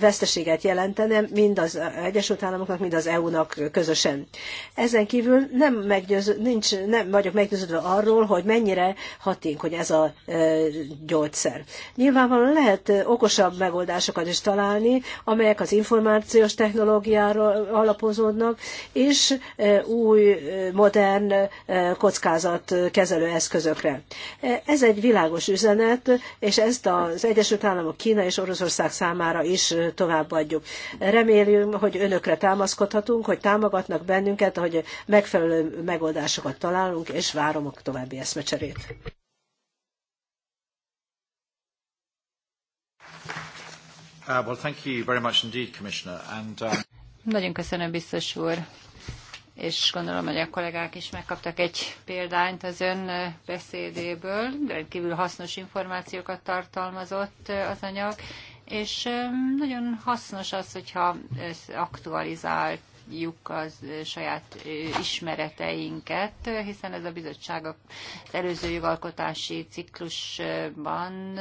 veszteséget jelentene mind az Egyesült Államoknak, mind az EU-nak közösen. Ezen kívül nem, meggyőz, nincs, nem vagyok meggyőződve arról, hogy mennyire hatékony ez a e, gyógyszer. Nyilvánvalóan lehet okosabb megoldásokat is találni, amelyek az információs technológiáról alapozó kapcsolódnak, és e, új, e, modern e, kockázatkezelő eszközökre. Ez egy világos üzenet, és ezt az Egyesült Államok, Kína és Oroszország számára is továbbadjuk. Reméljük, hogy önökre támaszkodhatunk, hogy támogatnak bennünket, hogy megfelelő megoldásokat találunk, és várom a további eszmecserét. Uh, well, thank you very much indeed, Commissioner. And, um... Nagyon köszönöm, biztos úr, és gondolom, hogy a kollégák is megkaptak egy példányt az ön beszédéből, rendkívül hasznos információkat tartalmazott az anyag, és nagyon hasznos az, hogyha aktualizáljuk az saját ismereteinket, hiszen ez a bizottság az előző jogalkotási ciklusban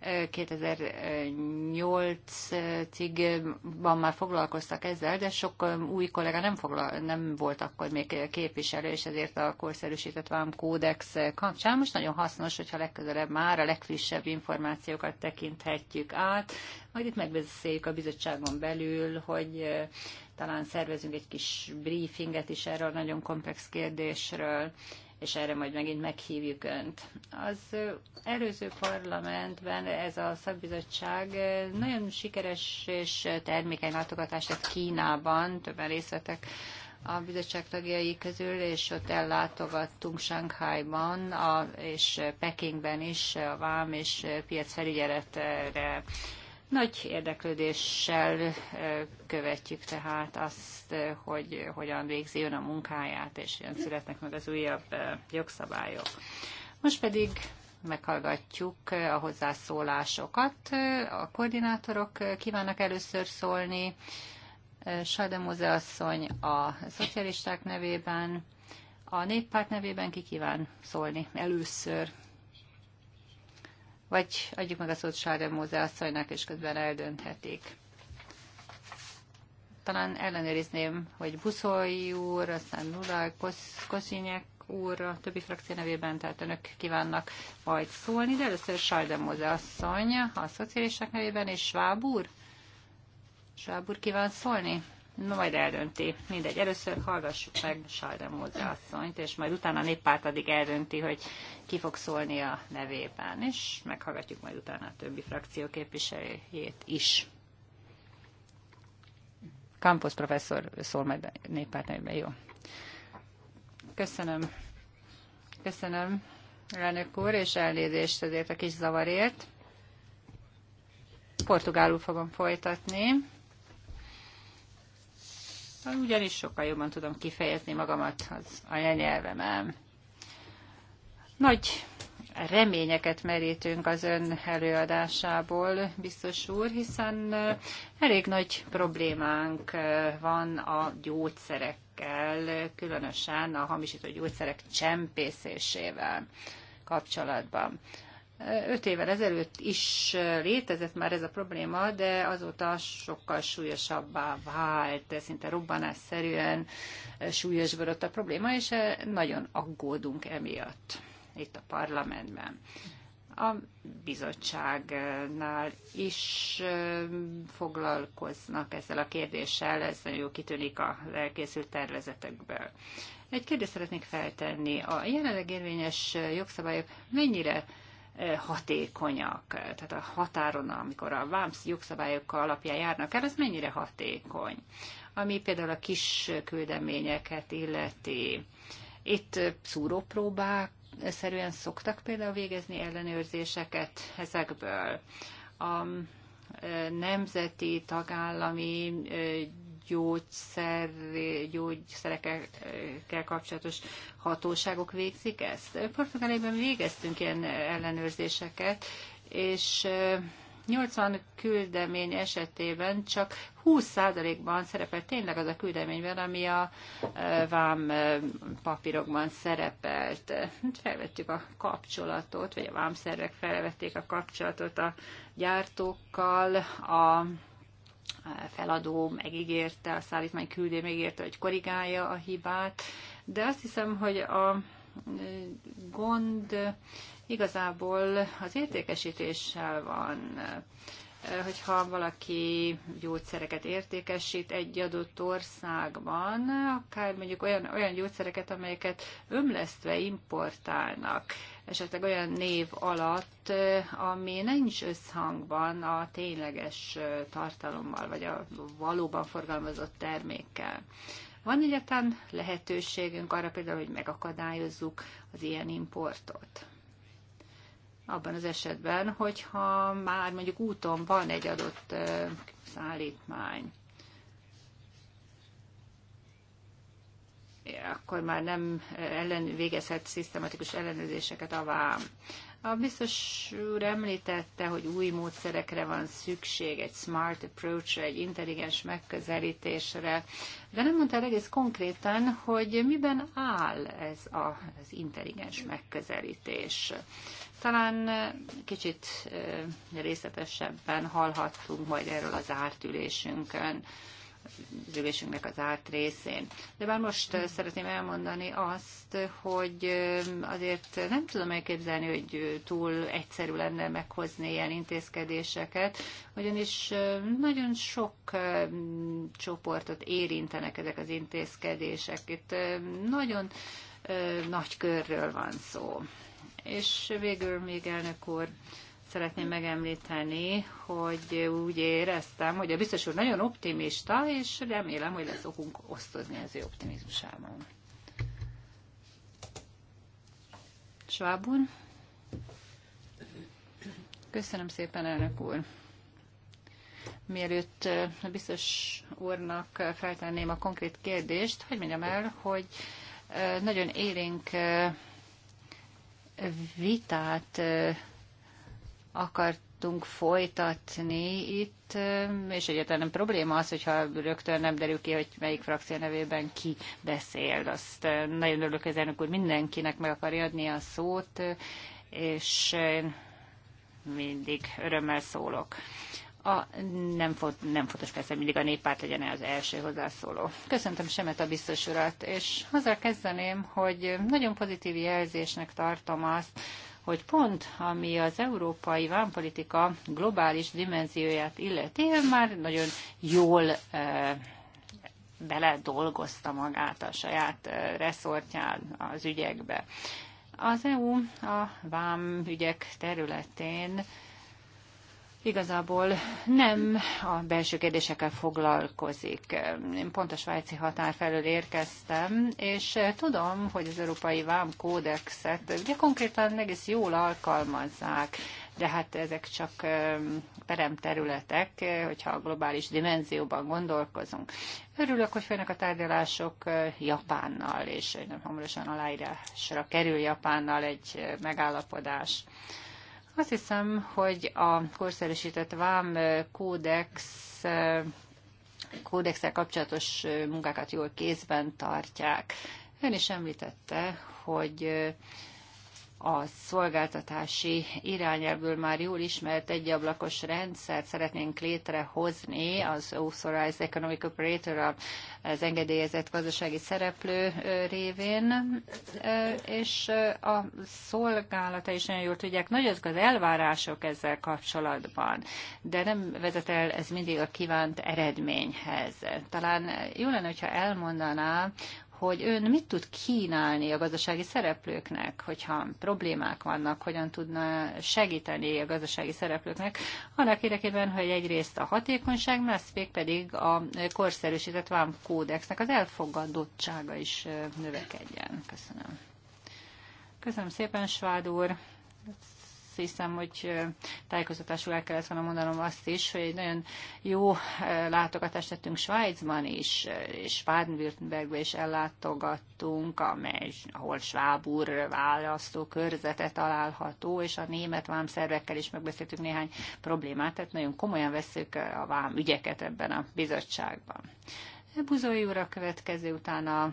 2008-ig van már foglalkoztak ezzel, de sok um, új kollega nem, foglal, nem volt akkor még képviselő, és ezért a korszerűsített vám kódex kapcsán most nagyon hasznos, hogyha legközelebb már a legfrissebb információkat tekinthetjük át. Majd itt megbeszéljük a bizottságon belül, hogy uh, talán szervezünk egy kis briefinget is erről a nagyon komplex kérdésről és erre majd megint meghívjuk Önt. Az előző parlamentben ez a szakbizottság nagyon sikeres és termékeny látogatást tett Kínában, többen részletek a bizottság tagjai közül, és ott ellátogattunk a és Pekingben is a vám és felügyeletre nagy érdeklődéssel követjük tehát azt, hogy hogyan végzi ön a munkáját, és ilyen születnek meg az újabb jogszabályok. Most pedig meghallgatjuk a hozzászólásokat. A koordinátorok kívánnak először szólni. Sade asszony a szocialisták nevében, a néppárt nevében ki kíván szólni először. Vagy adjuk meg a szót Móze asszonynak, és közben eldönthetik. Talán ellenőrizném, hogy Buszói úr, aztán Nula, Kosz, Koszinyek úr a többi frakció nevében, tehát önök kívánnak majd szólni, de először Móze asszony a szocialisták nevében, és Schwab úr. Schwab úr kíván szólni? No, majd eldönti. Mindegy, először hallgassuk meg Sajdemóze asszonyt, és majd utána a néppárt addig eldönti, hogy ki fog szólni a nevében, és meghallgatjuk majd utána a többi frakció képviselőjét is. Campos professzor szól majd a néppárt nevében, jó. Köszönöm. Köszönöm, elnök úr, és elnézést ezért a kis zavarért. Portugálul fogom folytatni ugyanis sokkal jobban tudom kifejezni magamat az anyanyelvemen. Nagy reményeket merítünk az ön előadásából, biztos úr, hiszen eh, elég nagy problémánk eh, van a gyógyszerekkel, különösen a hamisított gyógyszerek csempészésével kapcsolatban. Öt évvel ezelőtt is létezett már ez a probléma, de azóta sokkal súlyosabbá vált, szinte robbanásszerűen súlyosbodott a probléma, és nagyon aggódunk emiatt itt a parlamentben. A bizottságnál is foglalkoznak ezzel a kérdéssel, ez nagyon jó kitűnik az elkészült tervezetekből. Egy kérdést szeretnék feltenni. A jelenleg érvényes jogszabályok mennyire hatékonyak, tehát a határon, amikor a VAMS jogszabályok alapján járnak el, az mennyire hatékony. Ami például a kis küldeményeket illeti. Itt szúrópróbák szerűen szoktak például végezni ellenőrzéseket ezekből. A e, nemzeti, tagállami e, gyógyszer, gyógyszerekkel kapcsolatos hatóságok végzik ezt. Portugáliában végeztünk ilyen ellenőrzéseket, és 80 küldemény esetében csak 20%-ban szerepel tényleg az a küldeményben, ami a vám papírokban szerepelt. Hát felvettük a kapcsolatot, vagy a vámszervek felvették a kapcsolatot a gyártókkal, a feladó megígérte, a szállítmány küldő megígérte, hogy korrigálja a hibát, de azt hiszem, hogy a gond igazából az értékesítéssel van. Eh, hogyha valaki gyógyszereket értékesít egy adott országban, akár mondjuk olyan, olyan gyógyszereket, amelyeket ömlesztve importálnak, esetleg olyan név alatt, eh, ami nincs összhangban a tényleges eh, tartalommal, vagy a valóban forgalmazott termékkel. Van egyáltalán lehetőségünk arra például, hogy megakadályozzuk az ilyen importot? abban az esetben, hogyha már mondjuk úton van egy adott szállítmány. akkor már nem ellen, végezhet szisztematikus ellenőrzéseket a vám. A biztos úr említette, hogy új módszerekre van szükség, egy smart approach egy intelligens megközelítésre, de nem mondta el egész konkrétan, hogy miben áll ez az intelligens megközelítés. Talán eh, kicsit eh, részletesebben hallhattunk majd erről az ártülésünkön ülésünknek az árt részén. De már most szeretném elmondani azt, hogy azért nem tudom elképzelni, hogy túl egyszerű lenne meghozni ilyen intézkedéseket, ugyanis nagyon sok csoportot érintenek ezek az intézkedések. Itt nagyon nagy körről van szó. És végül még elnök úr, szeretném megemlíteni, hogy úgy éreztem, hogy a biztos úr nagyon optimista, és remélem, hogy lesz okunk osztozni az ő optimizmusában. Schwabun. Köszönöm szépen, elnök úr. Mielőtt a biztos úrnak feltenném a konkrét kérdést, hogy mondjam el, hogy eh, nagyon élénk eh, vitát eh, akartunk folytatni itt, és egyáltalán nem probléma az, hogyha rögtön nem derül ki, hogy melyik frakció nevében ki beszél. Azt eh, nagyon örülök, hogy elnök úr mindenkinek meg akarja adni a szót, és mindig örömmel szólok. A, nem, font, nem fontos persze, mindig a néppárt legyen az első hozzászóló. Köszöntöm Semet a biztos urat, és azzal kezdeném, hogy nagyon pozitív jelzésnek tartom azt, hogy pont ami az európai vámpolitika globális dimenzióját illeti, már nagyon jól eh, bele dolgozta magát a saját eh, reszortján az ügyekbe. Az EU a vám ügyek területén igazából nem a belső kérdésekkel foglalkozik. Én pont a svájci határ felől érkeztem, és tudom, hogy az Európai Vám Kódexet ugye konkrétan egész jól alkalmazzák, de hát ezek csak peremterületek, hogyha a globális dimenzióban gondolkozunk. Örülök, hogy főnek a tárgyalások Japánnal, és nem hamarosan aláírásra kerül Japánnal egy megállapodás. Azt hiszem, hogy a korszerűsített vám eh, kódex eh, kódexel kapcsolatos eh, munkákat jól kézben tartják. Ön is említette, hogy a szolgáltatási irányelvből már jól ismert egyablakos rendszert szeretnénk létrehozni az Authorized Economic Operator, az engedélyezett gazdasági szereplő révén, és a szolgálata is nagyon jól tudják, nagy az elvárások ezzel kapcsolatban, de nem vezet el ez mindig a kívánt eredményhez. Talán jó lenne, hogyha elmondaná, hogy ön mit tud kínálni a gazdasági szereplőknek, hogyha problémák vannak, hogyan tudna segíteni a gazdasági szereplőknek, annak érdekében, hogy egyrészt a hatékonyság, másrészt pedig a korszerűsített vám kódexnek az elfogadottsága is növekedjen. Köszönöm. Köszönöm szépen, Svád úr hiszem, hogy tájékoztatásul el kellett volna mondanom azt is, hogy egy nagyon jó látogatást tettünk Svájcban is, és Baden-Württembergbe is ellátogattunk, amely, ahol Schwabur választó körzete található, és a német vámszervekkel is megbeszéltük néhány problémát, tehát nagyon komolyan veszük a vám ügyeket ebben a bizottságban. Buzói úr a következő, utána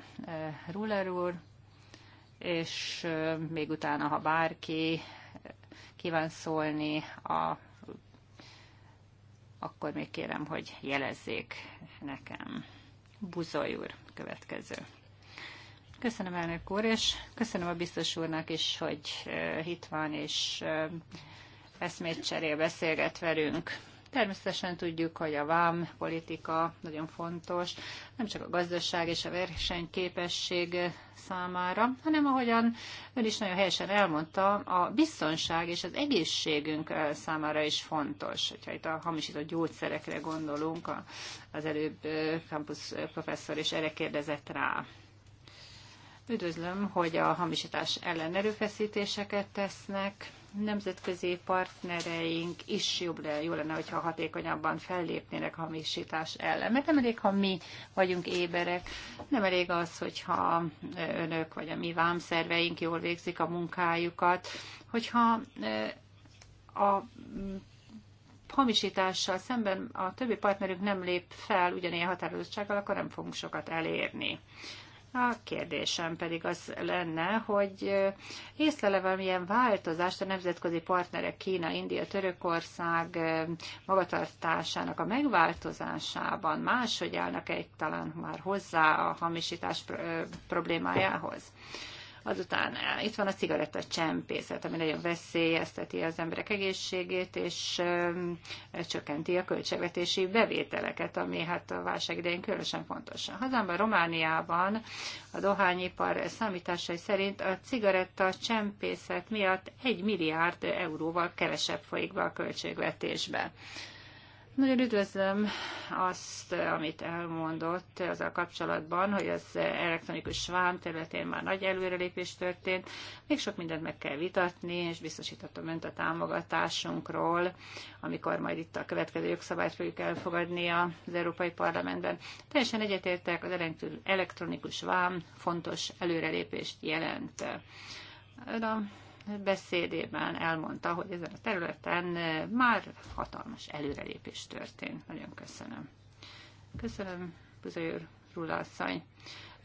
Ruller úr, és még utána, ha bárki kíván szólni, a, akkor még kérem, hogy jelezzék nekem. Buzoly úr következő. Köszönöm elnök úr, és köszönöm a biztos úrnak is, hogy eh, itt van, és eh, eszmét cserél, beszélget velünk. Természetesen tudjuk, hogy a vám politika nagyon fontos, nem csak a gazdaság és a versenyképesség számára, hanem ahogyan ön is nagyon helyesen elmondta, a biztonság és az egészségünk számára is fontos. Hogyha itt a hamisított gyógyszerekre gondolunk, az előbb Campus professzor is erre kérdezett rá. Üdvözlöm, hogy a hamisítás ellen erőfeszítéseket tesznek. Nemzetközi partnereink is jobb le, jó lenne, hogyha hatékonyabban fellépnének hamisítás ellen. Mert nem elég, ha mi vagyunk éberek, nem elég az, hogyha önök vagy a mi vámszerveink jól végzik a munkájukat, hogyha a hamisítással szemben a többi partnerünk nem lép fel ugyanilyen határozottsággal, akkor nem fogunk sokat elérni. A kérdésem pedig az lenne, hogy észlele valamilyen változást a nemzetközi partnerek Kína, India, Törökország magatartásának a megváltozásában máshogy állnak egy talán már hozzá a hamisítás problémájához. Azután eh, itt van a cigaretta csempészet, ami nagyon veszélyezteti az emberek egészségét, és csökkenti a költségvetési bevételeket, ami hát a válság idején különösen fontos. Hazánban hazámban, Romániában a dohányipar számításai szerint a cigaretta csempészet miatt egy milliárd euróval kevesebb folyik be a költségvetésbe. Nagyon üdvözlöm azt, amit elmondott a kapcsolatban, hogy az elektronikus vám területén már nagy előrelépés történt. Még sok mindent meg kell vitatni, és biztosítatom önt a támogatásunkról, amikor majd itt a következő jogszabályt fogjuk elfogadni az Európai Parlamentben. Teljesen egyetértek, az elektronikus vám fontos előrelépést jelent. a beszédében elmondta, hogy ezen a területen eh, már hatalmas előrelépés történt. Nagyon köszönöm. Köszönöm, Buzai úr,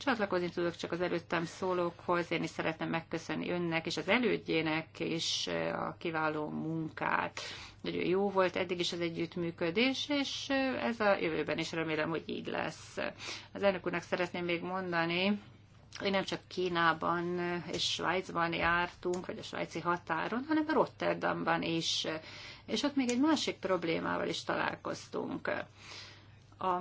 Csatlakozni tudok csak az előttem szólókhoz. Én is szeretném megköszönni önnek és az elődjének is eh, a kiváló munkát. Nagyon jó volt eddig is az együttműködés, és eh, ez a jövőben is remélem, hogy így lesz. Az elnök úrnak szeretném még mondani, én nem csak Kínában és Svájcban jártunk, vagy a svájci határon, hanem a Rotterdamban is. És ott még egy másik problémával is találkoztunk. A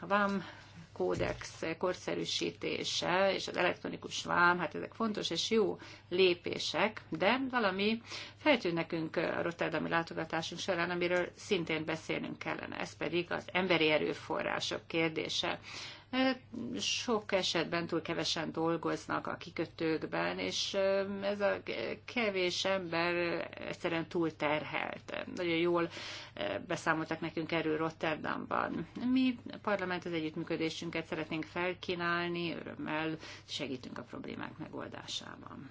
vám kódex korszerűsítése és az elektronikus vám, hát ezek fontos és jó lépések, de valami feltűnt nekünk a Rotterdami látogatásunk során, amiről szintén beszélnünk kellene, ez pedig az emberi erőforrások kérdése. Sok esetben túl kevesen dolgoznak a kikötőkben, és ez a kevés ember egyszerűen túl terhelt. Nagyon jól beszámoltak nekünk erről Rotterdamban. Mi a parlament az együttműködésünket szeretnénk felkínálni, örömmel segítünk a problémák megoldásában.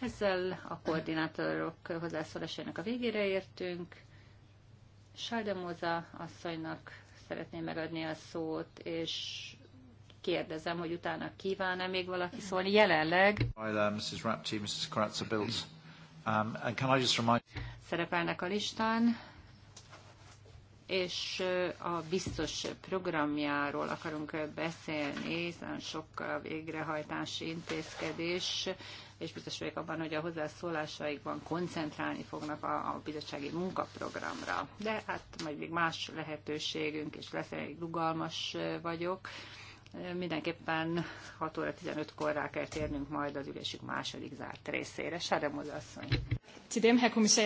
Ezzel a koordinátorok hozzászólásának a végére értünk. Sáldemóza asszonynak szeretném megadni a szót, és kérdezem, hogy utána kíván-e még valaki szólni jelenleg. Um, Szerepelnek a listán és a biztos programjáról akarunk beszélni, hiszen sok a végrehajtási intézkedés, és biztos vagyok abban, hogy a hozzászólásaikban koncentrálni fognak a, a bizottsági munkaprogramra. De hát majd még más lehetőségünk, és lesz elég rugalmas vagyok Mindenképpen 6 óra 15-kor rá kell térnünk majd az ülésük második zárt részére. Sáremoz asszony. Cidém, Herr Kommissar,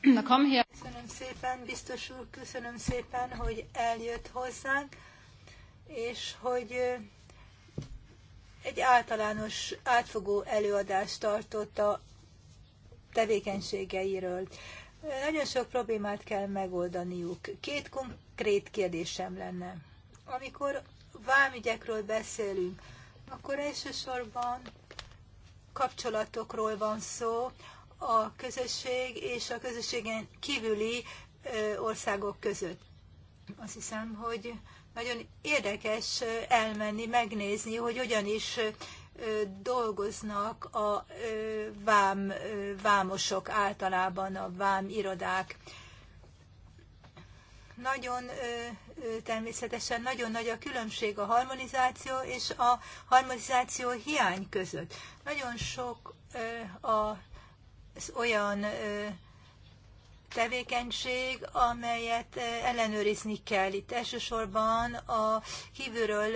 na kom Köszönöm szépen, biztos úr, köszönöm szépen, hogy eljött hozzánk, és hogy egy általános, átfogó előadást tartott a tevékenységeiről. Nagyon sok problémát kell megoldaniuk. Két konkrét kérdésem lenne. Amikor vámügyekről beszélünk, akkor elsősorban kapcsolatokról van szó a közösség és a közösségen kívüli országok között. Azt hiszem, hogy nagyon érdekes elmenni, megnézni, hogy hogyan is dolgoznak a vám, vámosok általában a vám irodák nagyon természetesen nagyon nagy a különbség a harmonizáció és a harmonizáció hiány között. Nagyon sok az olyan tevékenység, amelyet ellenőrizni kell. Itt elsősorban a kívülről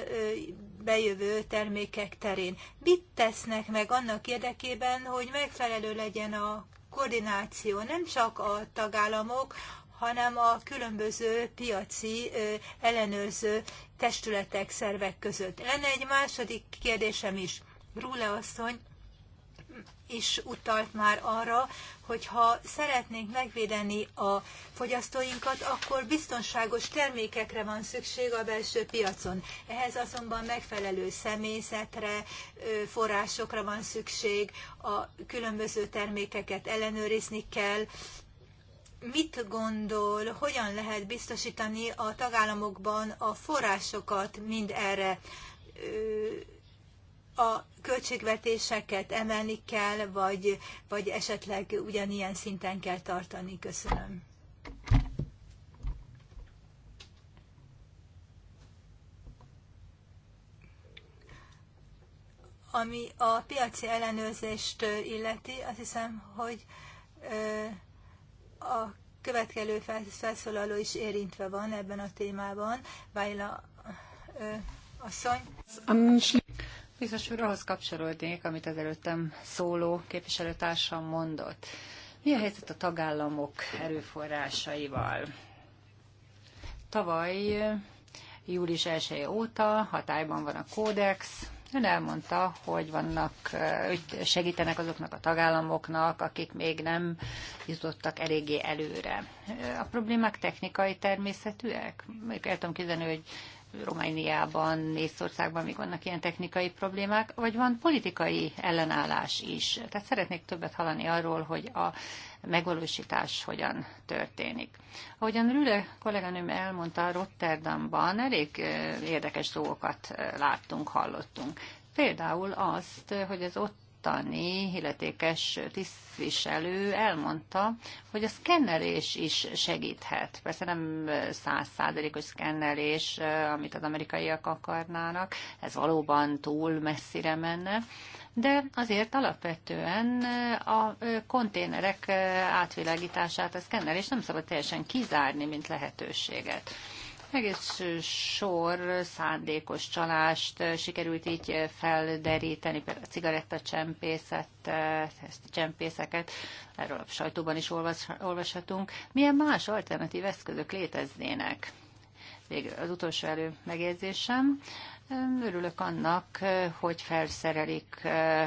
bejövő termékek terén. Mit tesznek meg annak érdekében, hogy megfelelő legyen a koordináció nem csak a tagállamok, hanem a különböző piaci ellenőrző testületek, szervek között. Lenne egy második kérdésem is. Rúle asszony is utalt már arra, hogy ha szeretnénk megvédeni a fogyasztóinkat, akkor biztonságos termékekre van szükség a belső piacon. Ehhez azonban megfelelő személyzetre, forrásokra van szükség, a különböző termékeket ellenőrizni kell, mit gondol, hogyan lehet biztosítani a tagállamokban a forrásokat mind erre? A költségvetéseket emelni kell, vagy, vagy esetleg ugyanilyen szinten kell tartani? Köszönöm. Ami a piaci ellenőrzést illeti, azt hiszem, hogy a következő felszólaló is érintve van ebben a témában. Vájla asszony. Biztos úr, ahhoz kapcsolódnék, amit az előttem szóló képviselőtársam mondott. Mi a helyzet a tagállamok erőforrásaival? Tavaly július 1 óta hatályban van a kódex, Ön elmondta, hogy vannak, hogy segítenek azoknak a tagállamoknak, akik még nem jutottak eléggé előre. A problémák technikai természetűek? Még el tudom képzelni, hogy Romániában, Észországban még vannak ilyen technikai problémák, vagy van politikai ellenállás is. Tehát szeretnék többet hallani arról, hogy a megvalósítás hogyan történik. Ahogyan Rüle kolléganőm elmondta, Rotterdamban elég érdekes dolgokat láttunk, hallottunk. Például azt, hogy az ott ottani illetékes tisztviselő elmondta, hogy a szkennelés is segíthet. Persze nem százszázalékos szkennelés, amit az amerikaiak akarnának, ez valóban túl messzire menne, de azért alapvetően a konténerek átvilágítását a szkennelés nem szabad teljesen kizárni, mint lehetőséget egész sor szándékos csalást sikerült így felderíteni, például a cigarettacsempészet, ezt a csempészeket, erről a sajtóban is olvas, olvashatunk. Milyen más alternatív eszközök léteznének? Végül az utolsó elő megjegyzésem. Örülök annak, hogy felszerelik eh,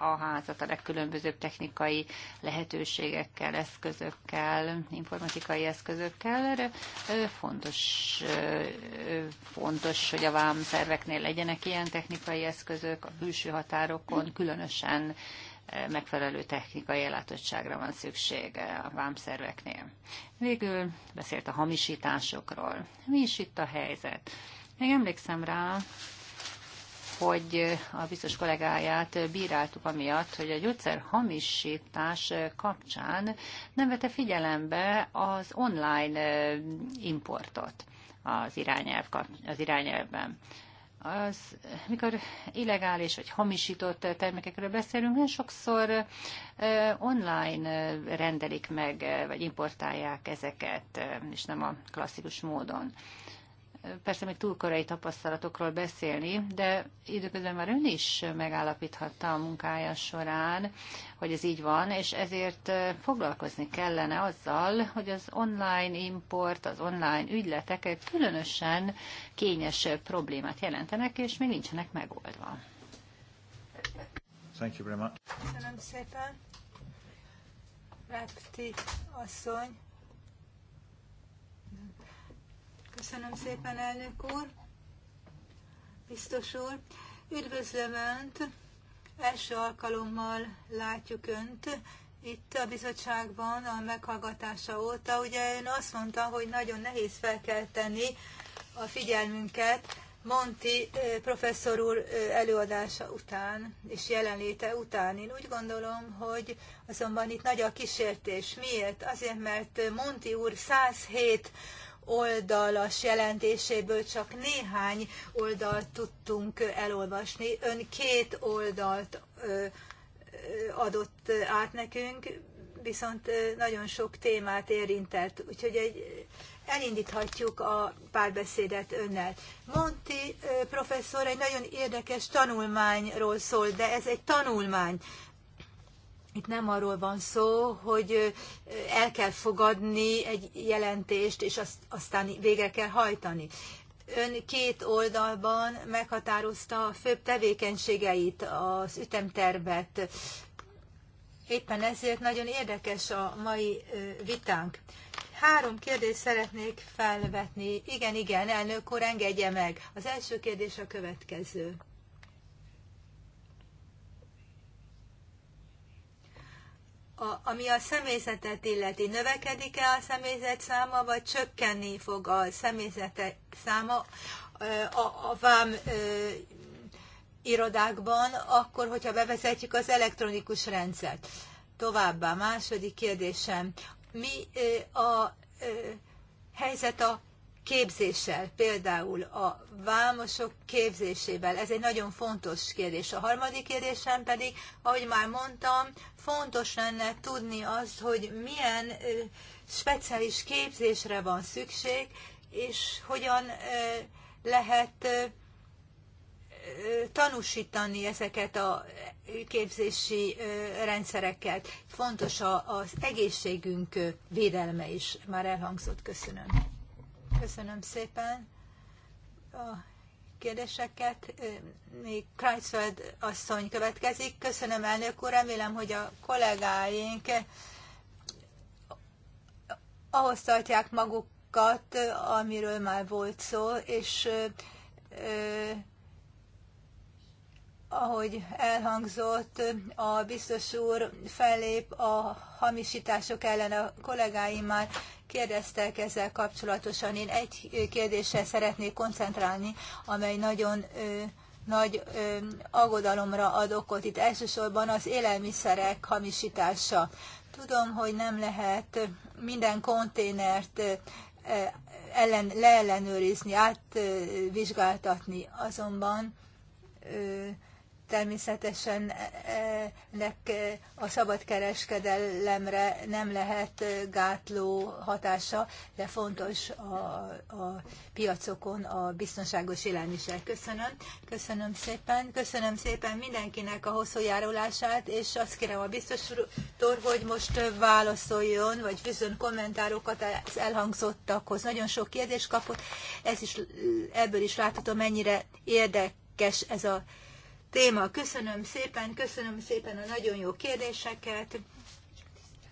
a házat a legkülönbözőbb technikai lehetőségekkel, eszközökkel, informatikai eszközökkel. Erre eh, fontos, eh, fontos, hogy a vámszerveknél legyenek ilyen technikai eszközök, a külső határokon különösen megfelelő technikai ellátottságra van szüksége a vámszerveknél. Végül beszélt a hamisításokról. Mi is itt a helyzet? Még emlékszem rá, hogy a biztos kollégáját bíráltuk amiatt, hogy a gyógyszer hamisítás kapcsán nem vette figyelembe az online importot az, irányelv, az irányelvben az, mikor illegális vagy hamisított termékekről beszélünk, nagyon sokszor online rendelik meg, vagy importálják ezeket, és nem a klasszikus módon. Persze még túl korai tapasztalatokról beszélni, de időközben már ön is megállapíthatta a munkája során, hogy ez így van, és ezért foglalkozni kellene azzal, hogy az online import, az online ügyletek egy különösen kényes problémát jelentenek, és még nincsenek megoldva. Thank you very much. Köszönöm szépen. Repti asszony. Köszönöm szépen, elnök úr, biztos úr. Üdvözlöm Önt! Első alkalommal látjuk Önt itt a bizottságban a meghallgatása óta. Ugye Ön azt mondta, hogy nagyon nehéz felkelteni a figyelmünket Monti professzor úr előadása után és jelenléte után. Én úgy gondolom, hogy azonban itt nagy a kísértés. Miért? Azért, mert Monti úr 107 oldalas jelentéséből csak néhány oldalt tudtunk elolvasni. Ön két oldalt adott át nekünk, viszont nagyon sok témát érintett, úgyhogy egy, elindíthatjuk a párbeszédet önnel. Monti professzor egy nagyon érdekes tanulmányról szól, de ez egy tanulmány. Itt nem arról van szó, hogy el kell fogadni egy jelentést, és azt, aztán végre kell hajtani. Ön két oldalban meghatározta a főbb tevékenységeit, az ütemtervet. Éppen ezért nagyon érdekes a mai vitánk. Három kérdést szeretnék felvetni. Igen, igen, elnök úr, engedje meg. Az első kérdés a következő. a, ami a személyzetet illeti, növekedik-e a személyzet száma, vagy csökkenni fog a személyzet száma a, a vám ö, irodákban, akkor, hogyha bevezetjük az elektronikus rendszert. Továbbá, második kérdésem, mi ö, a ö, helyzet a képzéssel, például a vámosok képzésével. Ez egy nagyon fontos kérdés. A harmadik kérdésem pedig, ahogy már mondtam, fontos lenne tudni azt, hogy milyen speciális képzésre van szükség, és hogyan lehet tanúsítani ezeket a képzési rendszereket. Fontos az egészségünk védelme is, már elhangzott. Köszönöm. Köszönöm szépen a kérdéseket. Még Kreisfeld asszony következik. Köszönöm, elnök úr. Remélem, hogy a kollégáink ahhoz tartják magukat, amiről már volt szó, és ahogy elhangzott, a biztos úr fellép a hamisítások ellen a kollégáim már kérdeztek ezzel kapcsolatosan. Én egy kérdésre szeretnék koncentrálni, amely nagyon ö, nagy ö, aggodalomra ad okot. Itt elsősorban az élelmiszerek hamisítása. Tudom, hogy nem lehet minden konténert ellen, leellenőrizni, átvizsgáltatni, azonban ö, Természetesen e, ennek e, a szabadkereskedelemre nem lehet e, gátló hatása, de fontos a, a piacokon a biztonságos élelmiszer. Köszönöm. Köszönöm szépen. Köszönöm szépen mindenkinek a hosszújárulását, és azt kérem a biztostor, hogy most válaszoljon, vagy fűzön kommentárokat az elhangzottakhoz. Nagyon sok kérdést kapott, ez is, ebből is látható, mennyire érdekes ez a téma. Köszönöm szépen, köszönöm szépen a nagyon jó kérdéseket.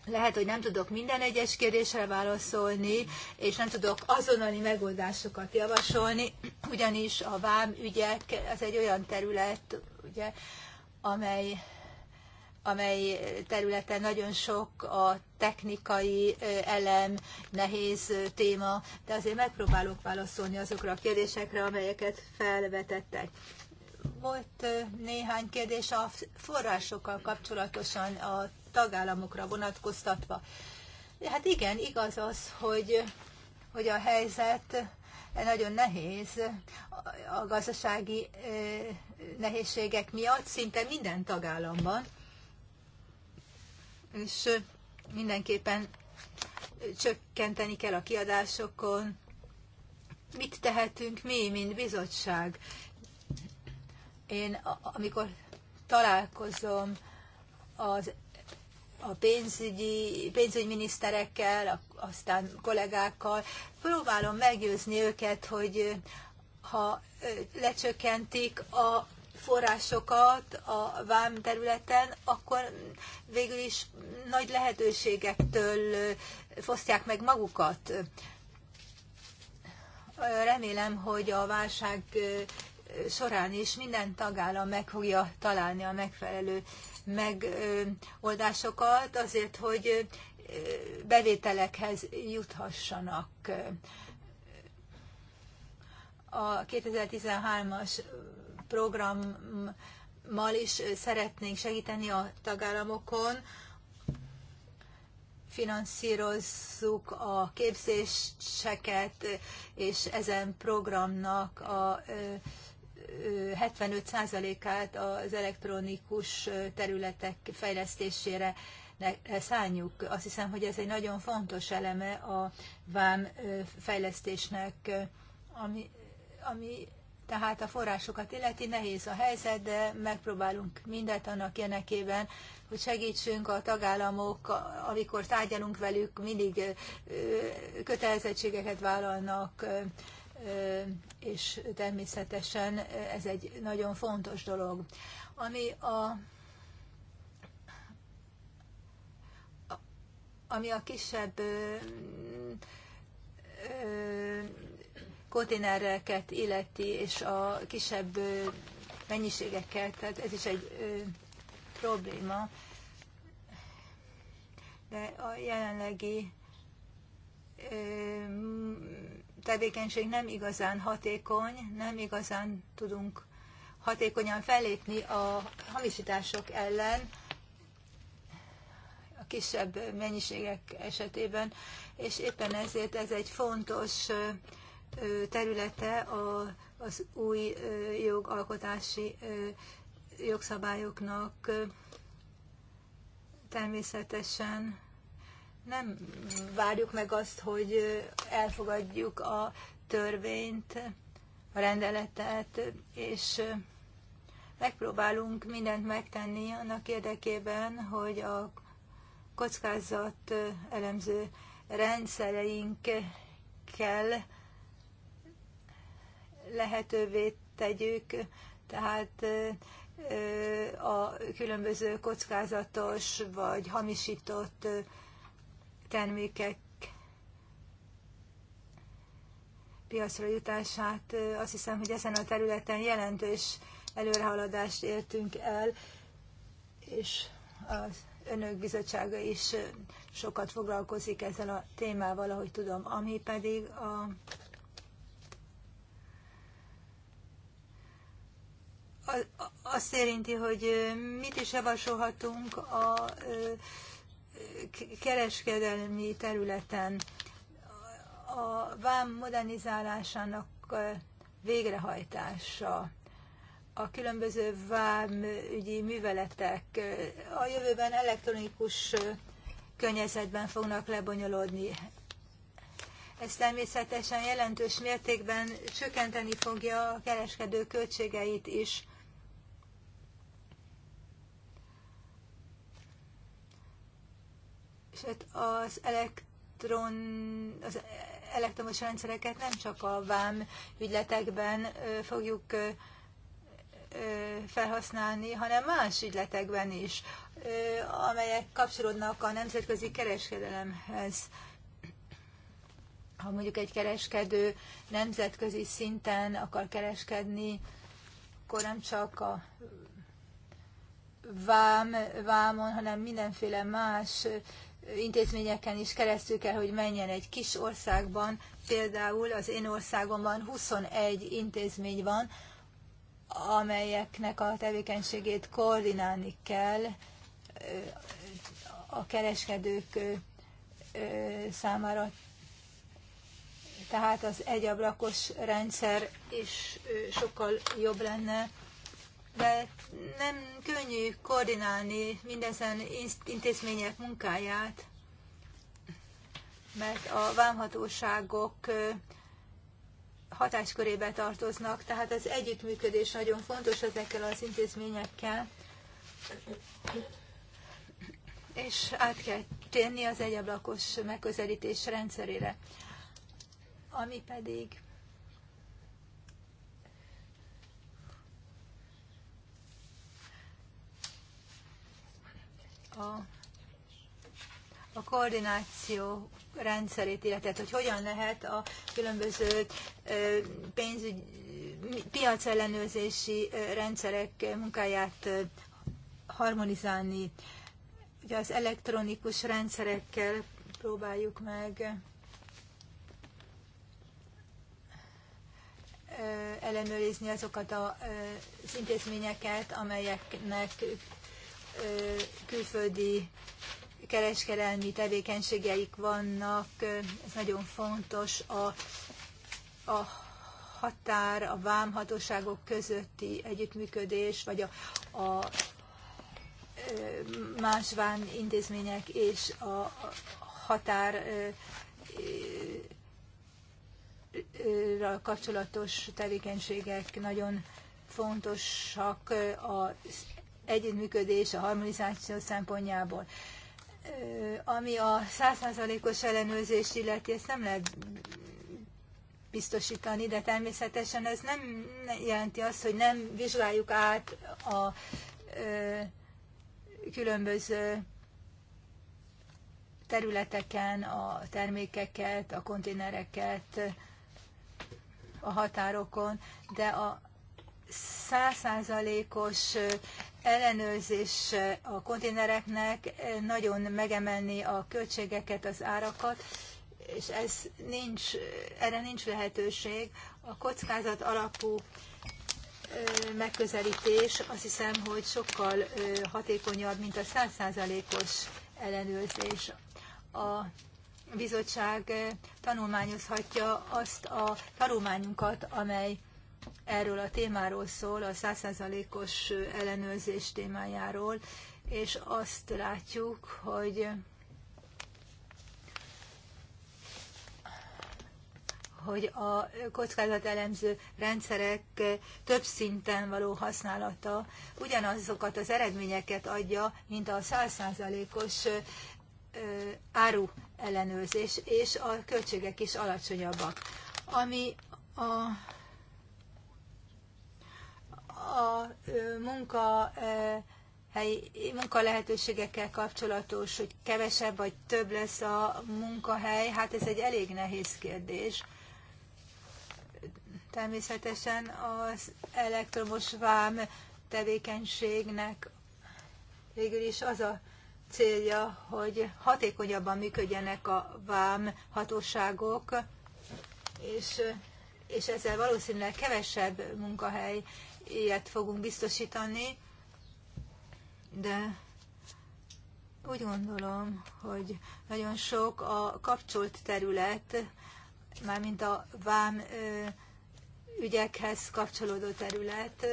Lehet, hogy nem tudok minden egyes kérdésre válaszolni, és nem tudok azonnali megoldásokat javasolni, ugyanis a vám ügyek, az egy olyan terület, ugye, amely amely területen nagyon sok a technikai elem, nehéz téma, de azért megpróbálok válaszolni azokra a kérdésekre, amelyeket felvetettek. Volt néhány kérdés a forrásokkal kapcsolatosan a tagállamokra vonatkoztatva. Hát igen, igaz az, hogy, hogy a helyzet nagyon nehéz a gazdasági nehézségek miatt szinte minden tagállamban, és mindenképpen csökkenteni kell a kiadásokon. Mit tehetünk mi, mint bizottság? Én amikor találkozom az, a pénzügyi, pénzügyminiszterekkel, aztán kollégákkal, próbálom meggyőzni őket, hogy ha lecsökkentik a forrásokat a vám területen, akkor végül is nagy lehetőségektől fosztják meg magukat. Remélem, hogy a válság során is minden tagállam meg fogja találni a megfelelő megoldásokat azért, hogy bevételekhez juthassanak. A 2013-as programmal is szeretnénk segíteni a tagállamokon, finanszírozzuk a képzéseket, és ezen programnak a 75%-át az elektronikus területek fejlesztésére szálljuk. Azt hiszem, hogy ez egy nagyon fontos eleme a vám fejlesztésnek, ami, ami tehát a forrásokat illeti nehéz a helyzet, de megpróbálunk mindent annak érdekében, hogy segítsünk a tagállamok, amikor tárgyalunk velük, mindig kötelezettségeket vállalnak, és természetesen ez egy nagyon fontos dolog. Ami a ami a kisebb koténereket konténereket illeti, és a kisebb ö, mennyiségekkel, tehát ez is egy ö, probléma. De a jelenlegi ö, tevékenység nem igazán hatékony, nem igazán tudunk hatékonyan fellépni a hamisítások ellen, a kisebb mennyiségek esetében, és éppen ezért ez egy fontos területe a, az új jogalkotási jogszabályoknak természetesen nem várjuk meg azt, hogy elfogadjuk a törvényt, a rendeletet, és megpróbálunk mindent megtenni annak érdekében, hogy a kockázat elemző rendszereinkkel lehetővé tegyük, tehát a különböző kockázatos vagy hamisított termékek piacra jutását. Azt hiszem, hogy ezen a területen jelentős előrehaladást értünk el, és az önök bizottsága is sokat foglalkozik ezzel a témával, ahogy tudom, ami pedig a azt érinti, hogy mit is javasolhatunk a kereskedelmi területen a vám modernizálásának végrehajtása, a különböző vámügyi műveletek a jövőben elektronikus környezetben fognak lebonyolódni. Ez természetesen jelentős mértékben csökkenteni fogja a kereskedő költségeit is. hát az elektron, az elektromos rendszereket nem csak a vám ügyletekben fogjuk felhasználni, hanem más ügyletekben is, amelyek kapcsolódnak a nemzetközi kereskedelemhez. Ha mondjuk egy kereskedő nemzetközi szinten akar kereskedni, akkor nem csak a vám, vámon, hanem mindenféle más intézményeken is keresztül kell, hogy menjen egy kis országban. Például az én országomban 21 intézmény van, amelyeknek a tevékenységét koordinálni kell a kereskedők számára. Tehát az egyablakos rendszer is sokkal jobb lenne, de nem könnyű koordinálni mindezen intézmények munkáját, mert a vámhatóságok hatáskörébe tartoznak, tehát az együttműködés nagyon fontos ezekkel az intézményekkel, és át kell térni az egyablakos megközelítés rendszerére, ami pedig a, a koordináció rendszerét, illetve hogy hogyan lehet a különböző pénzügy, ellenőrzési rendszerek munkáját harmonizálni. Ugye az elektronikus rendszerekkel próbáljuk meg ellenőrizni azokat az intézményeket, amelyeknek külföldi kereskedelmi tevékenységeik vannak, ez nagyon fontos a, a határ, a vámhatóságok közötti együttműködés, vagy a, a más vám intézmények és a határ kapcsolatos tevékenységek nagyon fontosak az együttműködés a harmonizáció szempontjából. Ami a százszázalékos ellenőrzést illeti, ezt nem lehet biztosítani, de természetesen ez nem jelenti azt, hogy nem vizsgáljuk át a különböző területeken a termékeket, a konténereket, a határokon, de a százszázalékos ellenőrzés a konténereknek nagyon megemelni a költségeket, az árakat, és ez nincs, erre nincs lehetőség. A kockázat alapú megközelítés azt hiszem, hogy sokkal hatékonyabb, mint a százszázalékos ellenőrzés. A bizottság tanulmányozhatja azt a tanulmányunkat, amely erről a témáról szól, a százszázalékos ellenőrzés témájáról, és azt látjuk, hogy hogy a kockázatelemző rendszerek több szinten való használata ugyanazokat az eredményeket adja, mint a százszázalékos áru ellenőrzés, és a költségek is alacsonyabbak. Ami a a munka helyi munkalehetőségekkel kapcsolatos, hogy kevesebb vagy több lesz a munkahely, hát ez egy elég nehéz kérdés. Természetesen az elektromos vám tevékenységnek végül is az a célja, hogy hatékonyabban működjenek a vám hatóságok, és, és ezzel valószínűleg kevesebb munkahely ilyet fogunk biztosítani, de úgy gondolom, hogy nagyon sok a kapcsolt terület, mármint a vám ügyekhez kapcsolódó terület,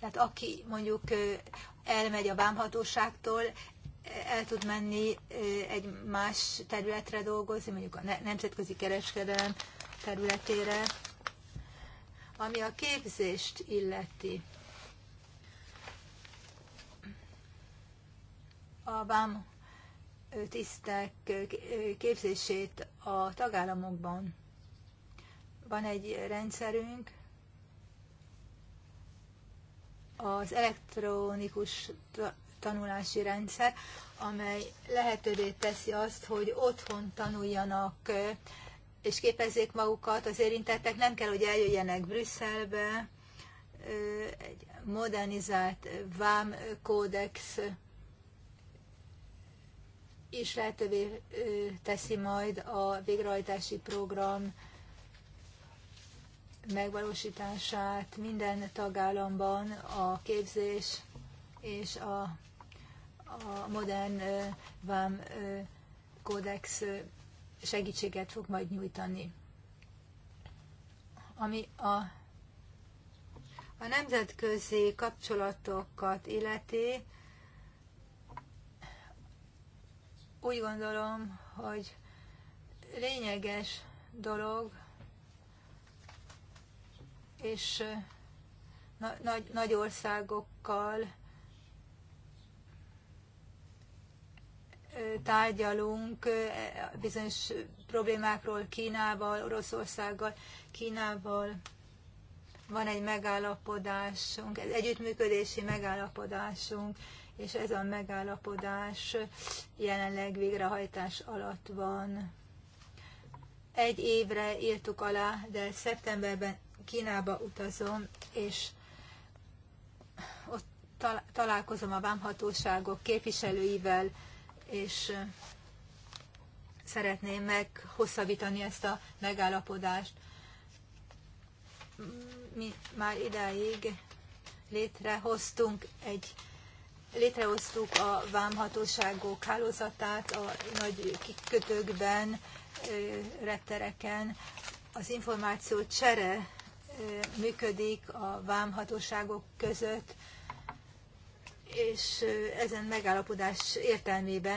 tehát aki mondjuk elmegy a vámhatóságtól, el tud menni egy más területre dolgozni, mondjuk a nemzetközi kereskedelem területére, ami a képzést illeti, a vám tisztek képzését a tagállamokban. Van egy rendszerünk, az elektronikus tanulási rendszer, amely lehetővé teszi azt, hogy otthon tanuljanak és képezzék magukat, az érintettek nem kell, hogy eljöjjenek Brüsszelbe, egy modernizált vám kódex is lehetővé teszi majd a végrehajtási program megvalósítását minden tagállamban a képzés és a, a modern vám kódex segítséget fog majd nyújtani. Ami a, a nemzetközi kapcsolatokat illeti, úgy gondolom, hogy lényeges dolog, és na, nagy, nagy országokkal tárgyalunk bizonyos problémákról Kínával, Oroszországgal, Kínával. Van egy megállapodásunk, egy együttműködési megállapodásunk, és ez a megállapodás jelenleg végrehajtás alatt van. Egy évre írtuk alá, de szeptemberben Kínába utazom, és ott találkozom a vámhatóságok képviselőivel, és szeretném meghosszabbítani ezt a megállapodást. Mi már idáig létrehoztunk egy létrehoztuk a vámhatóságok hálózatát a nagy kikötőkben, reptereken. Az információ csere működik a vámhatóságok között, és ezen megállapodás értelmében